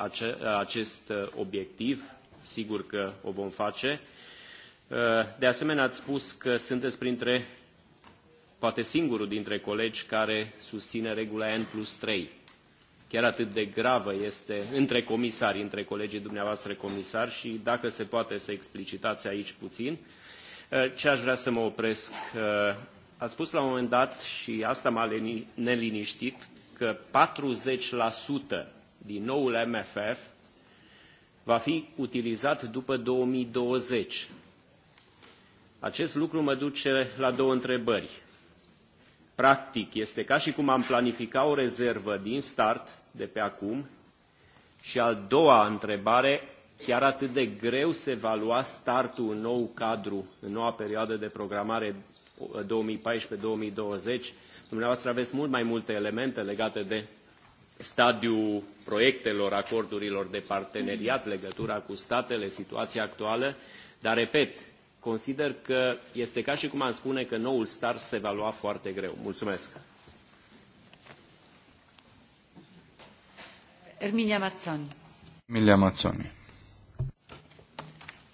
acest obiectiv sigur că o vom face. De asemenea, ați spus că sunteți printre, poate singurul dintre colegi care susține regula N plus 3. Chiar atât de gravă este între comisari, între colegii dumneavoastră comisari și dacă se poate să explicitați aici puțin. Ce aș vrea să mă opresc? Ați spus la un moment dat și asta m-a neliniștit că 40% din noul MFF va fi utilizat după 2020. Acest lucru mă duce la două întrebări. Practic, este ca și cum am planifica o rezervă din start, de pe acum, și a doua întrebare, chiar atât de greu se va lua startul în nou cadru, în noua perioadă de programare 2014-2020. Dumneavoastră aveți mult mai multe elemente legate de stadiul proiectelor, acordurilor de parteneriat, legătura cu statele, situația actuală, dar, repet, consider că este ca și cum am spune că noul star se va lua foarte greu. Mulțumesc! Erminia Mazzoni. Emilia Mazzoni.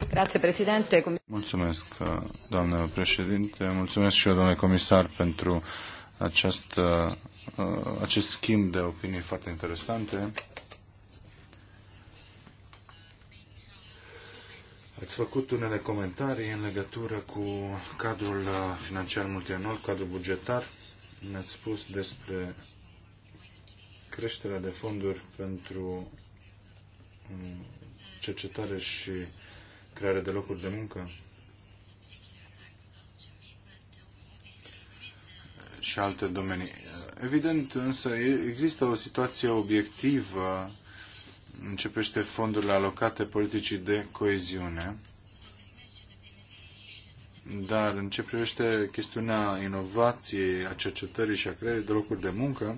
Grazie, Presidente. Mulțumesc, uh, doamnă președinte. Mulțumesc și eu, domnule comisar, pentru această Uh, acest schimb de opinii foarte interesante. Ați făcut unele comentarii în legătură cu cadrul uh, financiar multianual, cadrul bugetar. Ne-ați spus despre creșterea de fonduri pentru um, cercetare și creare de locuri de muncă. și alte domenii. Evident, însă, există o situație obiectivă începește fondurile alocate politicii de coeziune, dar în ce privește chestiunea inovației, a cercetării și a creării de locuri de muncă,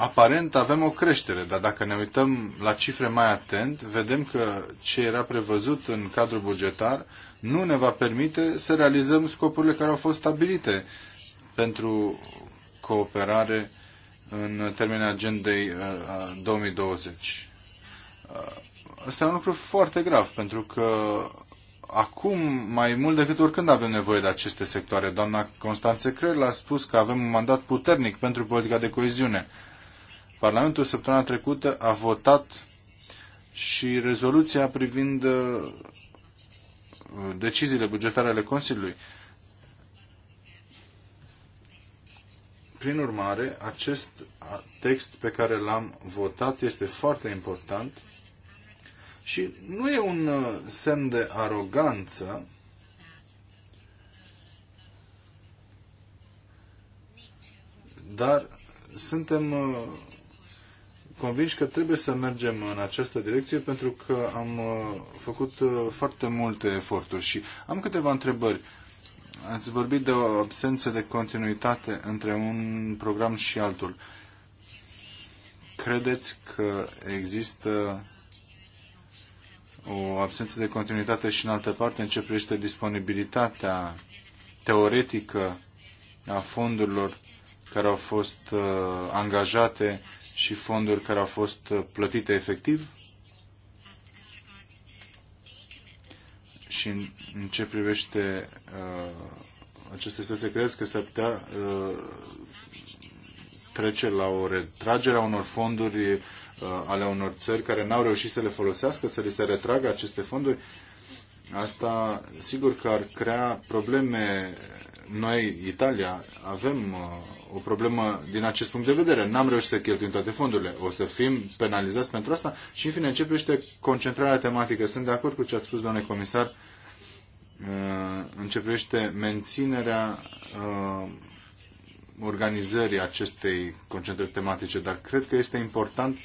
aparent avem o creștere, dar dacă ne uităm la cifre mai atent, vedem că ce era prevăzut în cadrul bugetar nu ne va permite să realizăm scopurile care au fost stabilite pentru cooperare în termenii agendei 2020. Uh, uh, uh, asta e un lucru foarte grav, pentru că acum, mai mult decât oricând, avem nevoie de aceste sectoare. Doamna Constanțe Crel a spus că avem un mandat puternic pentru politica de coeziune Parlamentul săptămâna trecută a votat și rezoluția privind uh, deciziile bugetare ale Consiliului. Prin urmare, acest text pe care l-am votat este foarte important și nu e un uh, semn de aroganță dar suntem uh, convinși că trebuie să mergem în această direcție pentru că am uh, făcut uh, foarte multe eforturi și am câteva întrebări. Ați vorbit de o absență de continuitate între un program și altul. Credeți că există o absență de continuitate și în altă parte în ce privește disponibilitatea teoretică a fondurilor care au fost uh, angajate și fonduri care au fost uh, plătite efectiv? Și în, în ce privește uh, aceste situații, credeți că s-ar putea uh, trece la o retragere a unor fonduri uh, ale unor țări care n-au reușit să le folosească, să li se retragă aceste fonduri? Asta, sigur că ar crea probleme. Noi, Italia, avem uh, o problemă din acest punct de vedere. N-am reușit să cheltuim toate fondurile. O să fim penalizați pentru asta și, în fine, începește concentrarea tematică. Sunt de acord cu ce a spus, doamne comisar, uh, începește menținerea uh, organizării acestei concentrări tematice, dar cred că este important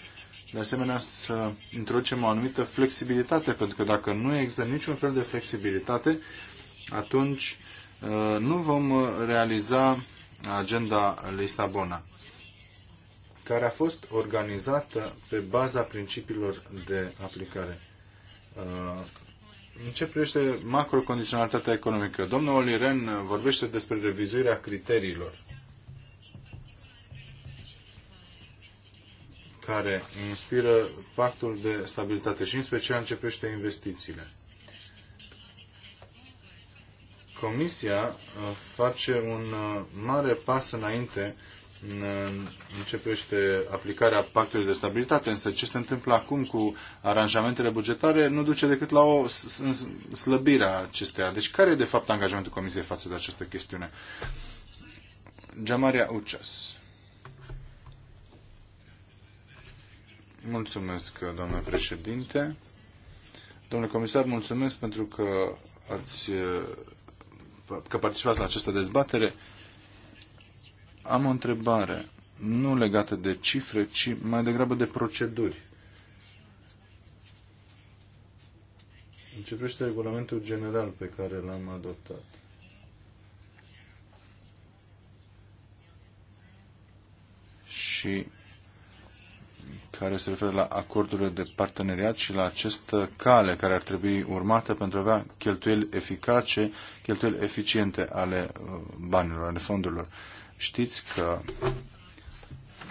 de asemenea să introducem o anumită flexibilitate, pentru că dacă nu există niciun fel de flexibilitate, atunci uh, nu vom realiza agenda Lisabona, care a fost organizată pe baza principiilor de aplicare. Uh, în ce privește macrocondiționalitatea economică, domnul Oliren vorbește despre revizuirea criteriilor care inspiră pactul de stabilitate și în special începește investițiile. Comisia uh, face un uh, mare pas înainte în ce privește aplicarea pactului de stabilitate, însă ce se întâmplă acum cu aranjamentele bugetare nu duce decât la o slăbire a acesteia. Deci care e de fapt angajamentul Comisiei față de această chestiune? Jamaria Uceas. Mulțumesc, doamnă președinte. Domnule comisar, mulțumesc pentru că ați că participați la această dezbatere. Am o întrebare, nu legată de cifre, ci mai degrabă de proceduri. Începește regulamentul general pe care l-am adoptat. Și care se referă la acordurile de parteneriat și la această cale care ar trebui urmată pentru a avea cheltuieli eficace, cheltuieli eficiente ale uh, banilor, ale fondurilor. Știți că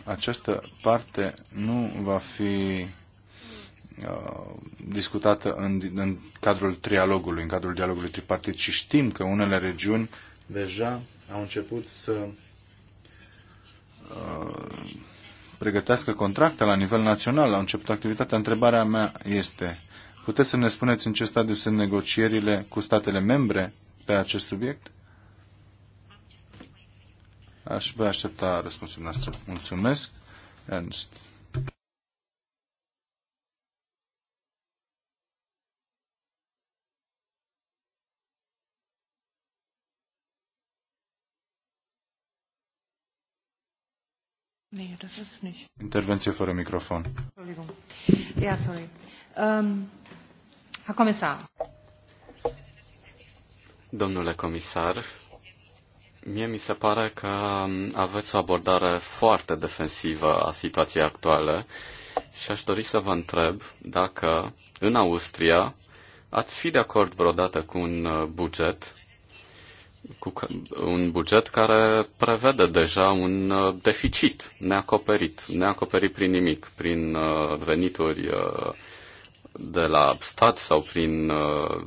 această parte nu va fi uh, discutată în, în cadrul trialogului, în cadrul dialogului tripartit și știm că unele regiuni deja au început să uh, pregătească contracte la nivel național, au început activitatea. Întrebarea mea este, puteți să ne spuneți în ce stadiu sunt negocierile cu statele membre pe acest subiect? Aș vă aștepta răspunsul noastră. Mulțumesc. Ernst. Nee, das ist nicht. Intervenție fără microfon. Ja, sorry. Um, Herr Kommissar. Domnule comisar, mie mi se pare că aveți o abordare foarte defensivă a situației actuale și aș dori să vă întreb dacă în Austria ați fi de acord vreodată cu un buget cu un buget care prevede deja un uh, deficit neacoperit, neacoperit prin nimic, prin uh, venituri uh, de la stat sau prin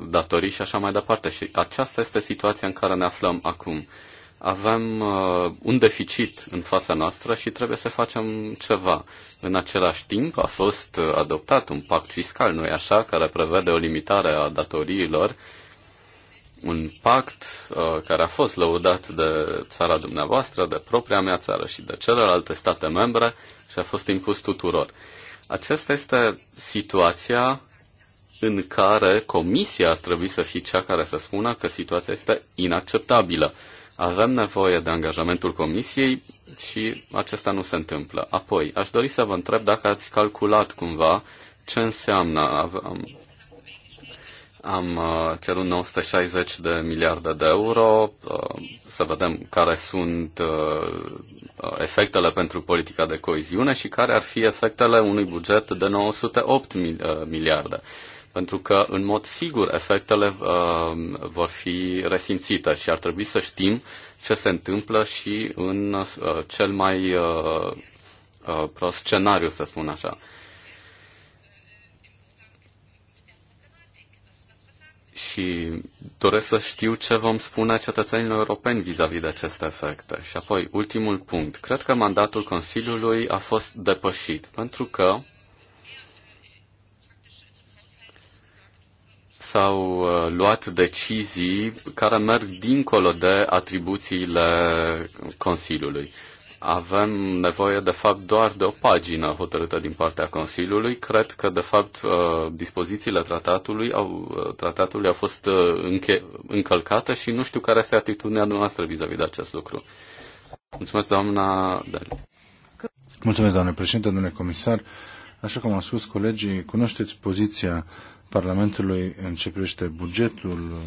datorii și așa mai departe. Și aceasta este situația în care ne aflăm acum. Avem un deficit în fața noastră și trebuie să facem ceva. În același timp a fost adoptat un pact fiscal, nu-i așa, care prevede o limitare a datoriilor un pact uh, care a fost lăudat de țara dumneavoastră, de propria mea țară și de celelalte state membre și a fost impus tuturor. Aceasta este situația în care Comisia ar trebui să fie cea care să spună că situația este inacceptabilă. Avem nevoie de angajamentul Comisiei și acesta nu se întâmplă. Apoi, aș dori să vă întreb dacă ați calculat cumva ce înseamnă am uh, cerut 960 de miliarde de euro, uh, să vedem care sunt uh, efectele pentru politica de coeziune și care ar fi efectele unui buget de 908 miliarde. Pentru că, în mod sigur, efectele vor fi resimțite și ar trebui să știm ce se întâmplă și în cel mai prost scenariu, să spun așa. și doresc să știu ce vom spune cetățenilor europeni vis-a-vis -vis de aceste efecte. Și apoi, ultimul punct. Cred că mandatul Consiliului a fost depășit, pentru că s-au uh, luat decizii care merg dincolo de atribuțiile Consiliului avem nevoie, de fapt, doar de o pagină hotărâtă din partea Consiliului. Cred că, de fapt, uh, dispozițiile tratatului au, uh, tratatului au fost uh, înche- încălcate și nu știu care este atitudinea noastră vis-a-vis de acest lucru. Mulțumesc, doamna Dali. Mulțumesc, doamne președinte, domnule comisar. Așa cum am spus colegii, cunoașteți poziția Parlamentului în ce privește bugetul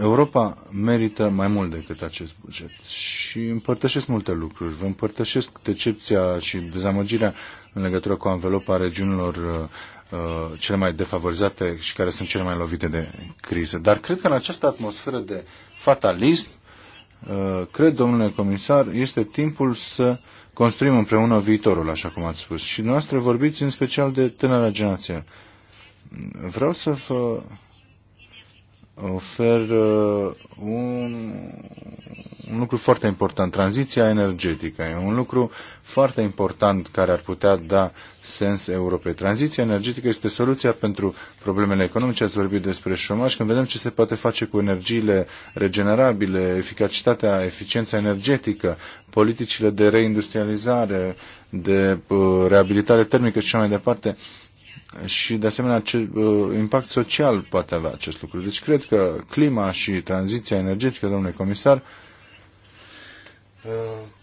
Europa merită mai mult decât acest buget și împărtășesc multe lucruri. Vă împărtășesc decepția și dezamăgirea în legătură cu anvelopa regiunilor uh, uh, cele mai defavorizate și care sunt cele mai lovite de criză. Dar cred că în această atmosferă de fatalism, uh, cred, domnule comisar, este timpul să construim împreună viitorul, așa cum ați spus. Și noastră vorbiți în special de tânăra generație. Vreau să vă ofer uh, un, un lucru foarte important, tranziția energetică. E un lucru foarte important care ar putea da sens Europei. Tranziția energetică este soluția pentru problemele economice. Ați vorbit despre șomaj. Când vedem ce se poate face cu energiile regenerabile, eficacitatea, eficiența energetică, politicile de reindustrializare, de uh, reabilitare termică și așa mai departe, uh, și, de asemenea, ce uh, impact social poate avea acest lucru. Deci, cred că clima și tranziția energetică, domnule comisar, uh,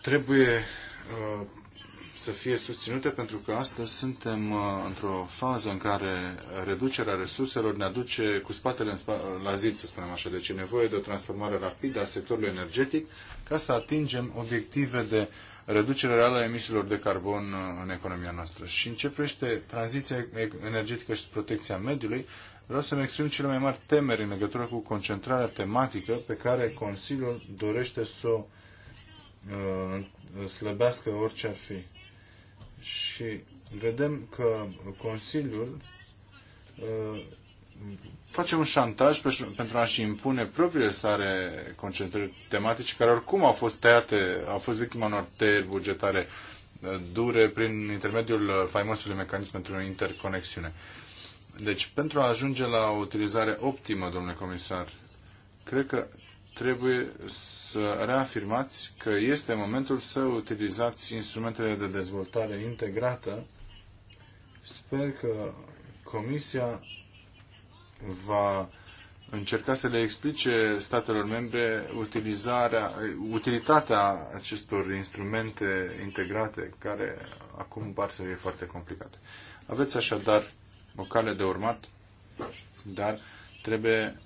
trebuie uh, să fie susținute pentru că astăzi suntem într-o fază în care reducerea resurselor ne aduce cu spatele în spa- la zid, să spunem așa. Deci e nevoie de o transformare rapidă a sectorului energetic ca să atingem obiective de reducere reală a emisiilor de carbon uh, în economia noastră. Și privește tranziția energetică și protecția mediului, vreau să-mi exprim cele mai mari temeri în legătură cu concentrarea tematică pe care Consiliul dorește să o uh, slăbească orice ar fi. Și vedem că Consiliul uh, face un șantaj pentru a-și impune propriile sare concentrări tematice, care oricum au fost tăiate, au fost victima unor tăieri bugetare uh, dure prin intermediul uh, faimosului mecanism pentru interconexiune. Deci, pentru a ajunge la o utilizare optimă, domnule comisar, cred că trebuie să reafirmați că este momentul să utilizați instrumentele de dezvoltare integrată. Sper că Comisia va încerca să le explice statelor membre utilizarea, utilitatea acestor instrumente integrate, care acum par să fie foarte complicate. Aveți așadar o cale de urmat, dar trebuie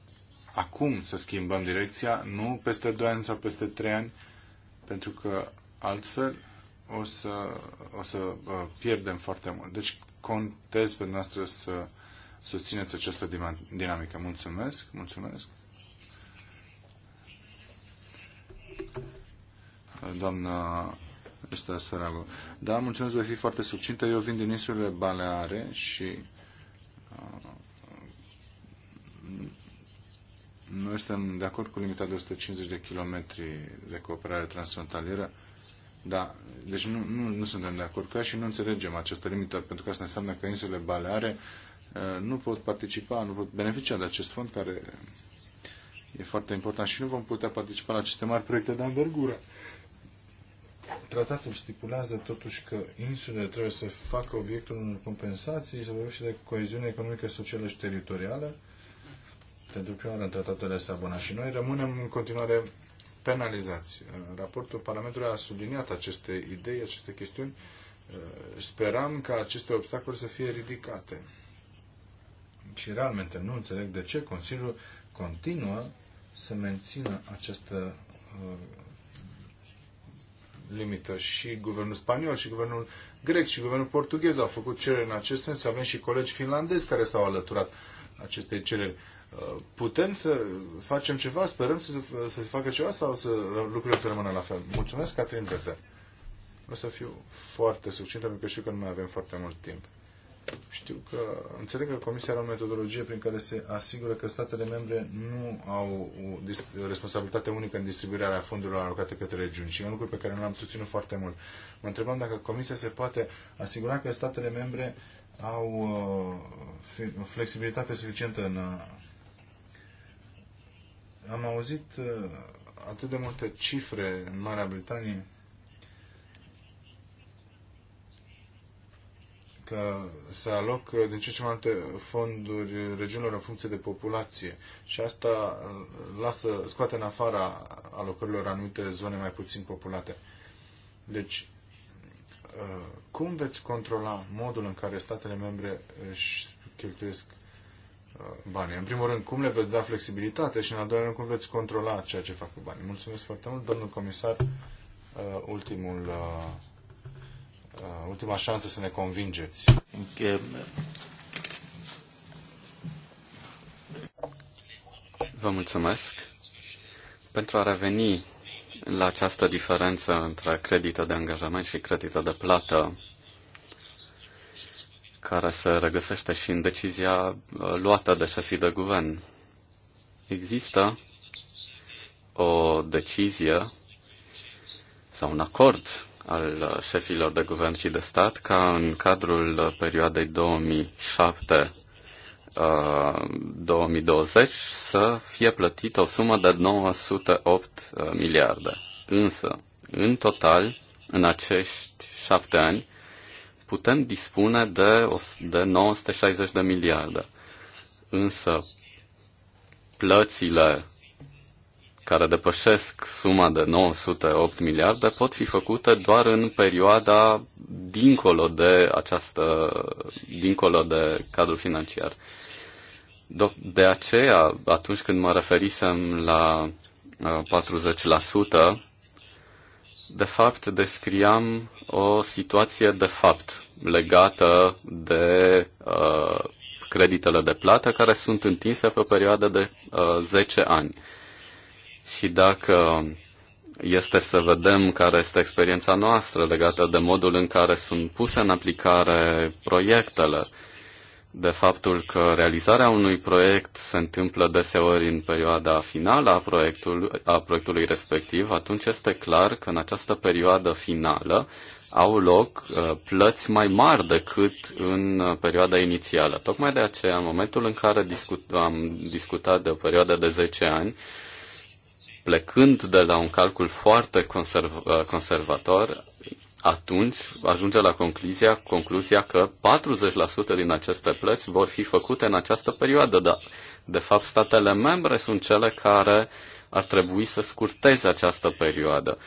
acum să schimbăm direcția, nu peste 2 ani sau peste 3 ani, pentru că altfel o să, o să uh, pierdem foarte mult. Deci contez pe noastră să susțineți această dinamică. Mulțumesc, mulțumesc. Doamna Esta Sferago. Da, mulțumesc, voi fi foarte succintă. Eu vin din insulele Baleare și uh, noi suntem de acord cu limita de 150 de kilometri de cooperare transfrontalieră, da, deci nu, nu, nu suntem de acord cu ea și nu înțelegem această limită, pentru că asta înseamnă că insulele Baleare Uh, nu pot participa, nu pot beneficia de acest fond care e foarte important și nu vom putea participa la aceste mari proiecte de învergură. Tratatul stipulează totuși că insulele trebuie să facă obiectul unor compensații, să și de coeziune economică, socială și teritorială pentru prima oară în tratatul de Sabona și noi rămânem în continuare penalizați. Raportul Parlamentului a subliniat aceste idei, aceste chestiuni. Uh, speram ca aceste obstacole să fie ridicate și realmente nu înțeleg de ce Consiliul continuă să mențină această uh, limită. Și guvernul spaniol, și guvernul grec, și guvernul portughez au făcut cereri în acest sens. Avem și colegi finlandezi care s-au alăturat acestei cereri. Uh, putem să facem ceva? Sperăm să, să se facă ceva sau să lucrurile să rămână la fel? Mulțumesc, Catrin Berter. O să fiu foarte succintă, pentru că știu că nu mai avem foarte mult timp. Știu că înțeleg că Comisia are o metodologie prin care se asigură că statele membre nu au o responsabilitate unică în distribuirea fondurilor alocate către regiuni și e un lucru pe care nu l-am susținut foarte mult. Mă întrebam dacă Comisia se poate asigura că statele membre au uh, o flexibilitate suficientă în... Uh, Am auzit uh, atât de multe cifre în Marea Britanie că se aloc uh, din ce ce mai multe fonduri regiunilor în funcție de populație și asta uh, lasă, scoate în afara alocărilor anumite zone mai puțin populate. Deci, uh, cum veți controla modul în care statele membre își cheltuiesc banii? În primul rând, cum le veți da flexibilitate și, în al doilea rând, cum veți controla ceea ce fac cu banii? Mulțumesc foarte mult, domnul comisar, ultimul Uh, ultima șansă să ne convingeți. Vă mulțumesc. Pentru a reveni la această diferență între credită de angajament și credită de plată, care se regăsește și în decizia uh, luată de șefii de guvern, există o decizie sau un acord al șefilor de guvern și de stat ca în cadrul perioadei 2007 2020 uh, să fie plătită o sumă de 908 uh, miliarde. Însă, în total, în acești șapte ani, putem dispune de, de 960 de miliarde. Însă, plățile care depășesc suma de 908 miliarde pot fi făcute doar în perioada dincolo de această, dincolo de cadrul financiar. De aceea, atunci când mă referisem la 40%, uh, de fapt descriam o situație de fapt legată de uh, creditele de plată care sunt întinse pe o perioadă de uh, 10 ani. Și dacă este să vedem care este experiența noastră legată de modul în care sunt puse în aplicare proiectele, de faptul că realizarea unui proiect se întâmplă deseori în perioada finală a, proiectul, a proiectului respectiv, atunci este clar că în această perioadă finală au loc uh, plăți mai mari decât în uh, perioada inițială. Tocmai de aceea, în momentul în care discut, am discutat de o perioadă de 10 ani, plecând de la un calcul foarte conserv- uh, conservator, atunci ajunge la concluzia, concluzia că 40% din aceste plăți vor fi făcute în această perioadă, dar de fapt statele membre sunt cele care ar trebui să scurteze această perioadă.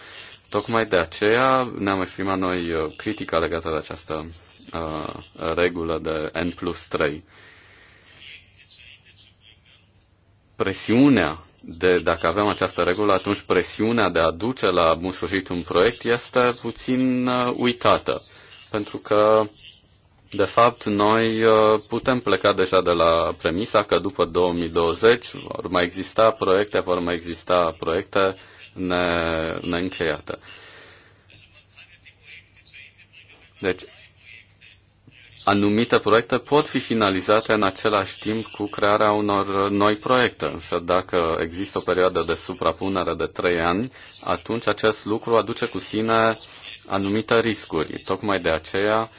Tocmai de aceea ne-am exprimat noi uh, critica legată de această uh, regulă de N plus 3. Presiunea de dacă avem această regulă, atunci presiunea de a duce la bun sfârșit un proiect este puțin uh, uitată. Pentru că, de fapt, noi uh, putem pleca deja de la premisa că după 2020 vor mai exista proiecte, vor mai exista proiecte ne, neîncheiate. Deci, anumite proiecte pot fi finalizate în același timp cu crearea unor noi proiecte, însă dacă există o perioadă de suprapunere de trei ani, atunci acest lucru aduce cu sine anumite riscuri. Tocmai de aceea,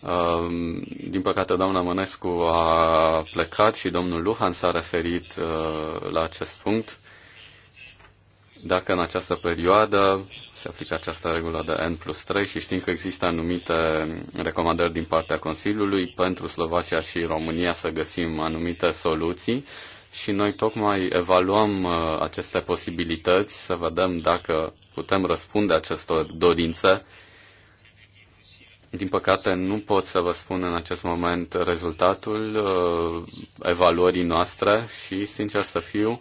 uh, din păcate, doamna Mănescu a plecat și domnul Luhan s-a referit uh, la acest punct dacă în această perioadă se aplică această regulă de N plus 3 și știm că există anumite recomandări din partea Consiliului pentru Slovacia și România să găsim anumite soluții și noi tocmai evaluăm uh, aceste posibilități să vedem dacă putem răspunde acestor dorințe. Din păcate, nu pot să vă spun în acest moment rezultatul uh, evaluării noastre și, sincer să fiu,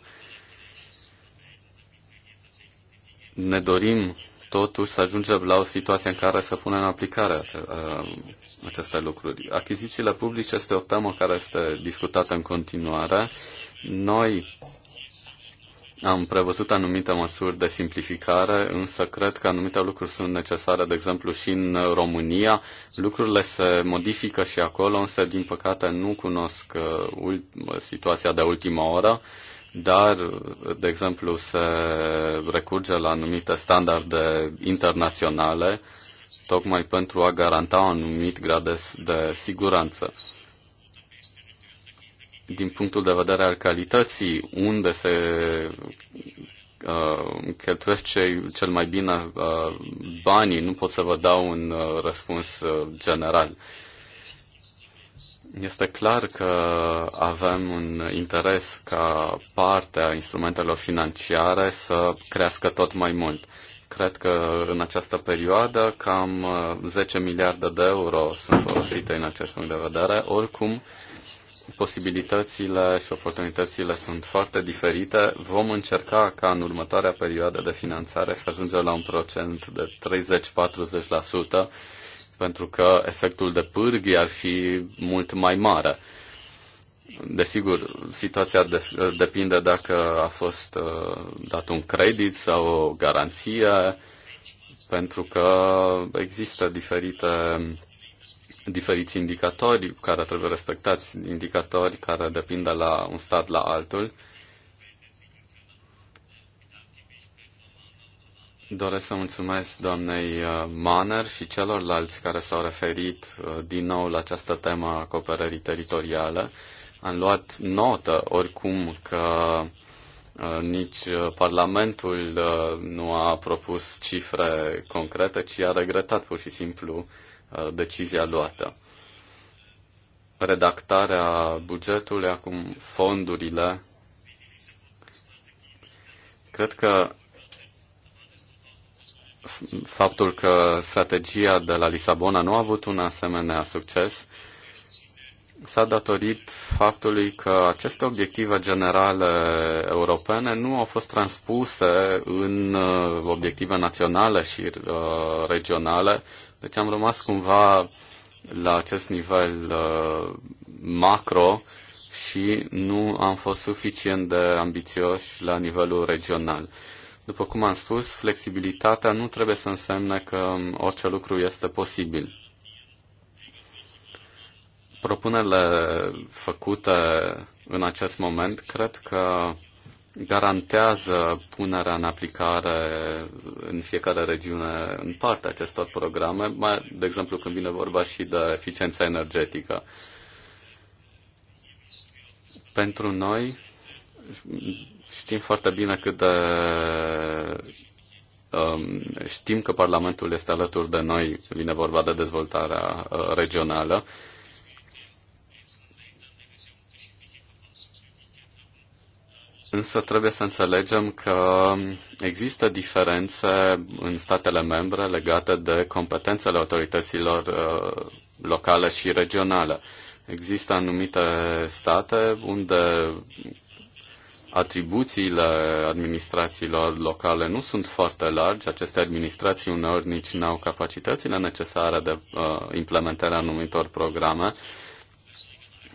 ne dorim totuși să ajungem la o situație în care să punem în aplicare aceste lucruri. Achizițiile publice este o temă care este discutată în continuare. Noi am prevăzut anumite măsuri de simplificare, însă cred că anumite lucruri sunt necesare, de exemplu și în România. Lucrurile se modifică și acolo, însă din păcate nu cunosc uh, situația de ultima oră dar, de exemplu, se recurge la anumite standarde internaționale tocmai pentru a garanta un anumit grad de, de siguranță. Din punctul de vedere al calității, unde se uh, cheltuiesc cei, cel mai bine uh, banii, nu pot să vă dau un uh, răspuns uh, general. Uh, este clar că avem un interes ca partea instrumentelor financiare să crească tot mai mult. Cred că în această perioadă cam 10 uh, miliarde de euro sunt folosite în acest punct de vedere. Oricum, posibilitățile și oportunitățile sunt foarte diferite. Vom încerca ca în următoarea perioadă de finanțare să ajungem la un procent de 30-40% pentru că efectul de pârghii ar fi mult mai mare. Desigur, situația de, depinde dacă a fost uh, dat un credit sau o garanție, pentru că există diferite diferiți indicatori care trebuie respectați, indicatori care depind de la un stat la altul Doresc să mulțumesc doamnei uh, Manner și celorlalți care s-au referit uh, din nou la această temă a cooperării teritoriale. Am luat notă, oricum, că uh, nici Parlamentul nu a propus cifre concrete, ci a regretat pur și simplu decizia luată. Redactarea bugetului, acum fondurile. Cred că faptul că strategia de la Lisabona nu a avut un asemenea succes s-a datorit faptului că aceste obiective generale europene nu au fost transpuse în uh, obiective naționale și uh, regionale, deci am rămas cumva la acest nivel uh, macro și nu am fost suficient de ambițioși la nivelul regional. Uh, după cum am spus, flexibilitatea nu trebuie să însemne că orice lucru este posibil. Propunerile făcute în acest moment cred că garantează punerea în aplicare în fiecare regiune în parte acestor programe, mai, de exemplu când vine vorba și de eficiența energetică. Pentru noi, Știm foarte bine cât de um, Știm că Parlamentul este alături de noi, vine vorba de dezvoltarea uh, regională. Însă trebuie să înțelegem că există diferențe în statele membre legate de competențele autorităților uh, locale și regionale. Există anumite state unde atribuțiile administrațiilor locale nu sunt foarte largi. Aceste administrații uneori nici nu au capacitățile necesare de uh, implementarea anumitor programe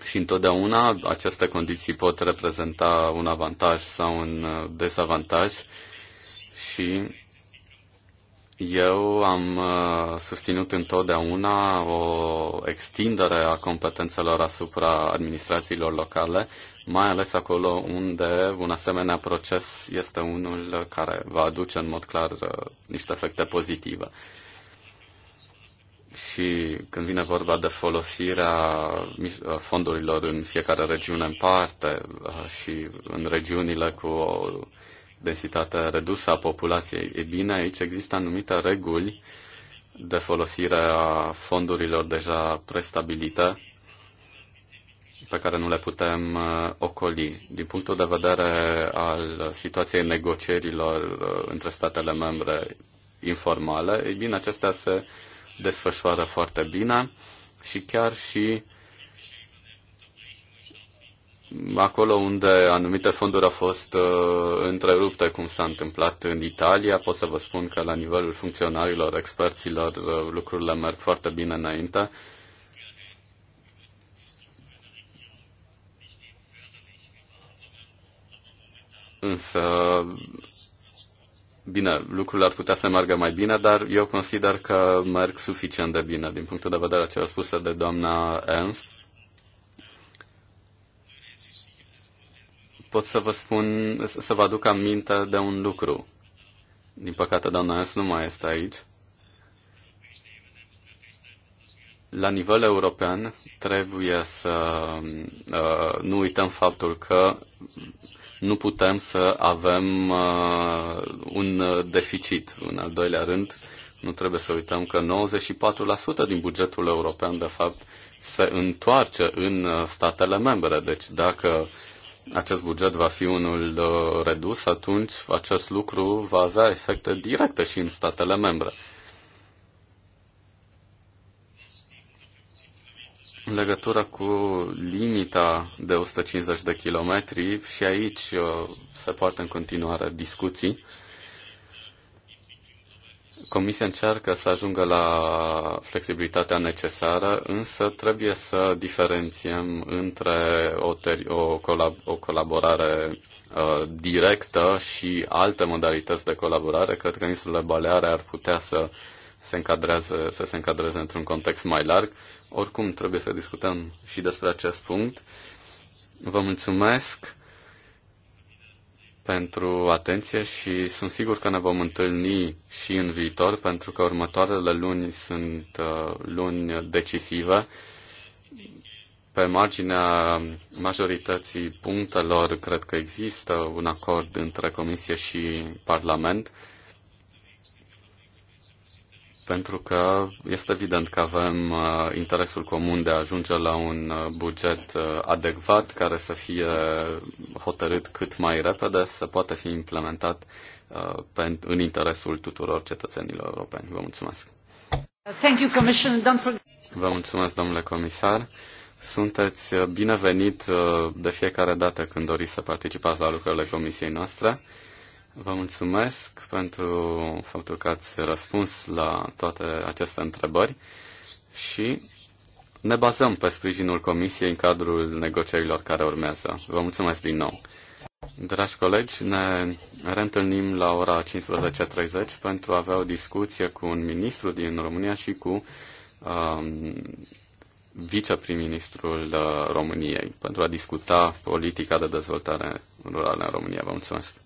și întotdeauna aceste condiții pot reprezenta un avantaj sau un uh, dezavantaj și eu am uh, susținut întotdeauna o extindere a competențelor asupra administrațiilor locale mai ales acolo unde un asemenea proces este unul care va aduce în mod clar uh, niște efecte pozitive. Și când vine vorba de folosirea uh, fondurilor în fiecare regiune în parte uh, și în regiunile cu o densitate redusă a populației, e bine, aici există anumite reguli de folosire a fondurilor deja prestabilite pe care nu le putem uh, ocoli. Din punctul de vedere al situației negocierilor uh, între statele membre informale, ei bine, acestea se desfășoară foarte bine și chiar și acolo unde anumite fonduri au fost uh, întrerupte, cum s-a întâmplat în Italia, pot să vă spun că la nivelul funcționarilor, experților, lucrurile merg foarte bine înainte. Însă, bine, lucrurile ar putea să meargă mai bine, dar eu consider că merg suficient de bine din punctul de vedere a a spus de doamna Ernst. Pot să vă spun, să vă aduc aminte de un lucru. Din păcate, doamna Ernst nu mai este aici. La nivel european trebuie să uh, nu uităm faptul că nu putem să avem uh, un uh, deficit. În al doilea rând, nu trebuie să uităm că 94% din bugetul european, de fapt, se întoarce în uh, statele membre. Deci dacă acest buget va fi unul redus, atunci acest lucru va avea efecte directe și în statele membre. În legătură cu limita de 150 de kilometri, și aici uh, se poartă în continuare discuții. Comisia încearcă să ajungă la flexibilitatea necesară, însă trebuie să diferențiem între o, o, colab- o colaborare uh, directă și alte modalități de colaborare. Cred că insulele Baleare ar putea să se încadreze, să se încadreze într-un context mai larg. Uh, oricum trebuie să discutăm și despre acest punct. Vă mulțumesc pentru atenție și sunt sigur că ne vom întâlni și în viitor, pentru că următoarele luni sunt uh, luni decisive. Pe marginea majorității punctelor, cred că există un acord între Comisie și Parlament pentru că este evident că avem uh, interesul comun de a ajunge la un uh, buget uh, adecvat care să fie hotărât cât mai repede, să poată fi implementat în interesul tuturor cetățenilor europeni. Vă mulțumesc! Thank you, Vă mulțumesc, domnule comisar. Sunteți binevenit de fiecare dată când doriți să participați la lucrările comisiei noastre. Vă mulțumesc pentru faptul că ați răspuns la toate aceste întrebări și ne bazăm pe sprijinul Comisiei în cadrul negocierilor care urmează. Vă mulțumesc din nou. Dragi colegi, ne reîntâlnim la ora 15.30 pentru a avea o discuție cu un ministru din România și cu um, viceprim-ministrul uh, României pentru a discuta politica de dezvoltare rurală în România. Vă mulțumesc!